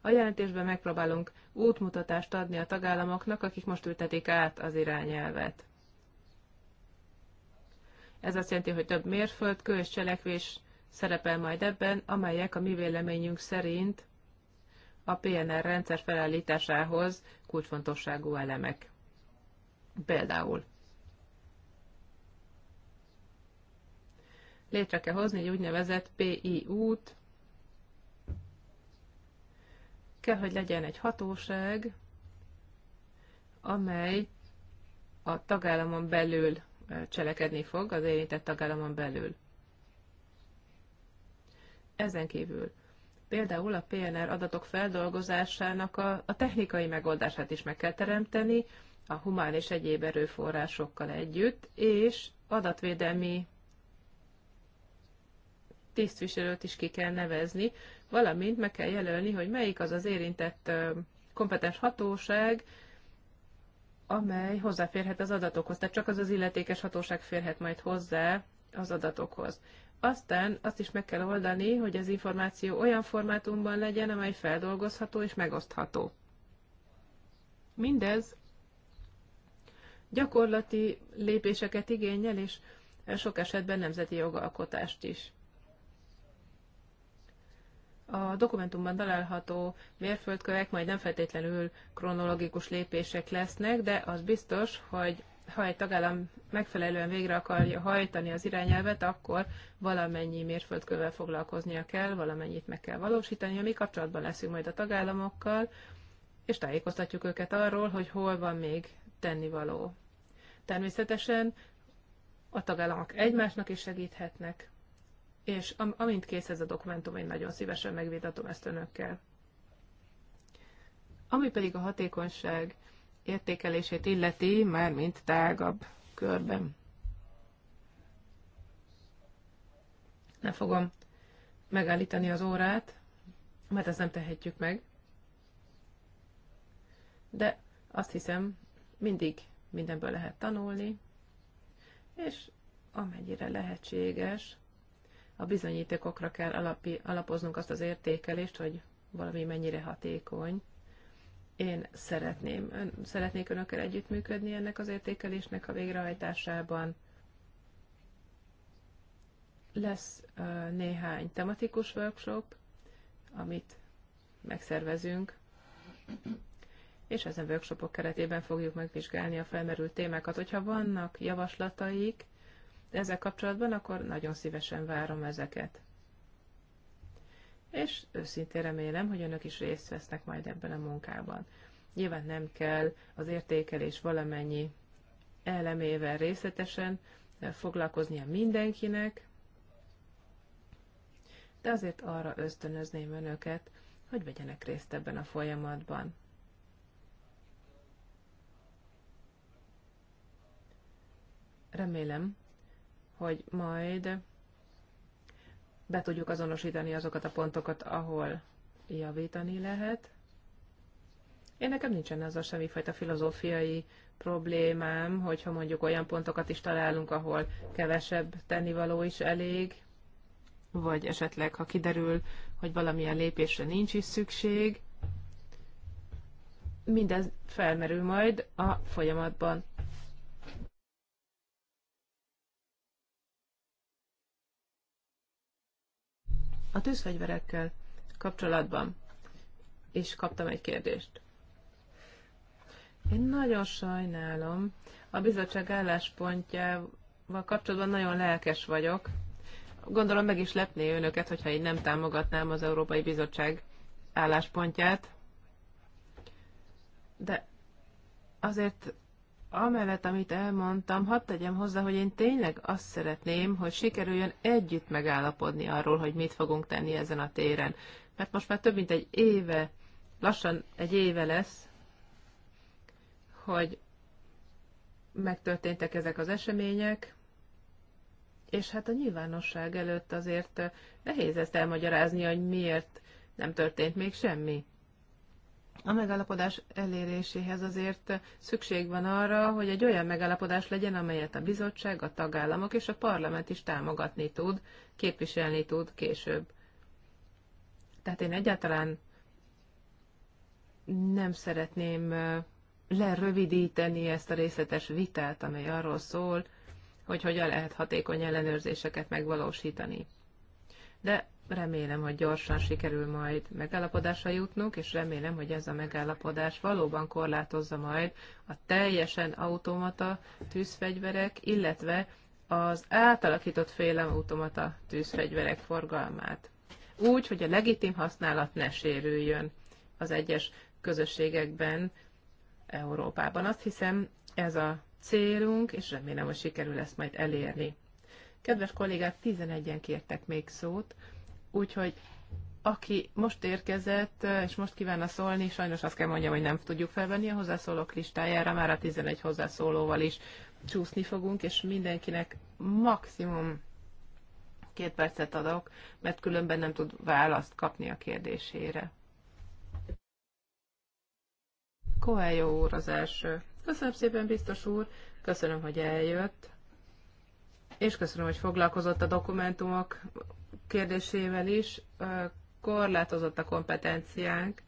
Speaker 2: A jelentésben megpróbálunk útmutatást adni a tagállamoknak, akik most ültetik át az irányelvet. Ez azt jelenti, hogy több mérföldkő és cselekvés szerepel majd ebben, amelyek a mi véleményünk szerint a PNR rendszer felállításához kulcsfontosságú elemek. Például létre kell hozni egy úgynevezett PIU-t, kell, hogy legyen egy hatóság, amely a tagállamon belül cselekedni fog, az érintett tagállamon belül. Ezen kívül például a PNR adatok feldolgozásának a, a technikai megoldását is meg kell teremteni, a humán és egyéb erőforrásokkal együtt, és adatvédelmi tisztviselőt is ki kell nevezni, valamint meg kell jelölni, hogy melyik az az érintett kompetens hatóság, amely hozzáférhet az adatokhoz. Tehát csak az az illetékes hatóság férhet majd hozzá az adatokhoz. Aztán azt is meg kell oldani, hogy az információ olyan formátumban legyen, amely feldolgozható és megosztható. Mindez gyakorlati lépéseket igényel, és sok esetben nemzeti jogalkotást is. A dokumentumban található mérföldkövek majd nem feltétlenül kronológikus lépések lesznek, de az biztos, hogy ha egy tagállam megfelelően végre akarja hajtani az irányelvet, akkor valamennyi mérföldkövel foglalkoznia kell, valamennyit meg kell valósítani, mi kapcsolatban leszünk majd a tagállamokkal, és tájékoztatjuk őket arról, hogy hol van még tennivaló. Természetesen a tagállamok egymásnak is segíthetnek, és am, amint kész ez a dokumentum, én nagyon szívesen megvitatom ezt önökkel. Ami pedig a hatékonyság értékelését illeti, mint tágabb körben. Nem fogom
Speaker 3: megállítani az órát,
Speaker 2: mert ezt nem tehetjük meg. De azt hiszem, mindig mindenből lehet tanulni, és amennyire lehetséges, a bizonyítékokra kell alapi, alapoznunk azt az értékelést, hogy valami mennyire hatékony. Én szeretném, ön, szeretnék önökkel együttműködni ennek az értékelésnek a végrehajtásában. Lesz uh, néhány tematikus workshop, amit megszervezünk, és ezen workshopok keretében fogjuk megvizsgálni a felmerült témákat. Hogyha vannak javaslataik, ezzel kapcsolatban, akkor nagyon szívesen várom ezeket. És őszintén remélem, hogy önök is részt vesznek majd ebben a munkában. Nyilván nem kell az értékelés valamennyi elemével részletesen foglalkoznia mindenkinek, de azért arra ösztönözném önöket, hogy vegyenek részt ebben a folyamatban. Remélem, hogy majd be tudjuk azonosítani azokat a pontokat, ahol javítani lehet. Én nekem nincsen azzal semmifajta filozófiai problémám, hogyha mondjuk olyan pontokat is találunk, ahol kevesebb tennivaló is elég, vagy esetleg, ha kiderül, hogy valamilyen lépésre nincs is szükség, mindez felmerül majd a folyamatban. A tűzfegyverekkel kapcsolatban és kaptam egy kérdést. Én nagyon sajnálom, a bizottság álláspontjával kapcsolatban nagyon lelkes vagyok. Gondolom meg is lepné önöket, hogyha én nem támogatnám az Európai Bizottság álláspontját. De azért amellett, amit elmondtam, hadd tegyem hozzá, hogy én tényleg azt szeretném, hogy sikerüljön együtt megállapodni arról, hogy mit fogunk tenni ezen a téren. Mert most már több mint egy éve, lassan egy éve lesz, hogy megtörténtek ezek az események, és hát a nyilvánosság előtt azért nehéz ezt elmagyarázni, hogy miért nem történt még semmi. A megállapodás eléréséhez azért szükség van arra, hogy egy olyan megállapodás legyen, amelyet a bizottság, a tagállamok és a parlament is támogatni tud, képviselni tud később. Tehát én egyáltalán nem szeretném lerövidíteni ezt a részletes vitát, amely arról szól, hogy hogyan lehet hatékony ellenőrzéseket megvalósítani. De remélem, hogy gyorsan sikerül majd megállapodásra jutnunk, és remélem, hogy ez a megállapodás valóban korlátozza majd a teljesen automata tűzfegyverek, illetve az átalakított félautomata tűzfegyverek forgalmát. Úgy, hogy a legitim használat ne sérüljön az egyes közösségekben, Európában. Azt hiszem, ez a célunk, és remélem, hogy sikerül ezt majd elérni. Kedves kollégák, 11-en kértek még szót. Úgyhogy aki most érkezett, és most kívánna szólni, sajnos azt kell mondjam, hogy nem tudjuk felvenni a hozzászólók listájára, már a 11 hozzászólóval is csúszni fogunk, és mindenkinek maximum két percet adok, mert különben nem tud választ kapni a kérdésére. Koeljó úr az első. Köszönöm szépen, biztos úr, köszönöm, hogy eljött, és köszönöm, hogy foglalkozott a dokumentumok kérdésével is korlátozott a kompetenciánk,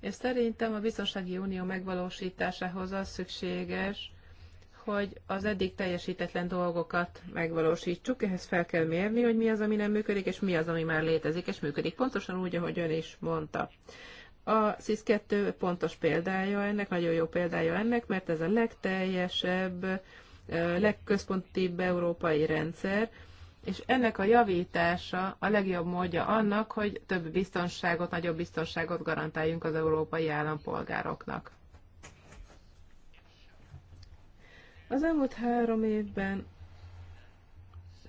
Speaker 2: és szerintem a biztonsági unió megvalósításához az szükséges, hogy az eddig teljesítetlen dolgokat megvalósítsuk, ehhez fel kell mérni, hogy mi az, ami nem működik, és mi az, ami már létezik, és működik. Pontosan úgy, ahogy ön is mondta. A SIS-2 pontos példája ennek, nagyon jó példája ennek, mert ez a legteljesebb, legközpontibb európai rendszer, és ennek a javítása a legjobb módja annak, hogy több biztonságot, nagyobb biztonságot garantáljunk az európai állampolgároknak. Az elmúlt három évben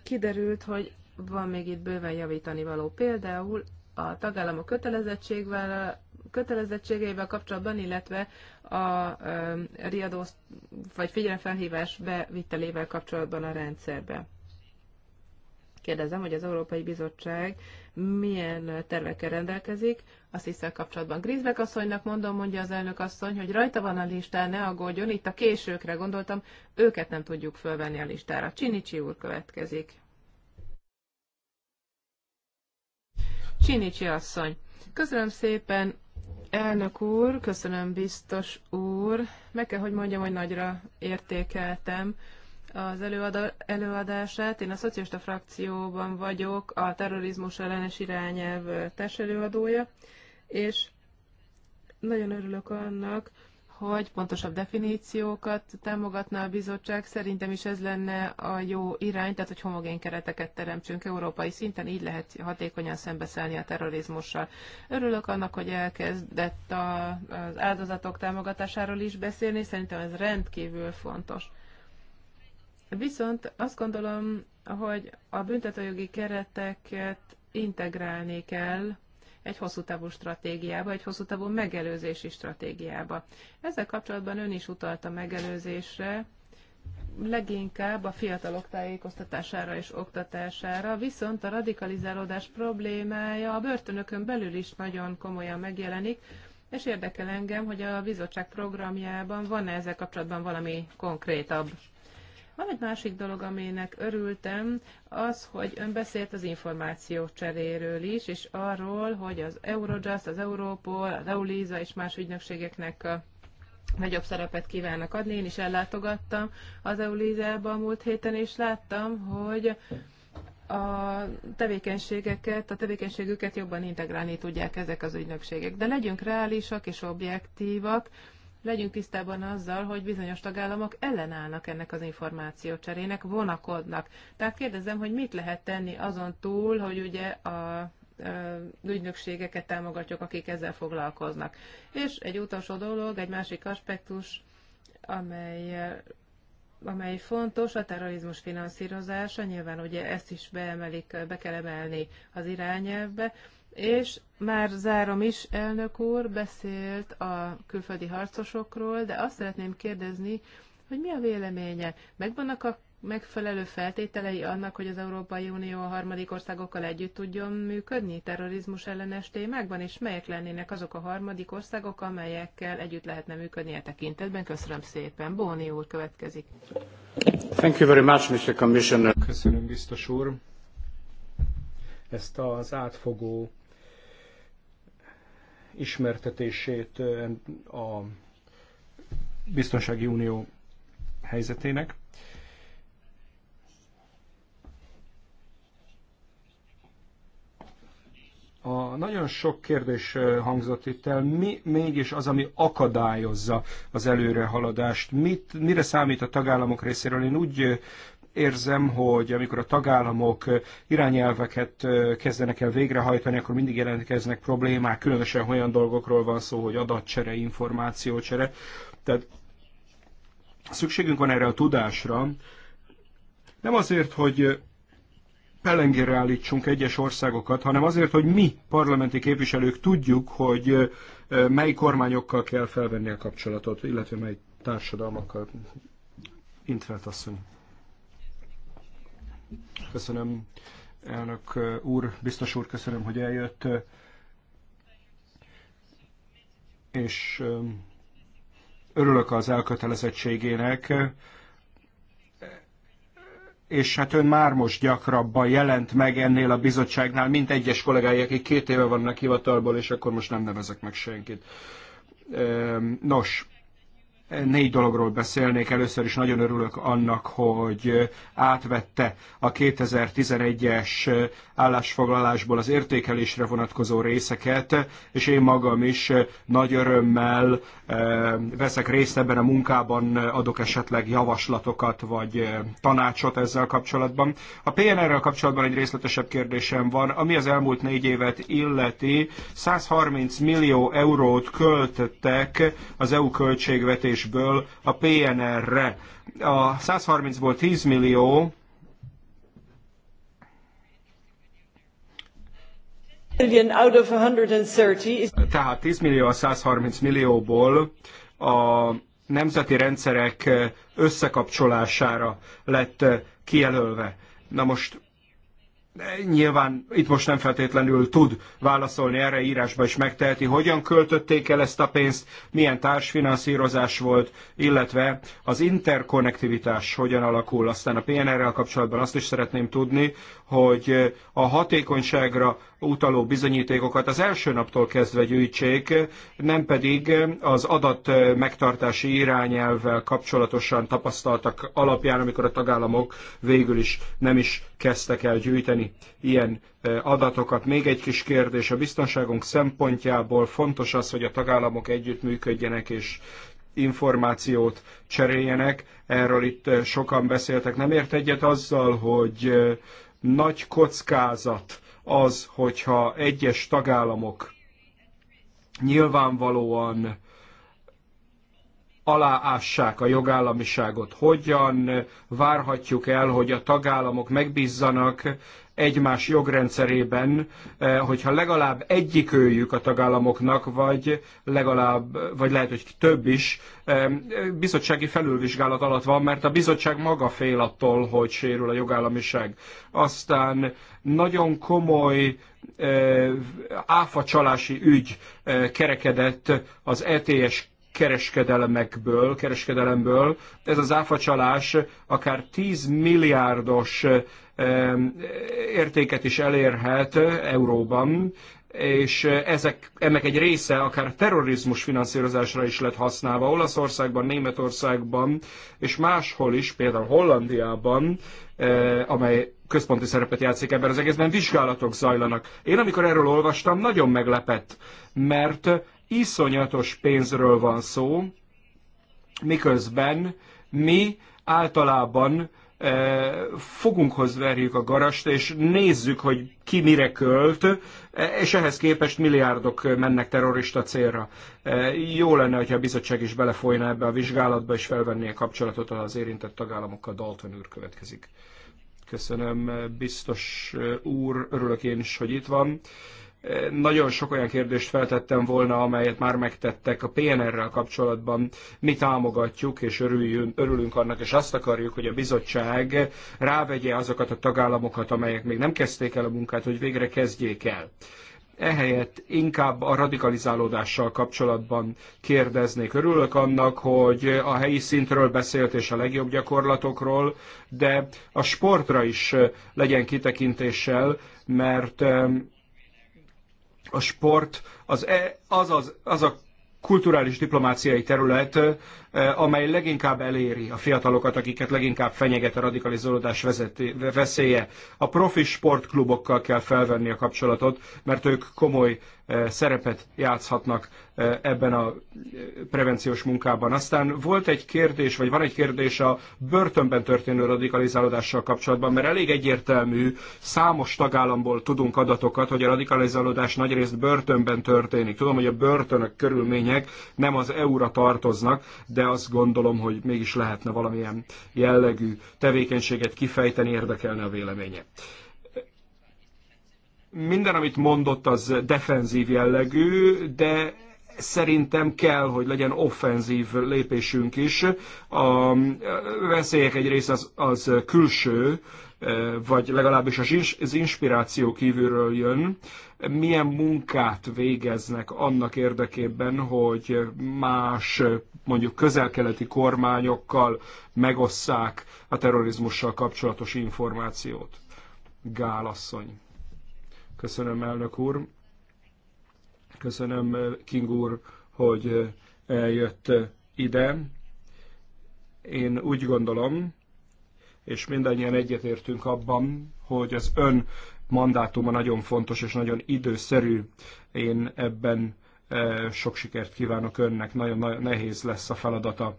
Speaker 2: kiderült, hogy van még itt bőven javítani való. Például a tagállamok kötelezettségvel, kötelezettségeivel kapcsolatban, illetve a riadó vagy figyelemfelhívás bevitelével kapcsolatban a rendszerbe kérdezem, hogy az Európai Bizottság milyen tervekkel rendelkezik. Azt hiszel kapcsolatban Grisbeck asszonynak mondom, mondja az elnök asszony, hogy rajta van a listán, ne aggódjon, itt a későkre gondoltam, őket nem tudjuk fölvenni a listára. Csinicsi úr következik. Csinicsi asszony. Köszönöm szépen, elnök úr, köszönöm biztos úr. Meg kell, hogy mondjam, hogy nagyra értékeltem az előada, előadását. Én a szocialista frakcióban vagyok, a terrorizmus ellenes irányelv testelőadója, és nagyon örülök annak, hogy pontosabb definíciókat támogatna a bizottság. Szerintem is ez lenne a jó irány, tehát hogy homogén kereteket teremtsünk európai szinten, így lehet hatékonyan szembeszállni a terrorizmussal. Örülök annak, hogy elkezdett a, az áldozatok támogatásáról is beszélni, szerintem ez rendkívül fontos. Viszont azt gondolom, hogy a büntetőjogi kereteket integrálni kell egy hosszú távú stratégiába, egy hosszú távú megelőzési stratégiába. Ezzel kapcsolatban ön is utalt a megelőzésre, leginkább a fiatalok tájékoztatására és oktatására, viszont a radikalizálódás problémája a börtönökön belül is nagyon komolyan megjelenik, és érdekel engem, hogy a bizottság programjában van-e ezzel kapcsolatban valami konkrétabb van egy másik dolog, aminek örültem, az, hogy ön beszélt az információ cseréről is, és arról, hogy az Eurojust, az Europol, az Euliza és más ügynökségeknek nagyobb szerepet kívánnak adni. Én is ellátogattam az Eulizába a múlt héten, és láttam, hogy a tevékenységeket, a tevékenységüket jobban integrálni tudják ezek az ügynökségek. De legyünk reálisak és objektívak, legyünk tisztában azzal, hogy bizonyos tagállamok ellenállnak ennek az információcserének, vonakodnak. Tehát kérdezem, hogy mit lehet tenni azon túl, hogy ugye a ügynökségeket támogatjuk, akik ezzel foglalkoznak. És egy utolsó dolog, egy másik aspektus, amely amely fontos, a terrorizmus finanszírozása, nyilván ugye ezt is beemelik, be kell emelni az irányelvbe, és már zárom is, elnök úr beszélt a külföldi harcosokról, de azt szeretném kérdezni, hogy mi a véleménye? Megvannak a megfelelő feltételei annak, hogy az Európai Unió a harmadik országokkal együtt tudjon működni terrorizmus ellenes témákban, és melyek lennének azok a harmadik országok, amelyekkel együtt lehetne működni a e tekintetben? Köszönöm szépen. Bóni úr következik.
Speaker 4: Thank you very much, Mr. Commissioner. Köszönöm, biztos úr. Ezt az átfogó ismertetését a Biztonsági Unió helyzetének. A nagyon sok kérdés hangzott itt el. Mi mégis az, ami akadályozza az előrehaladást? Mit, mire számít a tagállamok részéről? Én úgy érzem, hogy amikor a tagállamok irányelveket kezdenek el végrehajtani, akkor mindig jelentkeznek problémák, különösen olyan dolgokról van szó, hogy adatcsere, információcsere. Tehát szükségünk van erre a tudásra, nem azért, hogy pelengére állítsunk egyes országokat, hanem azért, hogy mi, parlamenti képviselők tudjuk, hogy mely kormányokkal kell felvenni a kapcsolatot, illetve mely társadalmakkal. Intvelt asszony. Köszönöm, elnök úr, biztos úr, köszönöm, hogy eljött. És örülök az elkötelezettségének, és hát ön már most gyakrabban jelent meg ennél a bizottságnál, mint egyes kollégái, akik két éve vannak hivatalból, és akkor most nem nevezek meg senkit. Nos, négy dologról beszélnék. Először is nagyon örülök annak, hogy átvette a 2011-es állásfoglalásból az értékelésre vonatkozó részeket, és én magam is nagy örömmel eh, veszek részt ebben a munkában, adok esetleg javaslatokat vagy eh, tanácsot ezzel kapcsolatban. A PNR-rel kapcsolatban egy részletesebb kérdésem van, ami az elmúlt négy évet illeti, 130 millió eurót költöttek az EU költségvetés költségvetésből a PNR-re. A 130-ból 10 millió Tehát 10 millió a 130 millióból a nemzeti rendszerek összekapcsolására lett kijelölve. Na most nyilván itt most nem feltétlenül tud válaszolni erre, írásba is megteheti, hogyan költötték el ezt a pénzt, milyen társfinanszírozás volt, illetve az interkonnektivitás hogyan alakul. Aztán a PNR-rel kapcsolatban azt is szeretném tudni, hogy a hatékonyságra utaló bizonyítékokat az első naptól kezdve gyűjtsék, nem pedig az adat megtartási irányelvvel kapcsolatosan tapasztaltak alapján, amikor a tagállamok végül is nem is kezdtek el gyűjteni ilyen adatokat. Még egy kis kérdés. A biztonságunk szempontjából fontos az, hogy a tagállamok együttműködjenek és információt cseréljenek. Erről itt sokan beszéltek. Nem ért egyet azzal, hogy nagy kockázat az, hogyha egyes tagállamok nyilvánvalóan aláássák a jogállamiságot. Hogyan várhatjuk el, hogy a tagállamok megbízzanak egymás jogrendszerében, eh, hogyha legalább egyikőjük a tagállamoknak, vagy legalább, vagy lehet, hogy több is, eh, bizottsági felülvizsgálat alatt van, mert a bizottság maga fél attól, hogy sérül a jogállamiság. Aztán nagyon komoly eh, áfacsalási ügy kerekedett az ETS kereskedelmekből, kereskedelemből. Ez az áfacsalás akár 10 milliárdos értéket is elérhet euróban, és ezek, ennek egy része akár terrorizmus finanszírozásra is lett használva. Olaszországban, Németországban és máshol is, például Hollandiában, eh, amely központi szerepet játszik ebben az egészben, vizsgálatok zajlanak. Én amikor erről olvastam, nagyon meglepett, mert iszonyatos pénzről van szó, miközben mi általában fogunkhoz verjük a garast, és nézzük, hogy ki mire költ, és ehhez képest milliárdok mennek terrorista célra. Jó lenne, hogyha a bizottság is belefolyna ebbe a vizsgálatba, és felvenné a kapcsolatot az érintett tagállamokkal. Dalton úr következik. Köszönöm, biztos úr, örülök én is, hogy itt van. Nagyon sok olyan kérdést feltettem volna, amelyet már megtettek a PNR-rel kapcsolatban. Mi támogatjuk és örüljünk, örülünk annak, és azt akarjuk, hogy a bizottság rávegye azokat a tagállamokat, amelyek még nem kezdték el a munkát, hogy végre kezdjék el ehelyett inkább a radikalizálódással kapcsolatban kérdeznék. Örülök annak, hogy a helyi szintről beszélt és a legjobb gyakorlatokról, de a sportra is legyen kitekintéssel, mert a sport az, e- az, az, az a kulturális diplomáciai terület, amely leginkább eléri a fiatalokat, akiket leginkább fenyeget a radikalizálódás vezeti, veszélye. A profi sportklubokkal kell felvenni a kapcsolatot, mert ők komoly szerepet játszhatnak ebben a prevenciós munkában. Aztán volt egy kérdés, vagy van egy kérdés a börtönben történő radikalizálódással kapcsolatban, mert elég egyértelmű, számos tagállamból tudunk adatokat, hogy a radikalizálódás nagyrészt börtönben történik. Tudom, hogy a börtönök körülmények nem az EU-ra tartoznak, de azt gondolom, hogy mégis lehetne valamilyen jellegű tevékenységet kifejteni, érdekelne a véleménye. Minden, amit mondott, az defenzív jellegű, de szerintem kell, hogy legyen offenzív lépésünk is. A veszélyek egy része az, az külső, e, vagy legalábbis az inspiráció kívülről jön, milyen munkát végeznek annak érdekében, hogy más mondjuk közelkeleti kormányokkal megosszák a terrorizmussal kapcsolatos információt. Gálasszony. Köszönöm, elnök úr. Köszönöm King úr, hogy eljött ide. Én úgy gondolom, és mindannyian egyetértünk abban, hogy az ön mandátuma nagyon fontos és nagyon időszerű. Én ebben e, sok sikert kívánok önnek, nagyon nehéz lesz a feladata.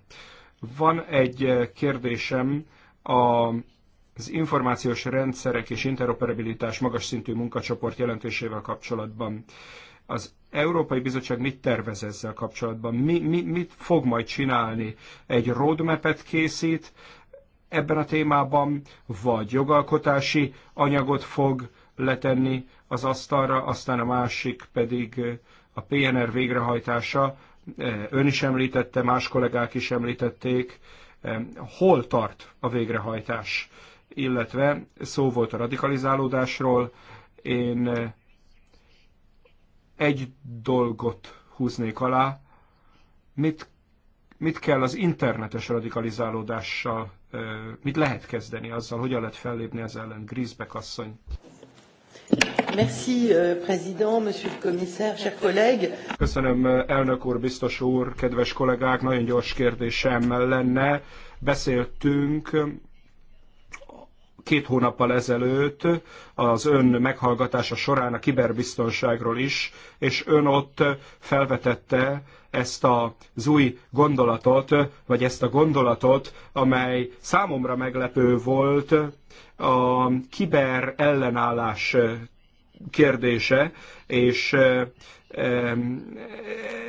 Speaker 4: Van egy e, kérdésem a az információs rendszerek és interoperabilitás magas szintű munkacsoport jelentésével kapcsolatban. Az Európai Bizottság mit tervez ezzel kapcsolatban? Mi, mi, mit fog majd csinálni? Egy roadmap készít ebben a témában, vagy jogalkotási anyagot fog letenni az asztalra, aztán a másik pedig a PNR végrehajtása. Ön is említette, más kollégák is említették. Hol tart a végrehajtás? Illetve szó volt a radikalizálódásról. Én egy dolgot húznék alá, mit, mit kell az internetes radikalizálódással, mit lehet kezdeni azzal, hogyan lehet fellépni ez ellen, Grisbeck asszony.
Speaker 1: Merci, président, monsieur le commissaire, chers collègues.
Speaker 4: Köszönöm, elnök úr, biztos úr, kedves kollégák, nagyon gyors kérdésem lenne. Beszéltünk két hónappal ezelőtt az ön meghallgatása során a kiberbiztonságról is, és ön ott felvetette ezt az új gondolatot, vagy ezt a gondolatot, amely számomra meglepő volt, a kiber ellenállás kérdése, és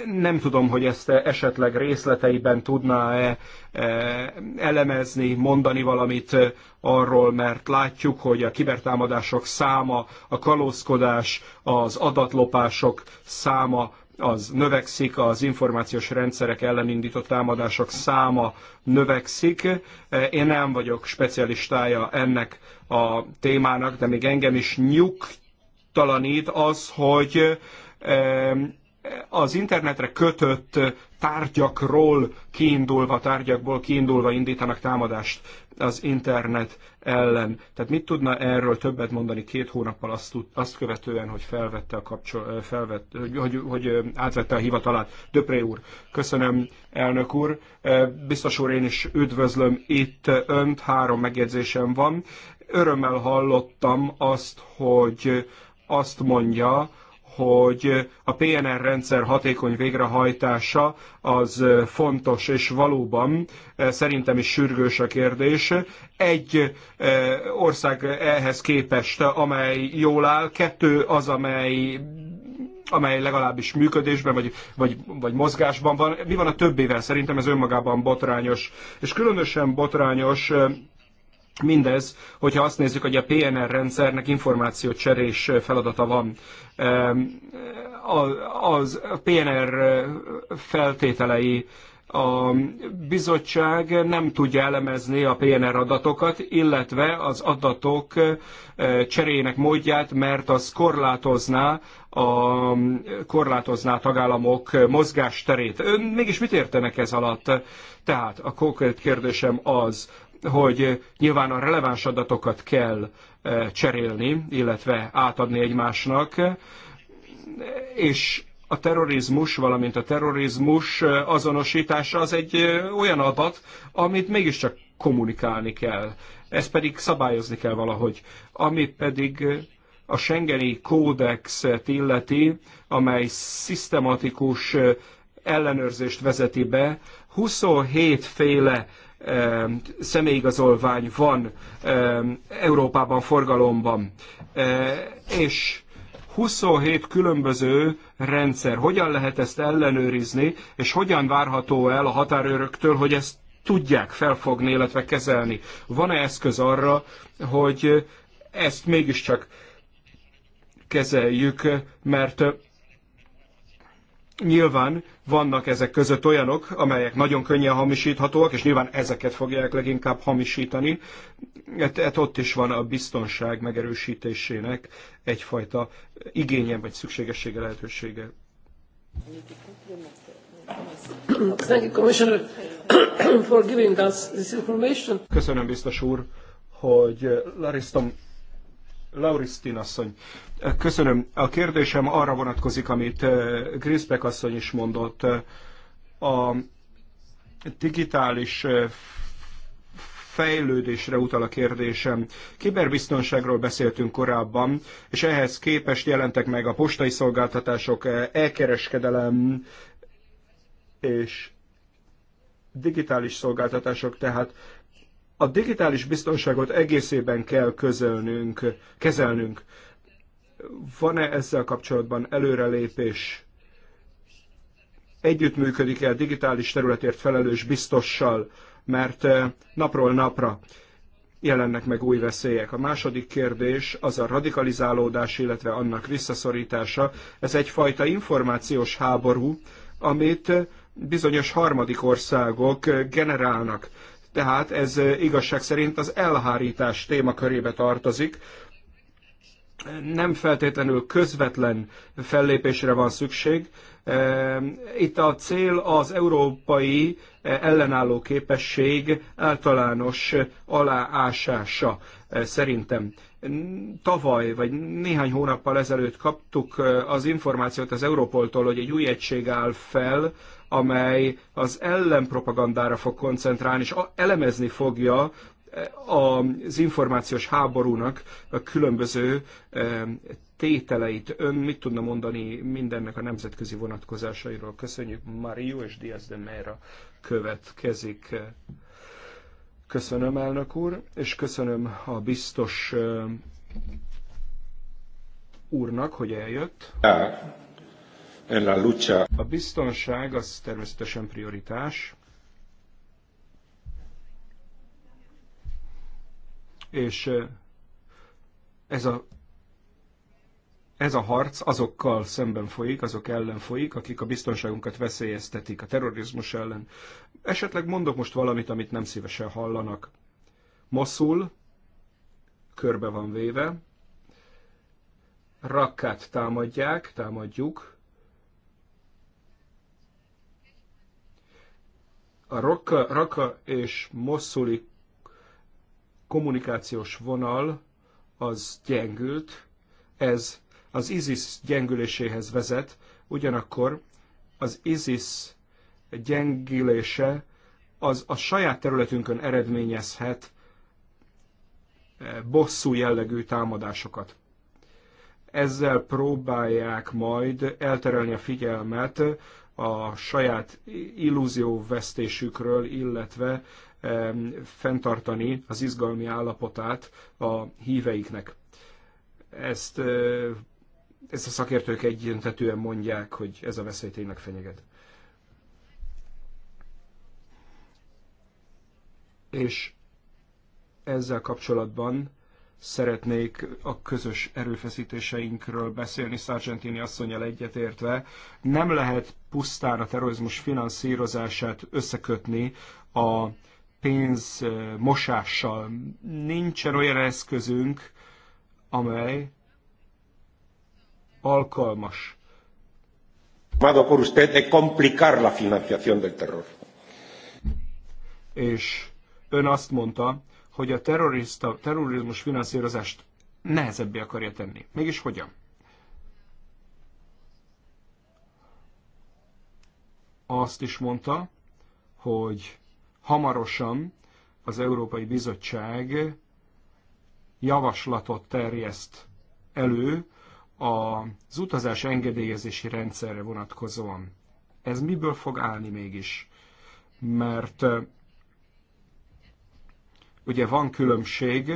Speaker 4: nem tudom, hogy ezt esetleg részleteiben tudná-e e, elemezni, mondani valamit arról, mert látjuk, hogy a kibertámadások száma, a kalózkodás, az adatlopások száma az növekszik, az információs rendszerek ellen indított támadások száma növekszik. E, én nem vagyok specialistája ennek a témának, de még engem is nyugtalanít az, hogy az internetre kötött tárgyakról kiindulva, tárgyakból kiindulva indítanak támadást az internet ellen. Tehát mit tudna erről többet mondani két hónappal azt, azt követően, hogy felvette a kapcsol, felvett, hogy, hogy, hogy átvette a hivatalát? Döpré úr, köszönöm, elnök úr. Biztos úr, én is üdvözlöm itt önt, három megjegyzésem van. Örömmel hallottam azt, hogy azt mondja, hogy a PNR rendszer hatékony végrehajtása az fontos, és valóban szerintem is sürgős a kérdés. Egy ország ehhez képest, amely jól áll, kettő az, amely amely legalábbis működésben vagy, vagy, vagy mozgásban van. Mi van a többével? Szerintem ez önmagában botrányos. És különösen botrányos Mindez, hogyha azt nézzük, hogy a PNR rendszernek információcserés feladata van. Az a PNR feltételei a bizottság nem tudja elemezni a PNR adatokat, illetve az adatok cserének módját, mert az korlátozná a, korlátozná a tagállamok mozgásterét. Ön mégis mit értenek ez alatt? Tehát a konkrét kérdésem az, hogy nyilván a releváns adatokat kell eh, cserélni, illetve átadni egymásnak, és a terrorizmus, valamint a terrorizmus eh, azonosítása az egy eh, olyan adat, amit mégiscsak kommunikálni kell. Ezt pedig szabályozni kell valahogy. Ami pedig a Schengeni kódexet illeti, amely szisztematikus ellenőrzést vezeti be, 27 féle személyigazolvány van Európában forgalomban, és 27 különböző rendszer. Hogyan lehet ezt ellenőrizni, és hogyan várható el a határőröktől, hogy ezt tudják felfogni, illetve kezelni? Van-e eszköz arra, hogy ezt mégiscsak kezeljük, mert nyilván vannak ezek között olyanok, amelyek nagyon könnyen hamisíthatóak, és nyilván ezeket fogják leginkább hamisítani. Hát, hát ott is van a biztonság megerősítésének egyfajta igénye vagy szükségessége lehetősége. Köszönöm, biztos úr, hogy Lariston Laurisztin asszony. Köszönöm. A kérdésem arra vonatkozik, amit eh, Griszbek asszony is mondott. Eh, a digitális eh, fejlődésre utal a kérdésem. Kiberbiztonságról beszéltünk korábban, és ehhez képest jelentek meg a postai szolgáltatások, elkereskedelem és digitális szolgáltatások, tehát a digitális biztonságot egészében kell közölnünk, kezelnünk. Van-e ezzel kapcsolatban előrelépés? Együttműködik-e a digitális területért felelős biztossal? Mert eh, napról napra jelennek meg új veszélyek. A második kérdés az a radikalizálódás, illetve annak visszaszorítása. Ez egyfajta információs háború, amit eh, bizonyos harmadik országok eh, generálnak tehát ez igazság szerint az elhárítás témakörébe tartozik, nem feltétlenül közvetlen fellépésre van szükség. Itt a cél az európai ellenálló képesség általános aláásása szerintem. Tavaly, vagy néhány hónappal ezelőtt kaptuk az információt az Európoltól, hogy egy új egység áll fel, amely az ellenpropagandára fog koncentrálni, és elemezni fogja eh, az információs háborúnak a különböző eh, tételeit. Ön mit tudna mondani mindennek a nemzetközi vonatkozásairól? Köszönjük, Mario és Diaz de Mera következik. Köszönöm, elnök úr, és köszönöm a biztos eh, úrnak, hogy eljött. Ja
Speaker 1: en la lucha.
Speaker 4: A biztonság az természetesen prioritás. És ez a, ez a harc azokkal szemben folyik, azok ellen folyik, akik a biztonságunkat veszélyeztetik a terrorizmus ellen. Esetleg mondok most valamit, amit nem szívesen hallanak. Moszul körbe van véve, Rakkát támadják, támadjuk, A Raka, Raka és Mosszuli kommunikációs vonal az gyengült, ez az ISIS gyengüléséhez vezet, ugyanakkor az ISIS gyengülése az a saját területünkön eredményezhet eh, bosszú jellegű támadásokat. Ezzel próbálják majd elterelni a figyelmet a saját illúzióvesztésükről, illetve fenntartani az izgalmi állapotát a híveiknek. Ezt, ezt a szakértők egyöntetően mondják, hogy ez a veszély tényleg fenyeget. És ezzel kapcsolatban szeretnék a közös erőfeszítéseinkről beszélni, Sargentini asszonyjal egyetértve. Nem lehet pusztán a terrorizmus finanszírozását összekötni a pénzmosással. Nincsen olyan eszközünk, amely alkalmas. Por usted de complicar la financiación del terror. És ön azt mondta, hogy a terrorista, terrorizmus finanszírozást nehezebbé akarja tenni. Mégis hogyan? Azt is mondta, hogy hamarosan az Európai Bizottság javaslatot terjeszt elő az utazás engedélyezési rendszerre vonatkozóan. Ez miből fog állni mégis? Mert Ugye van különbség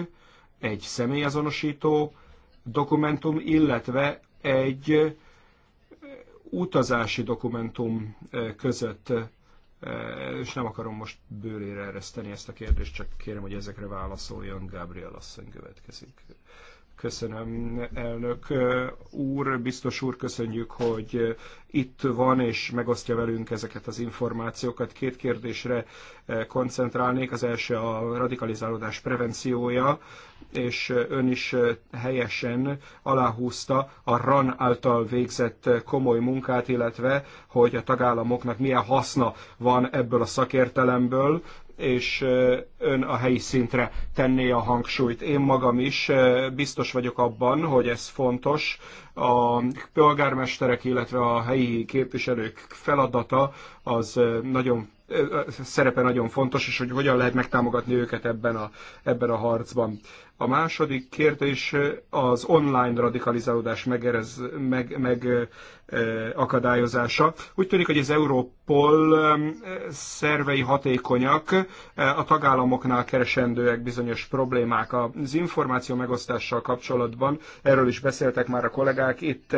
Speaker 4: egy személyazonosító dokumentum, illetve egy utazási dokumentum között, és nem akarom most bőrére ereszteni ezt a kérdést, csak kérem, hogy ezekre válaszoljon. Gabriel asszony következik. Köszönöm, elnök úr, biztos úr, köszönjük, hogy itt van és megosztja velünk ezeket az információkat. Két kérdésre koncentrálnék. Az első a radikalizálódás prevenciója, és ön is helyesen aláhúzta a RAN által végzett komoly munkát, illetve hogy a tagállamoknak milyen haszna van ebből a szakértelemből, és ön a helyi szintre tenné a hangsúlyt. Én magam is biztos vagyok abban, hogy ez fontos. A polgármesterek, illetve a helyi képviselők feladata az nagyon szerepe nagyon fontos, és hogy hogyan lehet megtámogatni őket ebben a, ebben a harcban. A második kérdés az online radikalizálódás megerez, meg, meg akadályozása. Úgy tűnik, hogy az Európol szervei hatékonyak, a tagállamoknál keresendőek bizonyos problémák az információ megosztással kapcsolatban. Erről is beszéltek már a kollégák. Itt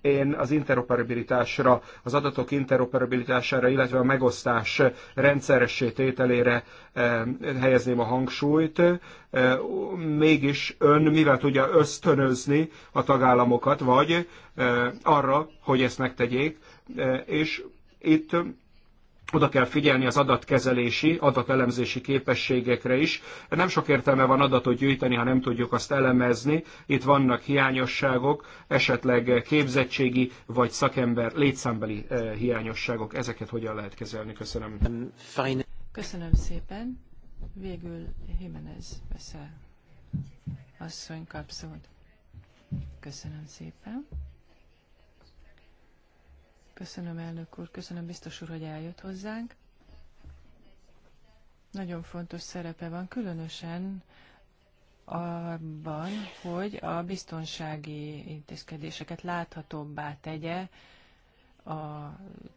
Speaker 4: én az interoperabilitásra, az adatok interoperabilitására, illetve a megosztás rendszeressé tételére eh, helyezném a hangsúlyt. Eh, mégis ön mivel tudja ösztönözni a tagállamokat, vagy eh, arra, hogy ezt megtegyék, és itt oda kell figyelni az adatkezelési, adatelemzési képességekre is. Nem sok értelme van adatot gyűjteni, ha nem tudjuk azt elemezni. Itt vannak hiányosságok, esetleg képzettségi vagy szakember létszámbeli eh, hiányosságok. Ezeket hogyan lehet kezelni? Köszönöm.
Speaker 3: Köszönöm szépen. Végül Jimenez beszél. Asszony kapszót. Köszönöm szépen. Köszönöm, elnök úr, köszönöm biztos úr, hogy eljött hozzánk. Nagyon fontos szerepe van, különösen abban, hogy a biztonsági intézkedéseket láthatóbbá tegye a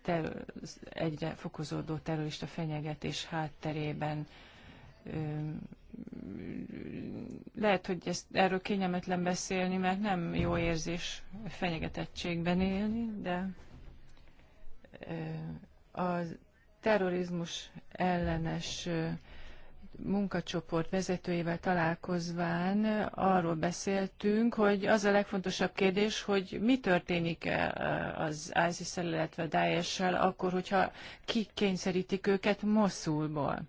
Speaker 3: ter- egyre fokozódó terrorista fenyegetés hátterében. Lehet, hogy ezt, erről kényelmetlen beszélni, mert nem jó érzés fenyegetettségben élni, de a terrorizmus ellenes munkacsoport vezetőjével találkozván arról beszéltünk, hogy az a legfontosabb kérdés, hogy mi történik e, az isis illetve daesh akkor, hogyha kikényszerítik őket Moszulból.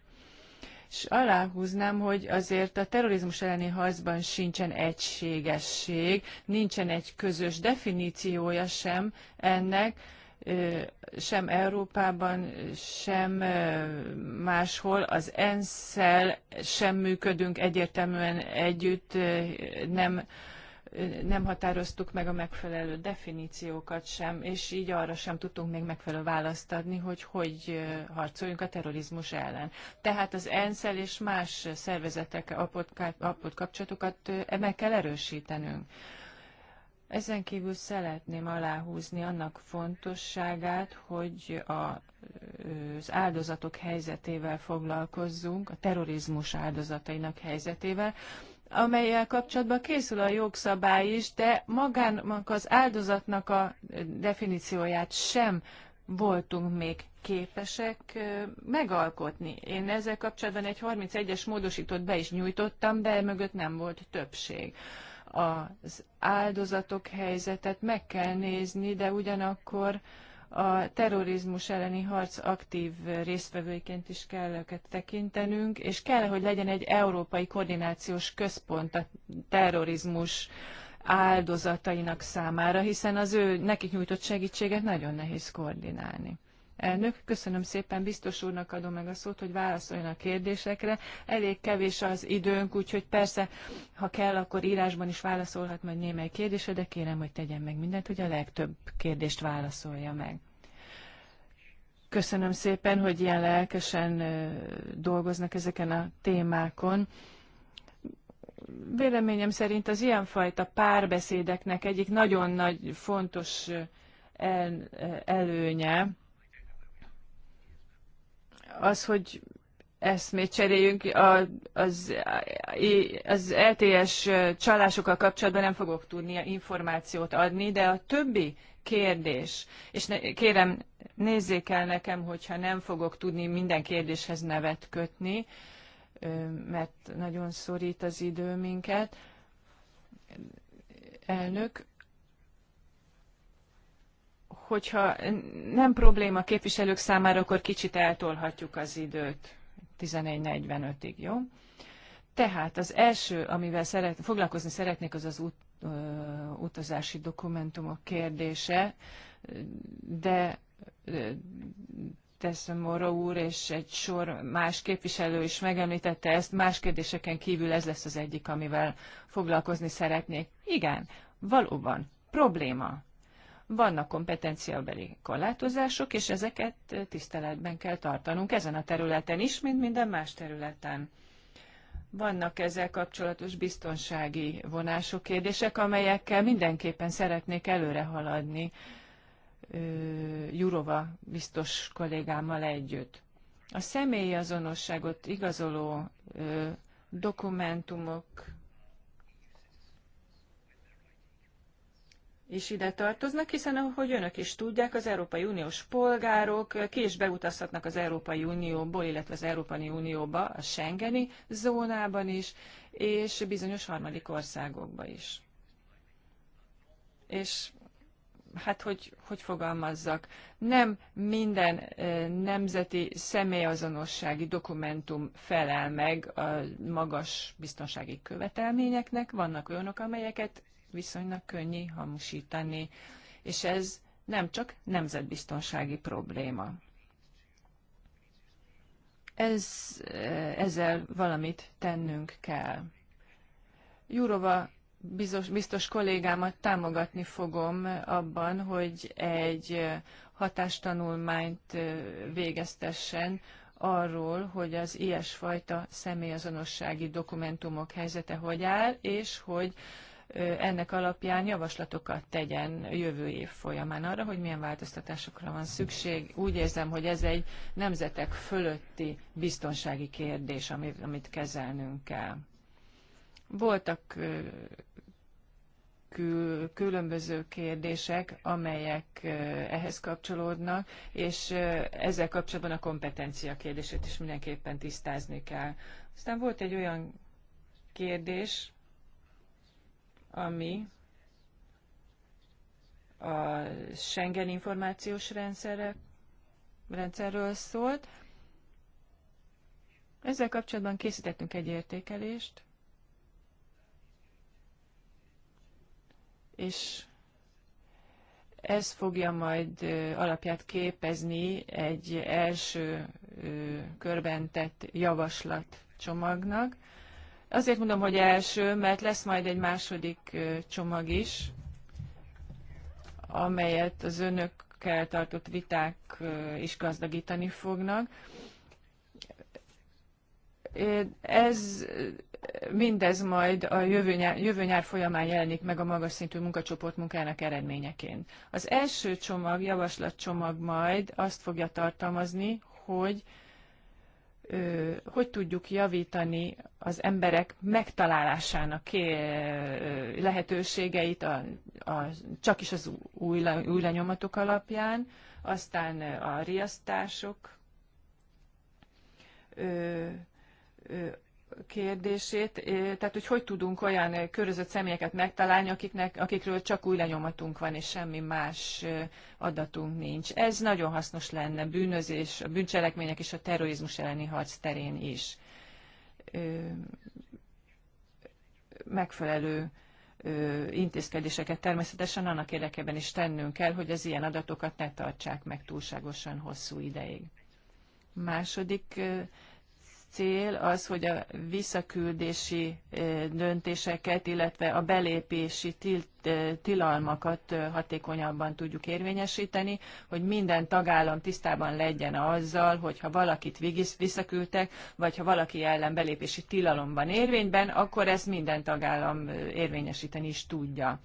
Speaker 3: És aláhúznám, hogy azért a terrorizmus elleni harcban sincsen egységesség, nincsen egy közös definíciója sem ennek, sem Európában, sem máshol. Az ensz sem működünk egyértelműen együtt, nem, nem határoztuk meg a megfelelő definíciókat sem, és így arra sem tudtunk még megfelelő választ adni, hogy hogy harcoljunk a terrorizmus ellen. Tehát az ensz és más szervezetek apot, apot kapcsolatokat meg kell erősítenünk ezen kívül szeretném aláhúzni annak fontosságát, hogy a, az áldozatok helyzetével foglalkozzunk, a terrorizmus áldozatainak helyzetével, amelyel kapcsolatban készül a jogszabály is, de magának az áldozatnak a definícióját sem voltunk még képesek megalkotni. Én ezzel kapcsolatban egy 31-es módosítót be is nyújtottam, de mögött nem volt többség az áldozatok helyzetet meg kell nézni, de ugyanakkor a terrorizmus elleni harc aktív résztvevőiként is kell őket tekintenünk, és kell, hogy legyen egy európai koordinációs központ a terrorizmus áldozatainak számára, hiszen az ő nekik nyújtott segítséget nagyon nehéz koordinálni. Elnök, köszönöm szépen, biztos úrnak adom meg a szót, hogy válaszoljon a kérdésekre. Elég kevés az időnk, úgyhogy persze, ha kell, akkor írásban is válaszolhat majd némely kérdésre, de kérem, hogy tegyen meg mindent, hogy a legtöbb kérdést válaszolja meg. Köszönöm szépen, hogy ilyen lelkesen dolgoznak ezeken a témákon véleményem szerint az ilyenfajta párbeszédeknek egyik nagyon nagy fontos előnye az, hogy eszmét cseréljünk, a, az, az LTS e csalásokkal kapcsolatban nem fogok tudni információt adni, de a többi kérdés, és ne, kérem, nézzék el nekem, hogyha nem fogok tudni minden kérdéshez nevet kötni, mert nagyon szorít az idő minket. Elnök, hogyha nem probléma a képviselők számára, akkor kicsit eltolhatjuk az időt 11.45-ig, jó? Tehát az első, amivel szeret, foglalkozni szeretnék, az az út, ö, utazási dokumentumok kérdése, de Teszem Mora úr és egy sor más képviselő is megemlítette ezt, más kérdéseken kívül ez lesz az egyik, amivel foglalkozni szeretnék. Igen, valóban probléma vannak kompetenciabeli korlátozások, és ezeket tiszteletben kell tartanunk ezen a területen is, mint minden más területen. Vannak ezzel kapcsolatos biztonsági vonások, kérdések, amelyekkel mindenképpen szeretnék előre haladni Jurova biztos kollégámmal együtt. A személyi azonosságot igazoló dokumentumok is ide tartoznak, hiszen ahogy önök is tudják, az Európai Uniós polgárok ki is beutazhatnak az Európai Unióból, illetve az Európai Unióba, a Schengeni zónában is, és bizonyos harmadik országokba is. És hát hogy, hogy fogalmazzak, nem minden nemzeti személyazonossági dokumentum felel meg a magas biztonsági követelményeknek, vannak olyanok, amelyeket viszonylag könnyű hamisítani, és ez nem csak nemzetbiztonsági probléma. Ez, eh, ezzel valamit tennünk kell. Jurova biztos, biztos kollégámat támogatni fogom abban, hogy egy eh, hatástanulmányt eh, végeztessen arról, hogy az ilyesfajta személyazonossági dokumentumok helyzete hogy áll, és hogy ennek alapján javaslatokat tegyen jövő év folyamán arra, hogy milyen változtatásokra van szükség. Úgy érzem, hogy ez egy nemzetek fölötti biztonsági kérdés, amit kezelnünk kell. Voltak különböző kérdések, amelyek ehhez kapcsolódnak, és ezzel kapcsolatban a kompetencia kérdését is mindenképpen tisztázni kell. Aztán volt egy olyan kérdés, ami a Schengen információs rendszerre, rendszerről szólt. Ezzel kapcsolatban készítettünk egy értékelést, és ez fogja majd alapját képezni egy első körben tett javaslat csomagnak. Azért mondom, hogy első, mert lesz majd egy második csomag is, amelyet az önökkel tartott viták is gazdagítani fognak. Ez mindez majd a jövő nyár, jövő nyár folyamán jelenik meg a magas szintű munkacsoport munkának eredményeként. Az első csomag, javaslatcsomag majd azt fogja tartalmazni, hogy hogy tudjuk javítani az emberek megtalálásának lehetőségeit a, a, csak is az új, új lenyomatok alapján, aztán a riasztások, kérdését, eh, tehát hogy hogy tudunk olyan eh, körözött személyeket megtalálni, akiknek, akikről csak új lenyomatunk van, és semmi más eh, adatunk nincs. Ez nagyon hasznos lenne bűnözés, a bűncselekmények és a terrorizmus elleni harc terén is. Megfelelő intézkedéseket természetesen annak érdekében is tennünk kell, hogy az ilyen adatokat ne tartsák meg túlságosan hosszú ideig. Második cél az, hogy a visszaküldési eh, döntéseket, illetve a belépési tilt, eh, tilalmakat eh, hatékonyabban tudjuk érvényesíteni, hogy minden tagállam tisztában legyen azzal, hogyha valakit visszaküldtek, vagy ha valaki ellen belépési tilalom van érvényben, akkor ezt minden tagállam érvényesíteni is tudja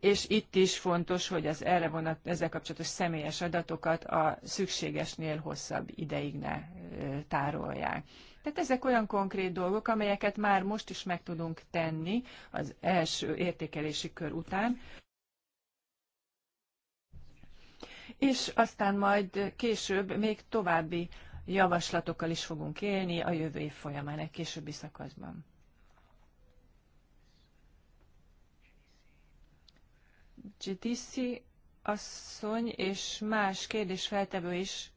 Speaker 3: és itt is fontos, hogy az erre vonat, ezzel kapcsolatos személyes adatokat a szükségesnél hosszabb ideig ne tárolják. Tehát ezek olyan konkrét dolgok, amelyeket már most is meg tudunk tenni az első értékelési kör után. És aztán majd később még további javaslatokkal is fogunk élni a jövő év folyamán, egy későbbi szakaszban. Gitissi asszony és más feltevő is,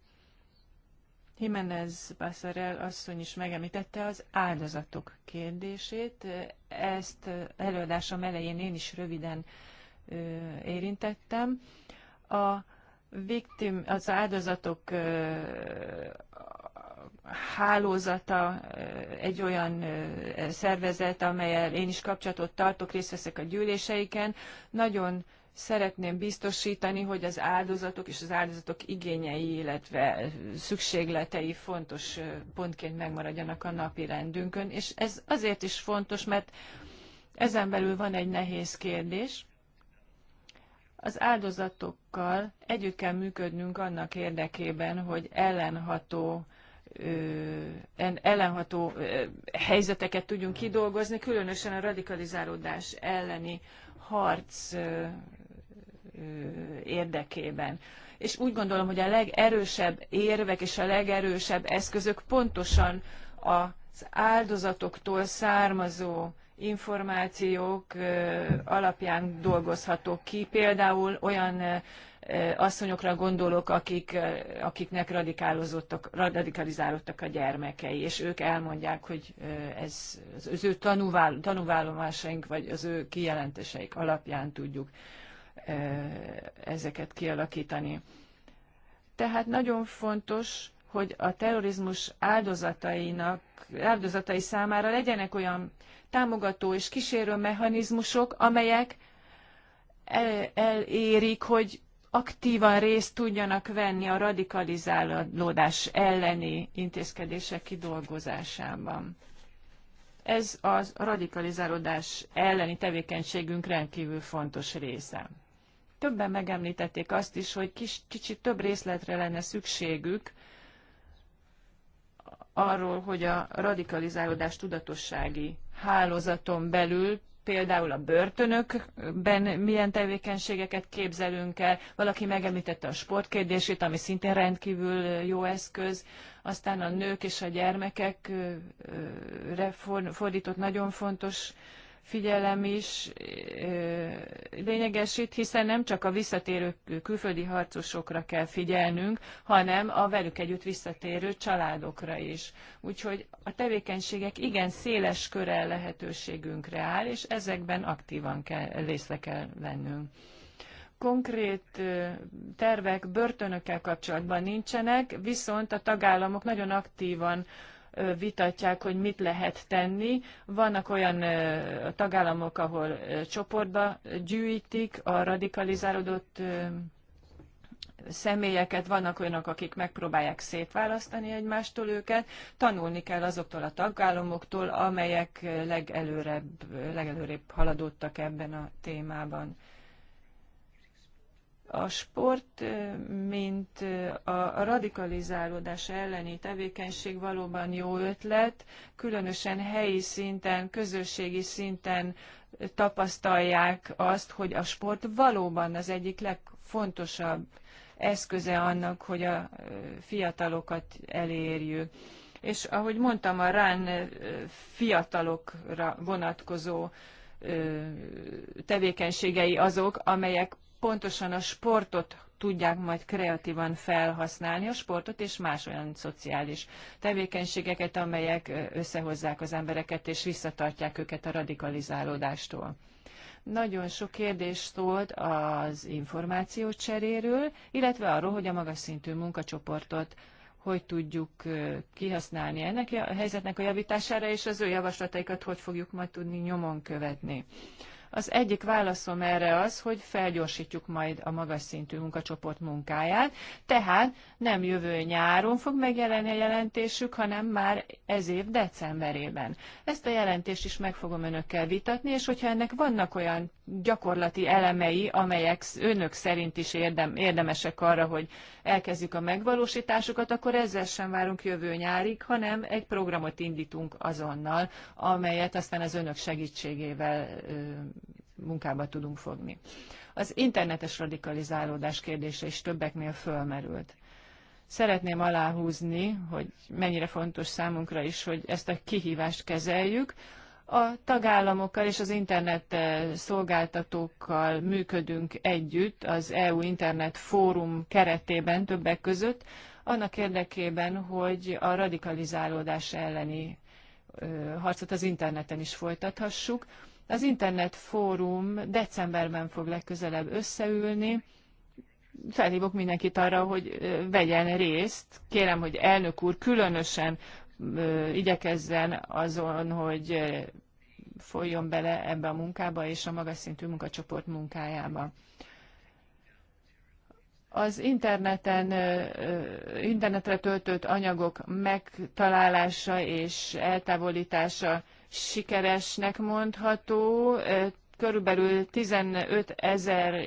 Speaker 3: Jimenez Bassarel asszony is megemlítette az áldozatok kérdését. Ezt előadásom elején én is röviden ö, érintettem. A victim, az áldozatok ö, hálózata eh, egy olyan eh, szervezet, amelyel én is kapcsolatot tartok, részt veszek a gyűléseiken. Nagyon szeretném biztosítani, hogy az áldozatok és az áldozatok igényei, illetve szükségletei fontos eh, pontként megmaradjanak a napi rendünkön. És ez azért is fontos, mert ezen belül van egy nehéz kérdés. Az áldozatokkal együtt kell működnünk annak érdekében, hogy ellenható ellenható helyzeteket tudjunk kidolgozni, különösen a radikalizálódás elleni harc érdekében. És úgy gondolom, hogy a legerősebb érvek és a legerősebb eszközök pontosan az áldozatoktól származó információk alapján dolgozhatók ki, például olyan asszonyokra gondolok, akik, akiknek radikálozottak, radikalizálódtak a gyermekei, és ők elmondják, hogy ez az ő tanúvál, tanúvállomásaink, vagy az ő kijelentéseik alapján tudjuk ezeket kialakítani. Tehát nagyon fontos, hogy a terrorizmus áldozatainak, áldozatai számára legyenek olyan támogató és kísérő mechanizmusok, amelyek elérik, hogy aktívan részt tudjanak venni a radikalizálódás elleni intézkedések kidolgozásában. Ez az a radikalizálódás elleni tevékenységünk rendkívül fontos része. Többen megemlítették azt is, hogy kis, kicsit több részletre lenne szükségük arról, hogy a radikalizálódás tudatossági hálózaton belül például a börtönökben milyen tevékenységeket képzelünk el. Valaki megemlítette a sportkérdését, ami szintén rendkívül jó eszköz. Aztán a nők és a gyermekekre fordított nagyon fontos figyelem is lényegesít, hiszen nem csak a visszatérő külföldi harcosokra kell figyelnünk, hanem a velük együtt visszatérő családokra is. Úgyhogy a tevékenységek igen széles köre lehetőségünkre áll, és ezekben aktívan kell, részre kell vennünk konkrét tervek börtönökkel kapcsolatban nincsenek, viszont a tagállamok nagyon aktívan vitatják, hogy mit lehet tenni. Vannak olyan tagállamok, ahol csoportba gyűjtik a radikalizálódott személyeket, vannak olyanok, akik megpróbálják szétválasztani egymástól őket, tanulni kell azoktól a tagállamoktól, amelyek legelőrebb, legelőrébb haladottak ebben a témában. A sport, mint a radikalizálódás elleni tevékenység valóban jó ötlet, különösen helyi szinten, közösségi szinten tapasztalják azt, hogy a sport valóban az egyik legfontosabb eszköze annak, hogy a fiatalokat elérjük. És ahogy mondtam, a rán fiatalokra vonatkozó tevékenységei azok, amelyek pontosan a sportot tudják majd kreatívan felhasználni a sportot és más olyan szociális tevékenységeket, amelyek összehozzák az embereket és visszatartják őket a radikalizálódástól. Nagyon sok kérdés szólt az cseréről, illetve arról, hogy a magas szintű munkacsoportot hogy tudjuk kihasználni ennek a helyzetnek a javítására, és az ő javaslataikat hogy fogjuk majd tudni nyomon követni. Az egyik válaszom erre az, hogy felgyorsítjuk majd a magas szintű munkacsoport munkáját, tehát nem jövő nyáron fog megjelenni a jelentésük, hanem már ez év decemberében. Ezt a jelentést is meg fogom önökkel vitatni, és hogyha ennek vannak olyan gyakorlati elemei, amelyek önök szerint is érdem, érdemesek arra, hogy elkezdjük a megvalósításukat, akkor ezzel sem várunk jövő nyárig, hanem egy programot indítunk azonnal, amelyet aztán az önök segítségével ö, munkába tudunk fogni. Az internetes radikalizálódás kérdése is többeknél fölmerült. Szeretném aláhúzni, hogy mennyire fontos számunkra is, hogy ezt a kihívást kezeljük, a tagállamokkal és az internet eh, szolgáltatókkal működünk együtt az EU Internet Fórum keretében többek között, annak érdekében, hogy a radikalizálódás elleni eh, harcot az interneten is folytathassuk. Az Internet Fórum decemberben fog legközelebb összeülni, felhívok mindenkit arra, hogy eh, vegyen részt. Kérem, hogy elnök úr különösen igyekezzen azon, hogy folyjon bele ebbe a munkába és a magas szintű munkacsoport munkájába. Az interneten, internetre töltött anyagok megtalálása és eltávolítása sikeresnek mondható, körülbelül 15 ezer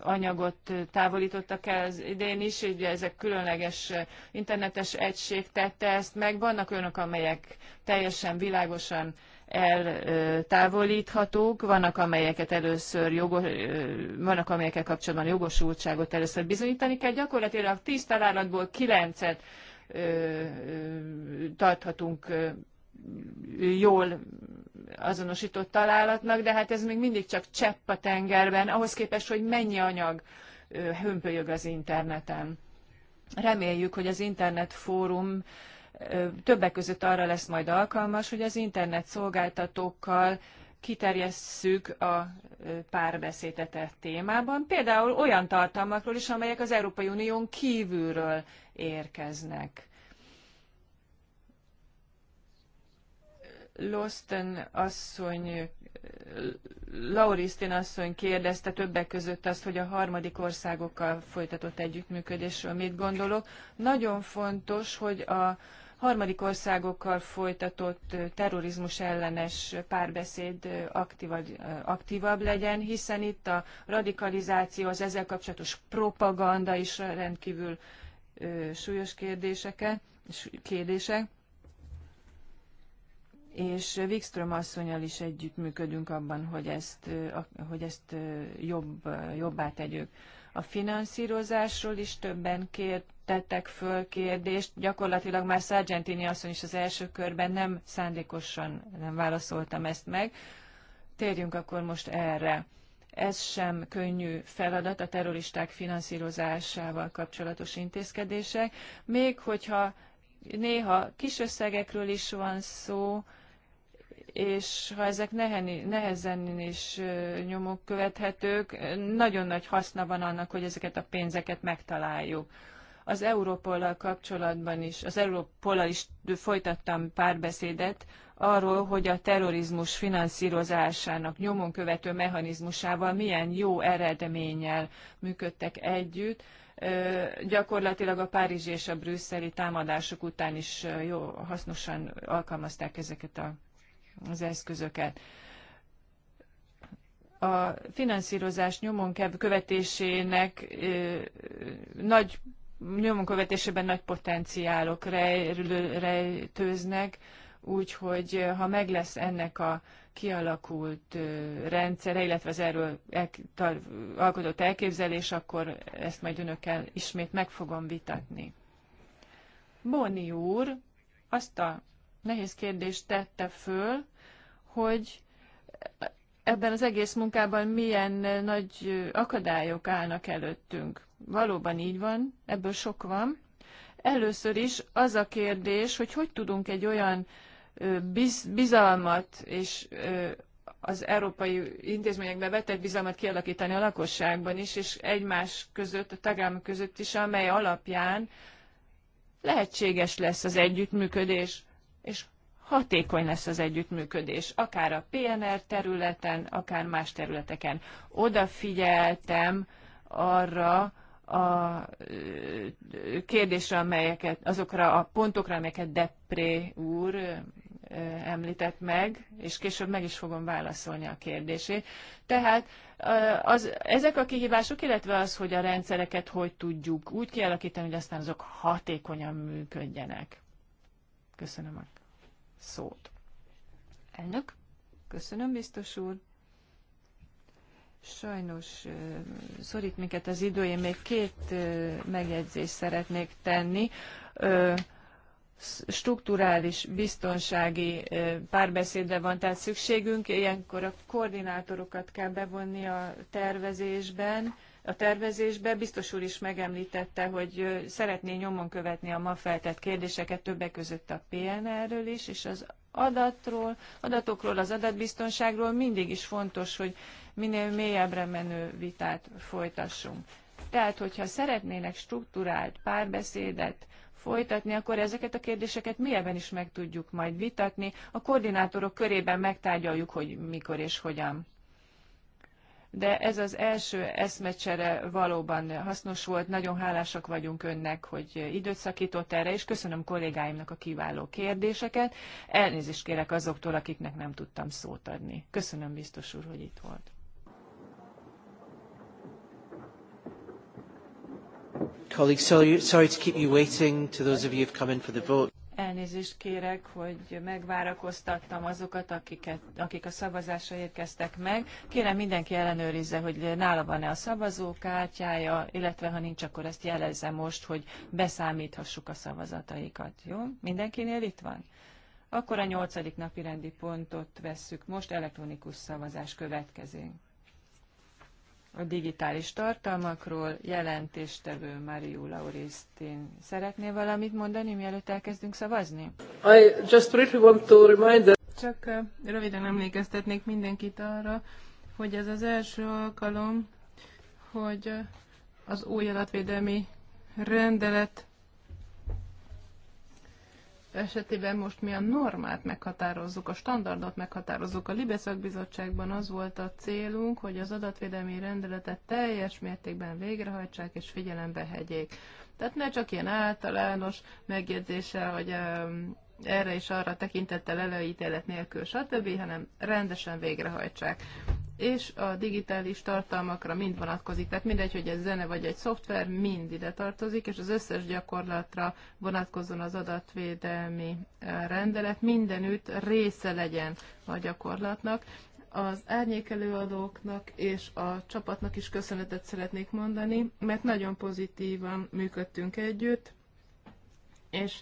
Speaker 3: anyagot távolítottak el az idén is, ugye ezek különleges internetes egység tette ezt meg. Vannak olyanok, amelyek teljesen világosan eltávolíthatók, vannak amelyeket először jogos, vannak amelyekkel kapcsolatban jogosultságot először bizonyítani kell. Gyakorlatilag 10 találatból 9-et tarthatunk jól azonosított találatnak, de hát ez még mindig csak csepp a tengerben, ahhoz képest, hogy mennyi anyag hömpölyög az interneten. Reméljük, hogy az internetfórum többek között arra lesz majd alkalmas, hogy az internet szolgáltatókkal kiterjesszük a párbeszédet e témában, például olyan tartalmakról is, amelyek az Európai Unión kívülről érkeznek. Losten asszony, Laurisztin asszony kérdezte többek között azt, hogy a harmadik országokkal folytatott együttműködésről mit gondolok. Nagyon fontos, hogy a harmadik országokkal folytatott terrorizmus ellenes párbeszéd aktívabb, aktívabb legyen, hiszen itt a radikalizáció, az ezzel kapcsolatos propaganda is rendkívül súlyos kérdések. kérdések és Wikström asszonyal is együttműködünk abban, hogy ezt, hogy ezt jobb, jobbá tegyük. A finanszírozásról is többen kértettek föl kérdést. Gyakorlatilag már Sargentini asszony is az első körben nem szándékosan nem válaszoltam ezt meg. Térjünk akkor most erre. Ez sem könnyű feladat a terroristák finanszírozásával kapcsolatos intézkedések, még hogyha néha kis összegekről is van szó, és ha ezek nehezen is nyomok követhetők, nagyon nagy haszna van annak, hogy ezeket a pénzeket megtaláljuk. Az Európollal kapcsolatban is, az Európollal is folytattam párbeszédet arról, hogy a terrorizmus finanszírozásának nyomon követő mechanizmusával milyen jó eredménnyel működtek együtt. Gyakorlatilag a párizsi és a brüsszeli támadások után is jó, hasznosan alkalmazták ezeket a az eszközöket. A finanszírozás nyomon követésének nagy nyomon követésében nagy potenciálok rejtőznek, úgyhogy ha meg lesz ennek a kialakult rendszere, illetve az erről alkotott elképzelés, akkor ezt majd önökkel ismét meg fogom vitatni. Boni úr azt a nehéz kérdést tette föl, hogy ebben az egész munkában milyen nagy akadályok állnak előttünk. Valóban így van, ebből sok van. Először is az a kérdés, hogy hogy tudunk egy olyan bizalmat és az európai intézményekbe vetett bizalmat kialakítani a lakosságban is, és egymás között, a tagállamok között is, amely alapján lehetséges lesz az együttműködés, és hatékony lesz az együttműködés, akár a PNR területen, akár más területeken. Odafigyeltem arra, a kérdésre, amelyeket, azokra a pontokra, amelyeket Depré úr említett meg, és később meg is fogom válaszolni a kérdését. Tehát az, ezek a kihívások, illetve az, hogy a rendszereket hogy tudjuk úgy kialakítani, hogy aztán azok hatékonyan működjenek. Köszönöm szót. Elnök, köszönöm, biztos úr. Sajnos szorít minket az idő, én még két megjegyzést szeretnék tenni. Strukturális biztonsági párbeszédre van tehát szükségünk, ilyenkor a koordinátorokat kell bevonni a tervezésben, a tervezésbe. Biztos úr is megemlítette, hogy szeretné nyomon követni a ma feltett kérdéseket, többek között a PNR-ről is, és az adatról, adatokról, az adatbiztonságról mindig is fontos, hogy minél mélyebbre menő vitát folytassunk. Tehát, hogyha szeretnének struktúrált párbeszédet folytatni, akkor ezeket a kérdéseket mélyebben is meg tudjuk majd vitatni. A koordinátorok körében megtárgyaljuk, hogy mikor és hogyan de ez az első eszmecsere valóban hasznos volt. Nagyon hálásak vagyunk önnek, hogy időt szakított erre, és köszönöm kollégáimnak a kiváló kérdéseket. Elnézést kérek azoktól, akiknek nem tudtam szót adni. Köszönöm biztos úr, hogy itt volt.
Speaker 1: Colleagues, sorry, sorry to keep you waiting to those of you who've come in for the vote.
Speaker 3: Elnézést kérek, hogy megvárakoztattam azokat, akiket, akik a szavazásra érkeztek meg. Kérem mindenki ellenőrizze, hogy nála van-e a szavazókártyája, illetve ha nincs, akkor ezt jelezze most, hogy beszámíthassuk a szavazataikat. Jó? Mindenkinél itt van? Akkor a nyolcadik napi rendi pontot vesszük most, elektronikus szavazás következik a digitális tartalmakról. Jelentéstevő Mariu Laurisztin szeretné valamit mondani, mielőtt elkezdünk szavazni? I just really want to remind that... Csak röviden emlékeztetnék mindenkit
Speaker 2: arra, hogy ez az első alkalom, hogy az új adatvédelmi rendelet esetében most mi a normát meghatározzuk, a standardot meghatározzuk. A Libeszak Bizottságban az volt a célunk, hogy az adatvédelmi rendeletet teljes mértékben végrehajtsák és figyelembe hegyék. Tehát ne csak ilyen általános megjegyzéssel, hogy erre és arra tekintettel előítélet nélkül, stb., hanem rendesen végrehajtsák. És a digitális tartalmakra mind vonatkozik, tehát mindegy, hogy ez zene vagy egy szoftver, mind ide tartozik, és az összes gyakorlatra vonatkozóan az adatvédelmi eh, rendelet mindenütt része legyen a gyakorlatnak, az árnyékelőadóknak és a csapatnak is köszönetet szeretnék mondani, mert nagyon pozitívan működtünk együtt, és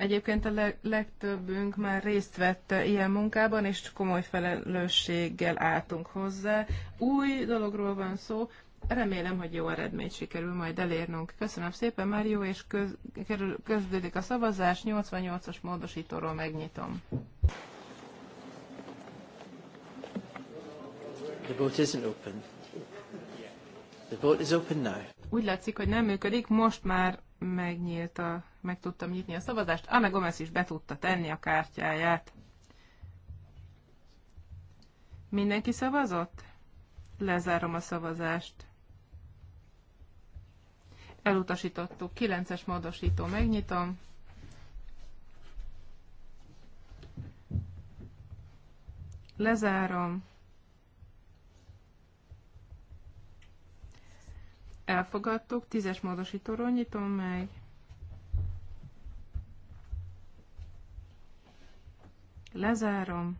Speaker 2: Egyébként a leg, legtöbbünk már részt vett ilyen munkában, és komoly felelősséggel álltunk hozzá. Új dologról van szó, remélem, hogy jó eredményt sikerül majd elérnünk. Köszönöm szépen, Mário, és köz, kerül, közlődik a szavazás, 88-as módosítóról megnyitom.
Speaker 1: The vote isn't open. The vote is open now.
Speaker 2: Úgy látszik, hogy nem működik, most már megnyílt a, meg tudtam nyitni a szavazást. Ame Gomez is be tudta tenni a kártyáját. Mindenki szavazott? Lezárom a szavazást. Elutasítottuk. 9-es módosító megnyitom. Lezárom. Elfogadtuk. Tízes módosítóról nyitom meg. Lezárom.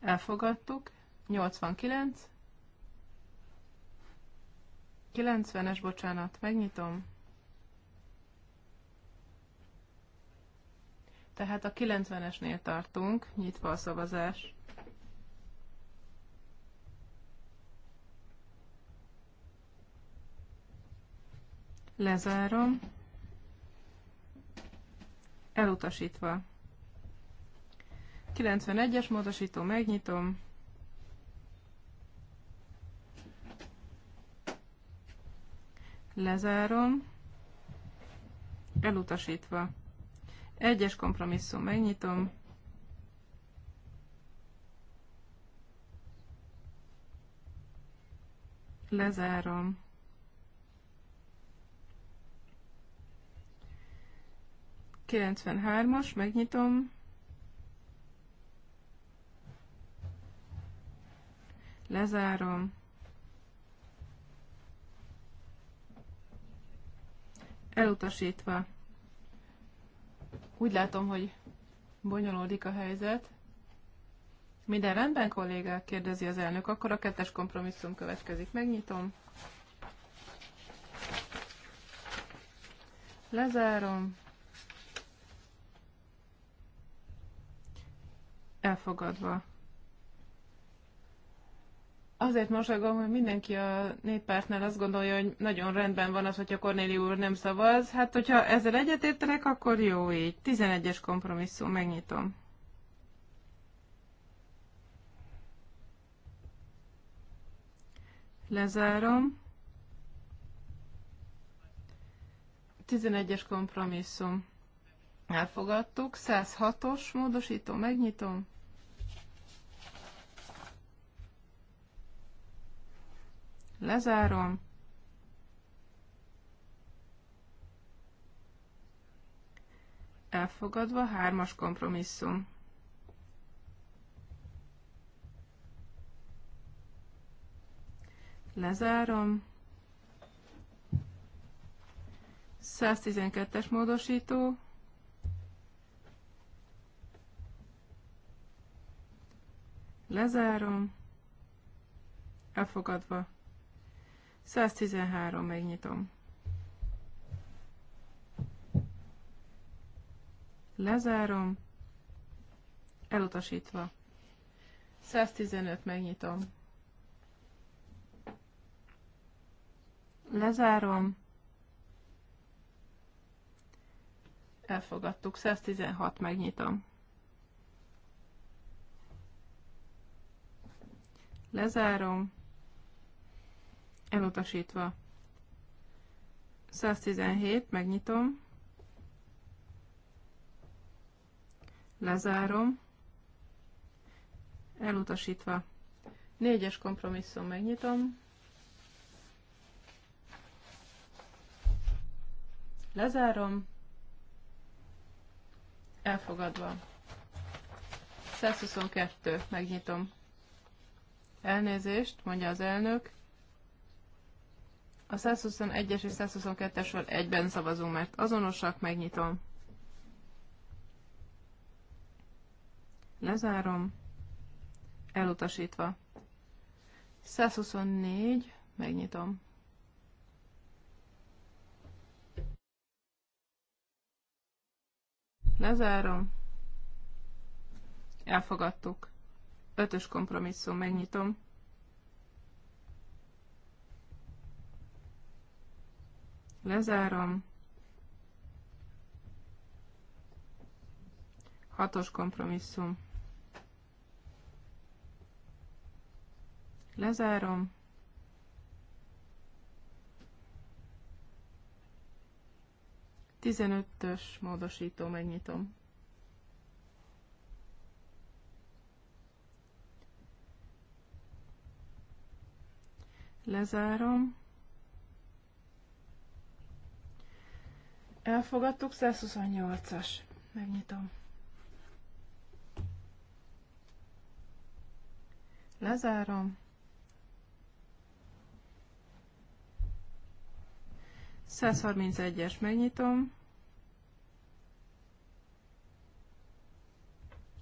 Speaker 2: Elfogadtuk. 89. 90-es, bocsánat, megnyitom. Tehát a 90-esnél tartunk, nyitva a szavazás. Lezárom. Elutasítva. 91-es módosító, megnyitom. Lezárom. Elutasítva. Egyes kompromisszum, megnyitom. Lezárom. 93-as, megnyitom. Lezárom. Elutasítva. Úgy látom, hogy bonyolódik a helyzet. Minden rendben, kollégák? kérdezi az elnök. Akkor a kettes kompromisszum következik. Megnyitom. Lezárom. elfogadva. Azért mosolygom, hogy mindenki a néppártnál azt gondolja, hogy nagyon rendben van az, hogyha Kornéli úr nem szavaz. Hát, hogyha ezzel egyetértenek, akkor jó így. 11-es kompromisszum, megnyitom. Lezárom. 11-es kompromisszum. Elfogadtuk. 106-os módosító, megnyitom. Lezárom. Elfogadva hármas kompromisszum. Lezárom. 112-es módosító. Lezárom. Elfogadva. 113, megnyitom. Lezárom. Elutasítva. 115, megnyitom. Lezárom. Elfogadtuk. 116, megnyitom. Lezárom elutasítva. 117, megnyitom, lezárom, elutasítva. 4-es kompromisszum, megnyitom, lezárom, elfogadva. 122, megnyitom. Elnézést, mondja az elnök, a 121-es és 122-esről egyben szavazunk, mert azonosak, megnyitom. Lezárom. Elutasítva. 124, megnyitom. Lezárom. Elfogadtuk. Ötös kompromisszum, megnyitom. Lezárom. Hatos kompromisszum. Lezárom. Tizenötös módosító megnyitom. Lezárom. Elfogadtuk 128-as. Megnyitom. Lezárom. 131-es megnyitom.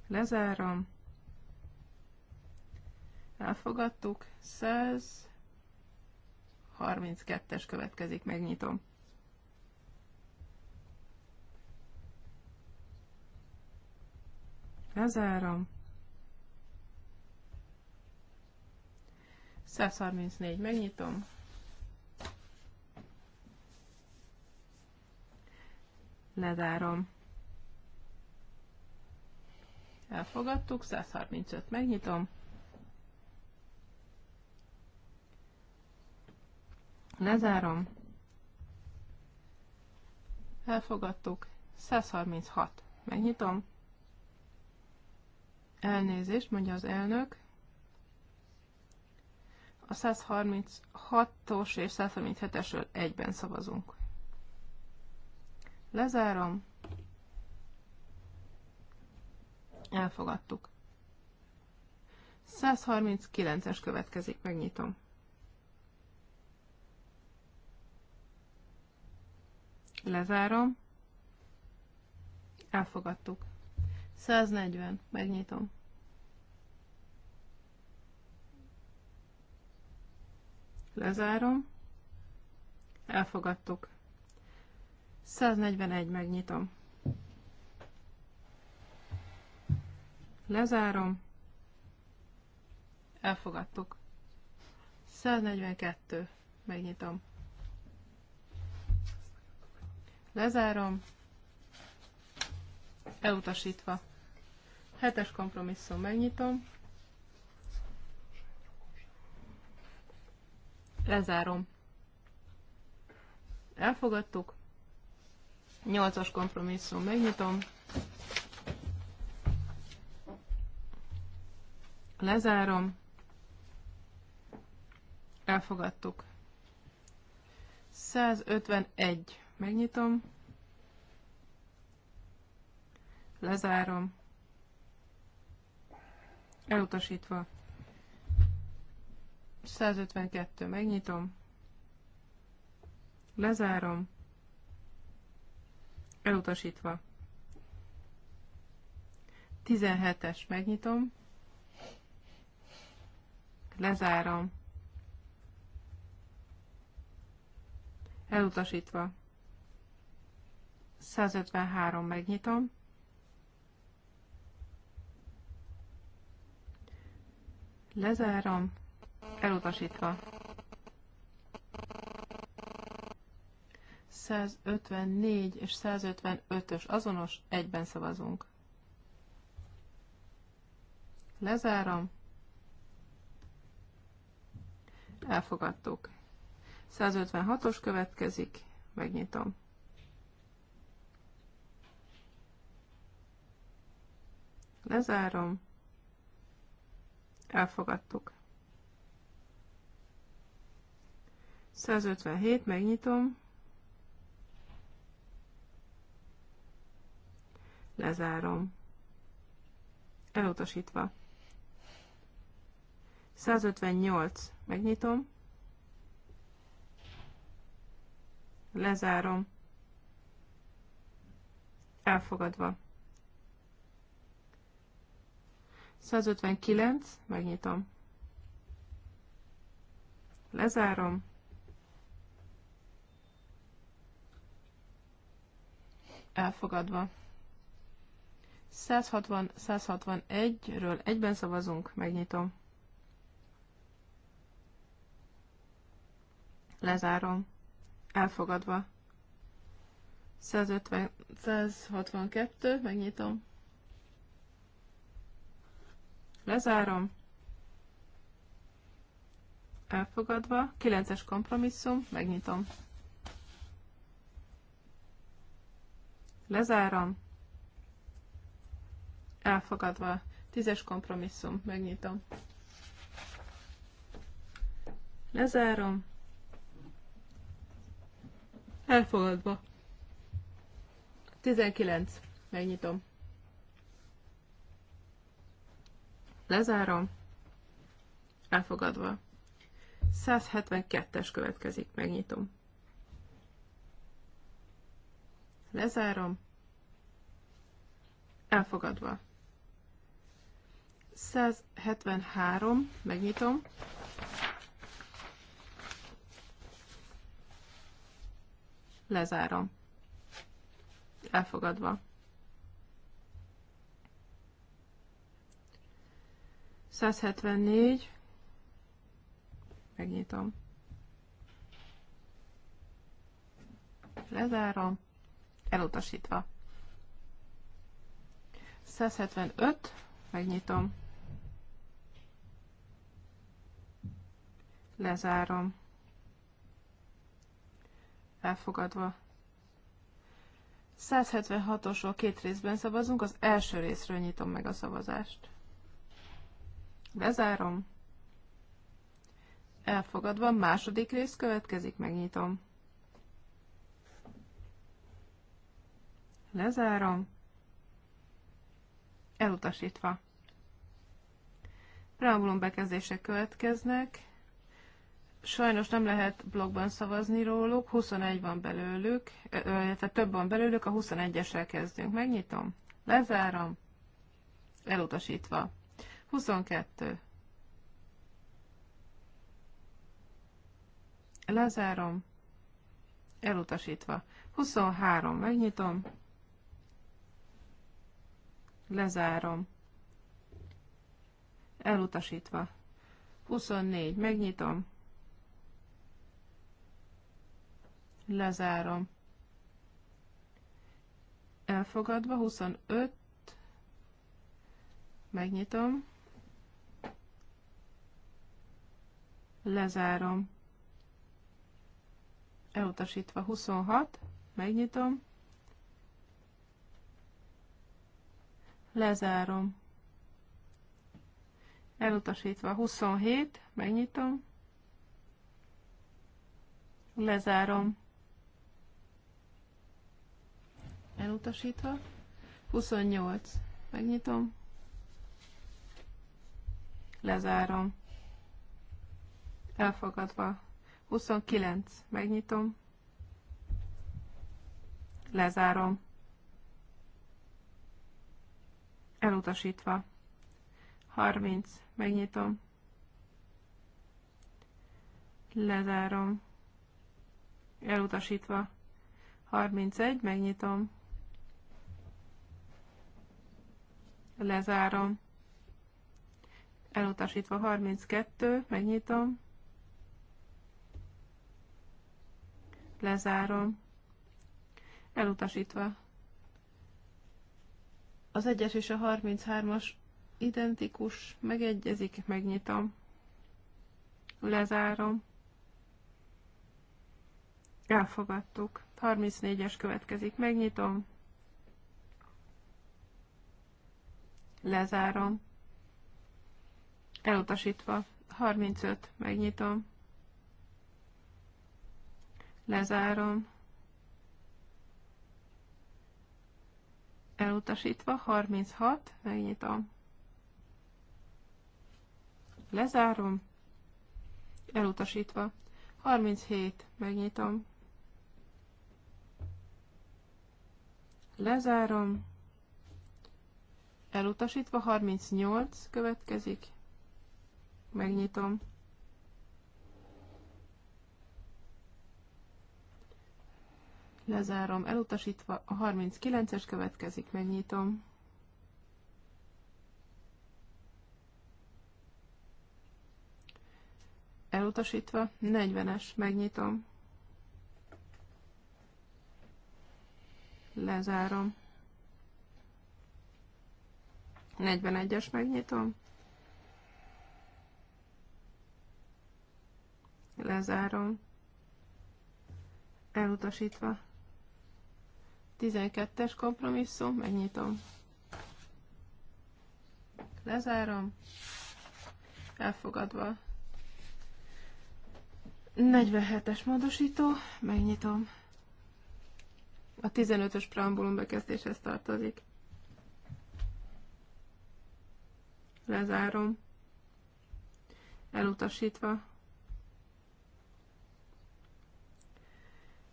Speaker 2: Lezárom. Elfogadtuk. 132-es következik, megnyitom. Lezárom. 134, megnyitom. Lezárom. Elfogadtuk, 135, megnyitom. Lezárom. Elfogadtuk, 136, megnyitom. Elnézést, mondja az elnök. A 136-os és 137-esről egyben szavazunk. Lezárom. Elfogadtuk. 139-es következik, megnyitom. Lezárom. Elfogadtuk. 140. Megnyitom. Lezárom. Elfogadtuk. 141. Megnyitom. Lezárom. Elfogadtuk. 142. Megnyitom. Lezárom. Elutasítva. Hetes kompromisszum megnyitom. Lezárom. Elfogadtuk. Nyolcas kompromisszum megnyitom. Lezárom. Elfogadtuk. 151. Megnyitom. Lezárom. Elutasítva. 152. Megnyitom. Lezárom. Elutasítva. 17-es. Megnyitom. Lezárom. Elutasítva. 153. Megnyitom. Lezárom. Elutasítva. 154 és 155-ös azonos, egyben szavazunk. Lezárom. Elfogadtuk. 156-os következik, megnyitom. Lezárom. Elfogadtuk. 157, megnyitom. Lezárom. Elutasítva. 158, megnyitom. Lezárom. Elfogadva. 159, megnyitom. Lezárom. Elfogadva. 160-161-ről egyben szavazunk, megnyitom. Lezárom. Elfogadva. 150, 162, megnyitom. Lezárom. Elfogadva. 9-es kompromisszum. Megnyitom. Lezárom. Elfogadva. 10-es kompromisszum. Megnyitom. Lezárom. Elfogadva. 19. Megnyitom. Lezárom. Elfogadva. 172-es következik, megnyitom.
Speaker 3: Lezárom.
Speaker 2: Elfogadva. 173, megnyitom. Lezárom. Elfogadva. 174, megnyitom, lezárom, elutasítva. 175, megnyitom, lezárom, elfogadva. 176-osról két részben szavazunk, az első részről nyitom meg a szavazást. Lezárom. Elfogadva, második rész következik, megnyitom. Lezárom. Elutasítva. Preambulum bekezdések következnek. Sajnos nem lehet blogban szavazni róluk, 21 van belőlük, illetve több van belőlük, a 21-esre kezdünk. Megnyitom, lezárom, elutasítva. 22. Lezárom. Elutasítva. 23. Megnyitom. Lezárom. Elutasítva. 24. Megnyitom. Lezárom. Elfogadva. 25. Megnyitom. lezárom, elutasítva 26, megnyitom, lezárom, elutasítva 27, megnyitom, lezárom, elutasítva, 28, megnyitom, lezárom, Elfogadva. 29. Megnyitom. Lezárom. Elutasítva. 30. Megnyitom. Lezárom. Elutasítva. 31. Megnyitom. Lezárom. Elutasítva 32. Megnyitom. lezárom, elutasítva. Az 1-es és a 33-as identikus, megegyezik, megnyitom, lezárom, elfogadtuk. 34-es következik, megnyitom, lezárom, elutasítva. 35, megnyitom, Lezárom. Elutasítva. 36. Megnyitom. Lezárom. Elutasítva. 37. Megnyitom. Lezárom. Elutasítva 38 következik. Megnyitom. lezárom, elutasítva a 39-es következik, megnyitom. Elutasítva, 40-es, megnyitom. Lezárom. 41-es megnyitom. Lezárom. Elutasítva. 12-es kompromisszum, megnyitom. Lezárom. Elfogadva. 47-es módosító, megnyitom. A 15-ös preambulum bekezdéshez tartozik. Lezárom. Elutasítva.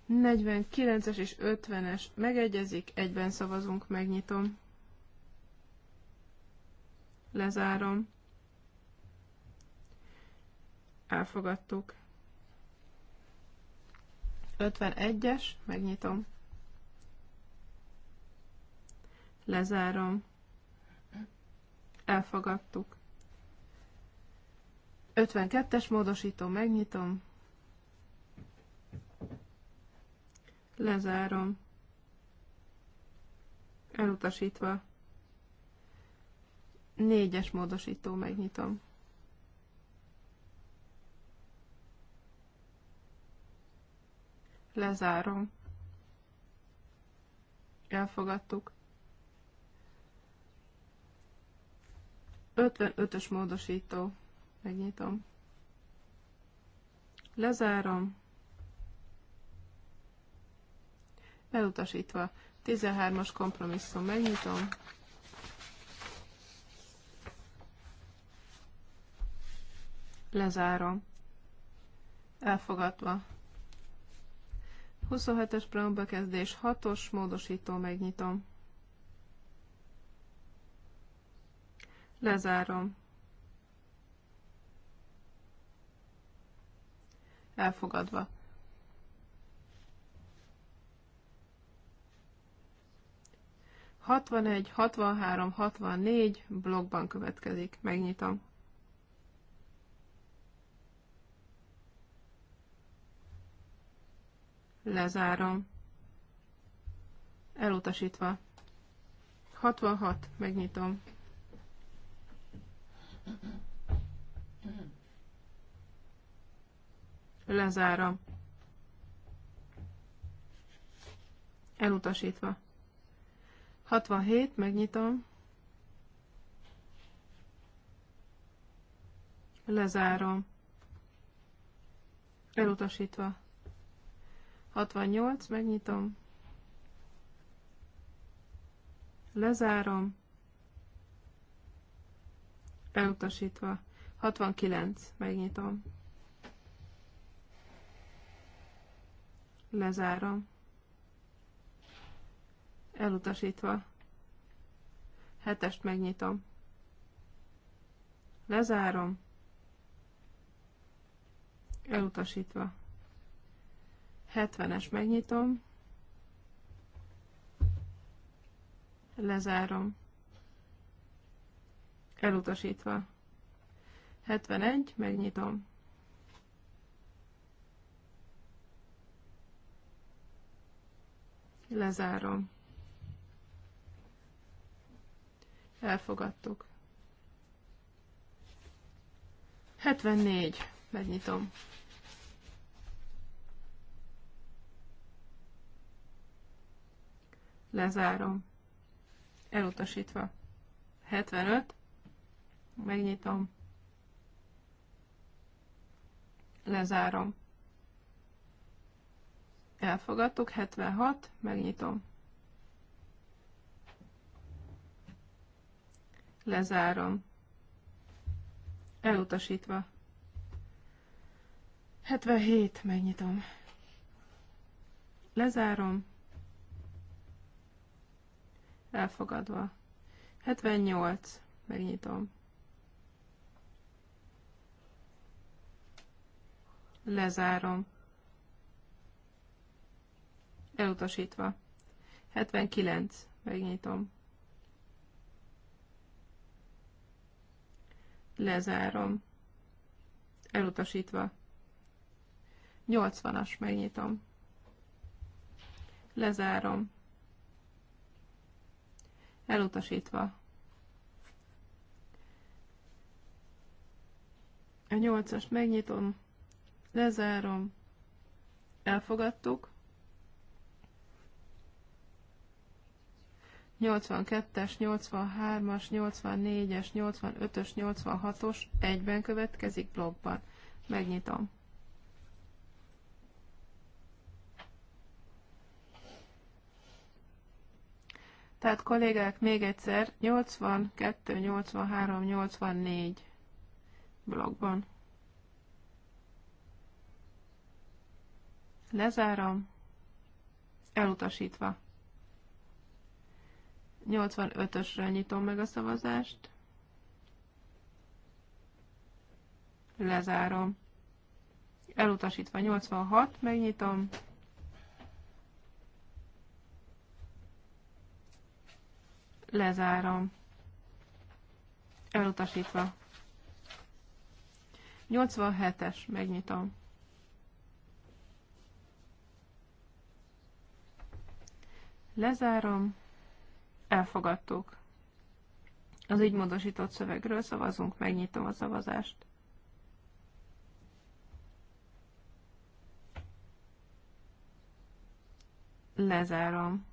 Speaker 2: 49-es és 50-es megegyezik, egyben szavazunk, megnyitom. Lezárom. Elfogadtuk. 51-es, megnyitom. Lezárom. Elfogadtuk. 52-es módosító, megnyitom Lezárom. Elutasítva. Négyes módosító megnyitom. Lezárom. Elfogadtuk. 55-ös módosító. Megnyitom. Lezárom. elutasítva. 13-as kompromisszum, megnyitom. Lezárom. Elfogadva. 27-es preambbekezdés, 6-os módosító, megnyitom. Lezárom. Elfogadva. 61, 63, 64 blogban következik. Megnyitom. Lezárom. Elutasítva. 66, megnyitom. Lezárom. Elutasítva. 67, megnyitom. Lezárom. Elutasítva. 68, megnyitom. Lezárom. Elutasítva. 69, megnyitom. Lezárom elutasítva. Hetest megnyitom. Lezárom. Elutasítva. Hetvenes megnyitom. Lezárom. Elutasítva. 71, megnyitom. Lezárom. Elfogadtuk. 74. Megnyitom. Lezárom. Elutasítva. 75. Megnyitom. Lezárom. Elfogadtuk. 76. Megnyitom. lezárom, elutasítva. 77, megnyitom, lezárom, elfogadva. 78, megnyitom. Lezárom. Elutasítva. 79, megnyitom. lezárom, elutasítva. 80-as, megnyitom, lezárom, elutasítva. A 8-as megnyitom, lezárom, elfogadtuk. 82-es, 83-as, 84-es, 85-ös, 86-os egyben következik blogban. Megnyitom. Tehát kollégák, még egyszer, 82, 83, 84 blogban. Lezárom, elutasítva. 85 ösre nyitom meg a szavazást. Lezárom. Elutasítva 86, megnyitom. Lezárom. Elutasítva. 87-es, megnyitom. Lezárom. Elfogadtuk. Az így módosított szövegről szavazunk, megnyitom a szavazást. Lezárom.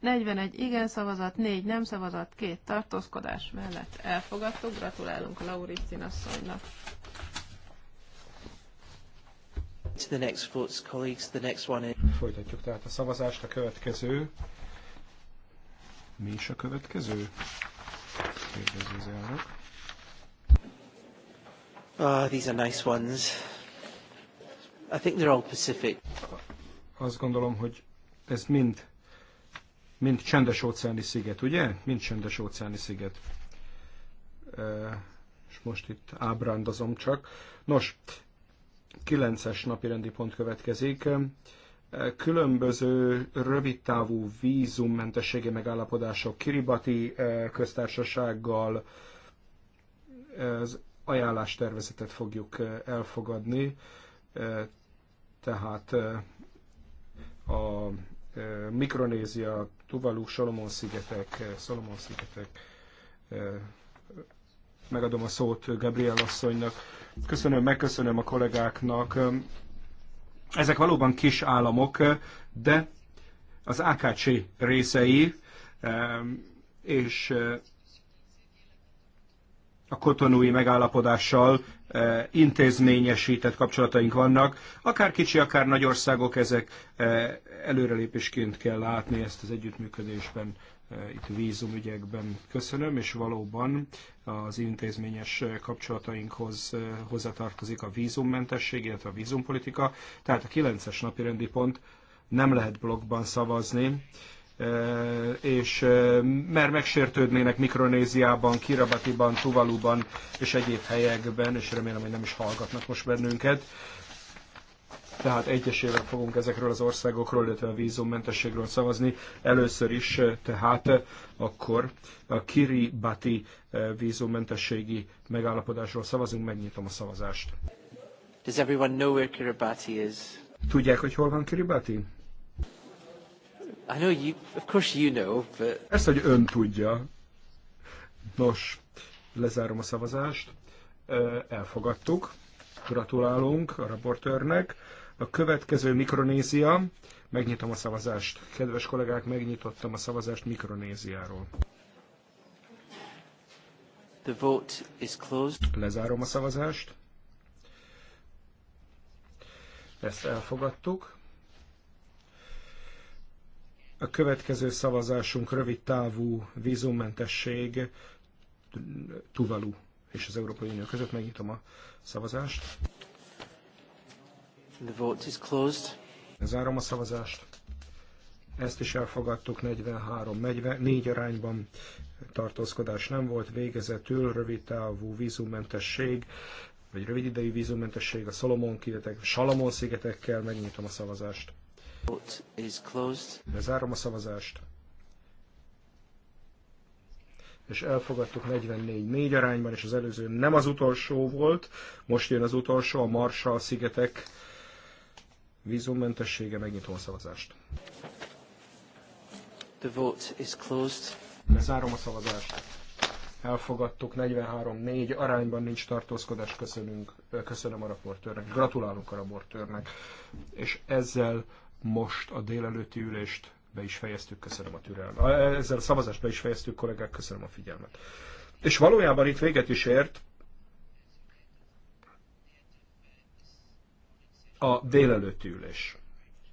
Speaker 2: 41 igen szavazat, 4 nem szavazat, 2 tartózkodás mellett elfogadtuk. Gratulálunk Lauricin asszonynak.
Speaker 1: To the next votes, colleagues. The next one Folytatjuk tehát a szavazást. A következő... Mi is a következő? Kérdező az elnök. Ah, these are nice ones. I think they're all Pacific. Azt gondolom, hogy
Speaker 4: ez mind, mind csendes óceáni sziget, ugye? Mind csendes óceáni sziget. E, és most itt ábrándozom csak. Nos, 9-es rendi pont következik. Különböző rövidtávú vízummentességi megállapodások Kiribati eh, köztársasággal az ajánlástervezetet fogjuk eh, elfogadni, eh, tehát a Mikronézia, Tuvalu, Solomon-szigetek, Solomon-szigetek megadom a szót Gabriel asszonynak. Köszönöm, megköszönöm a kollégáknak. Ezek valóban kis államok, de az AKC részei, és eh, a kotonúi megállapodással eh, intézményesített kapcsolataink vannak. Akár kicsi, akár nagy országok, ezek eh, előrelépésként kell látni ezt az együttműködésben itt vízumügyekben. Köszönöm, és valóban az intézményes kapcsolatainkhoz eh, hozzátartozik a vízummentesség, illetve a vízumpolitika. Tehát a 9-es napi rendi pont nem lehet blogban szavazni, eh, és eh, mert megsértődnének Mikronéziában, Kirabatiban, Tuvaluban és egyéb helyekben, és remélem, hogy nem is hallgatnak most bennünket tehát egyesével fogunk ezekről az országokról, illetve a vízummentességről szavazni. Először is eh, tehát eh, akkor a Kiribati eh, vízummentességi megállapodásról szavazunk, megnyitom a szavazást.
Speaker 1: Does everyone know where Kiribati is?
Speaker 4: Tudják, hogy hol van Kiribati? I
Speaker 1: know you, of course you know, but...
Speaker 4: Ezt, hogy ön tudja. Nos, lezárom a szavazást. Elfogadtuk. Gratulálunk a raportőrnek. A következő Mikronézia. Megnyitom a szavazást. Kedves kollégák, megnyitottam a szavazást Mikronéziáról. The vote is closed. Lezárom a szavazást. Ezt elfogadtuk. A következő szavazásunk rövid távú vízummentesség Tuvalu és az Európai Unió között. Megnyitom a szavazást. The vote
Speaker 1: is closed.
Speaker 4: Zárom a szavazást. Ezt is elfogadtuk 43-4 arányban tartózkodás nem volt, végezetül távú vízummentesség, vagy rövid idejű vízummentesség a Salomon szigetek, Salomon szigetekkel megnyitom a szavazást.
Speaker 1: Vote is closed.
Speaker 4: a szavazást. És elfogadtuk 44-4 arányban, és az előző nem az utolsó volt, most jön az utolsó, a Marshall szigetek vízummentessége, megnyitom a szavazást. The vote is closed. Lezárom a szavazást. Elfogadtuk 43-4 arányban nincs tartózkodás, köszönünk, köszönöm a raportőrnek, gratulálunk a raportőrnek. És ezzel most a délelőtti ülést be is fejeztük, köszönöm a türelmet. Ezzel a szavazást be is fejeztük, kollégák, köszönöm a figyelmet. És valójában itt véget is ért, a délelőtti ülés.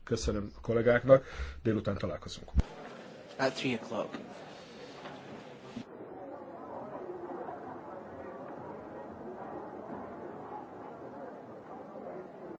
Speaker 4: Köszönöm a kollégáknak, délután találkozunk.
Speaker 1: At 3 o'clock.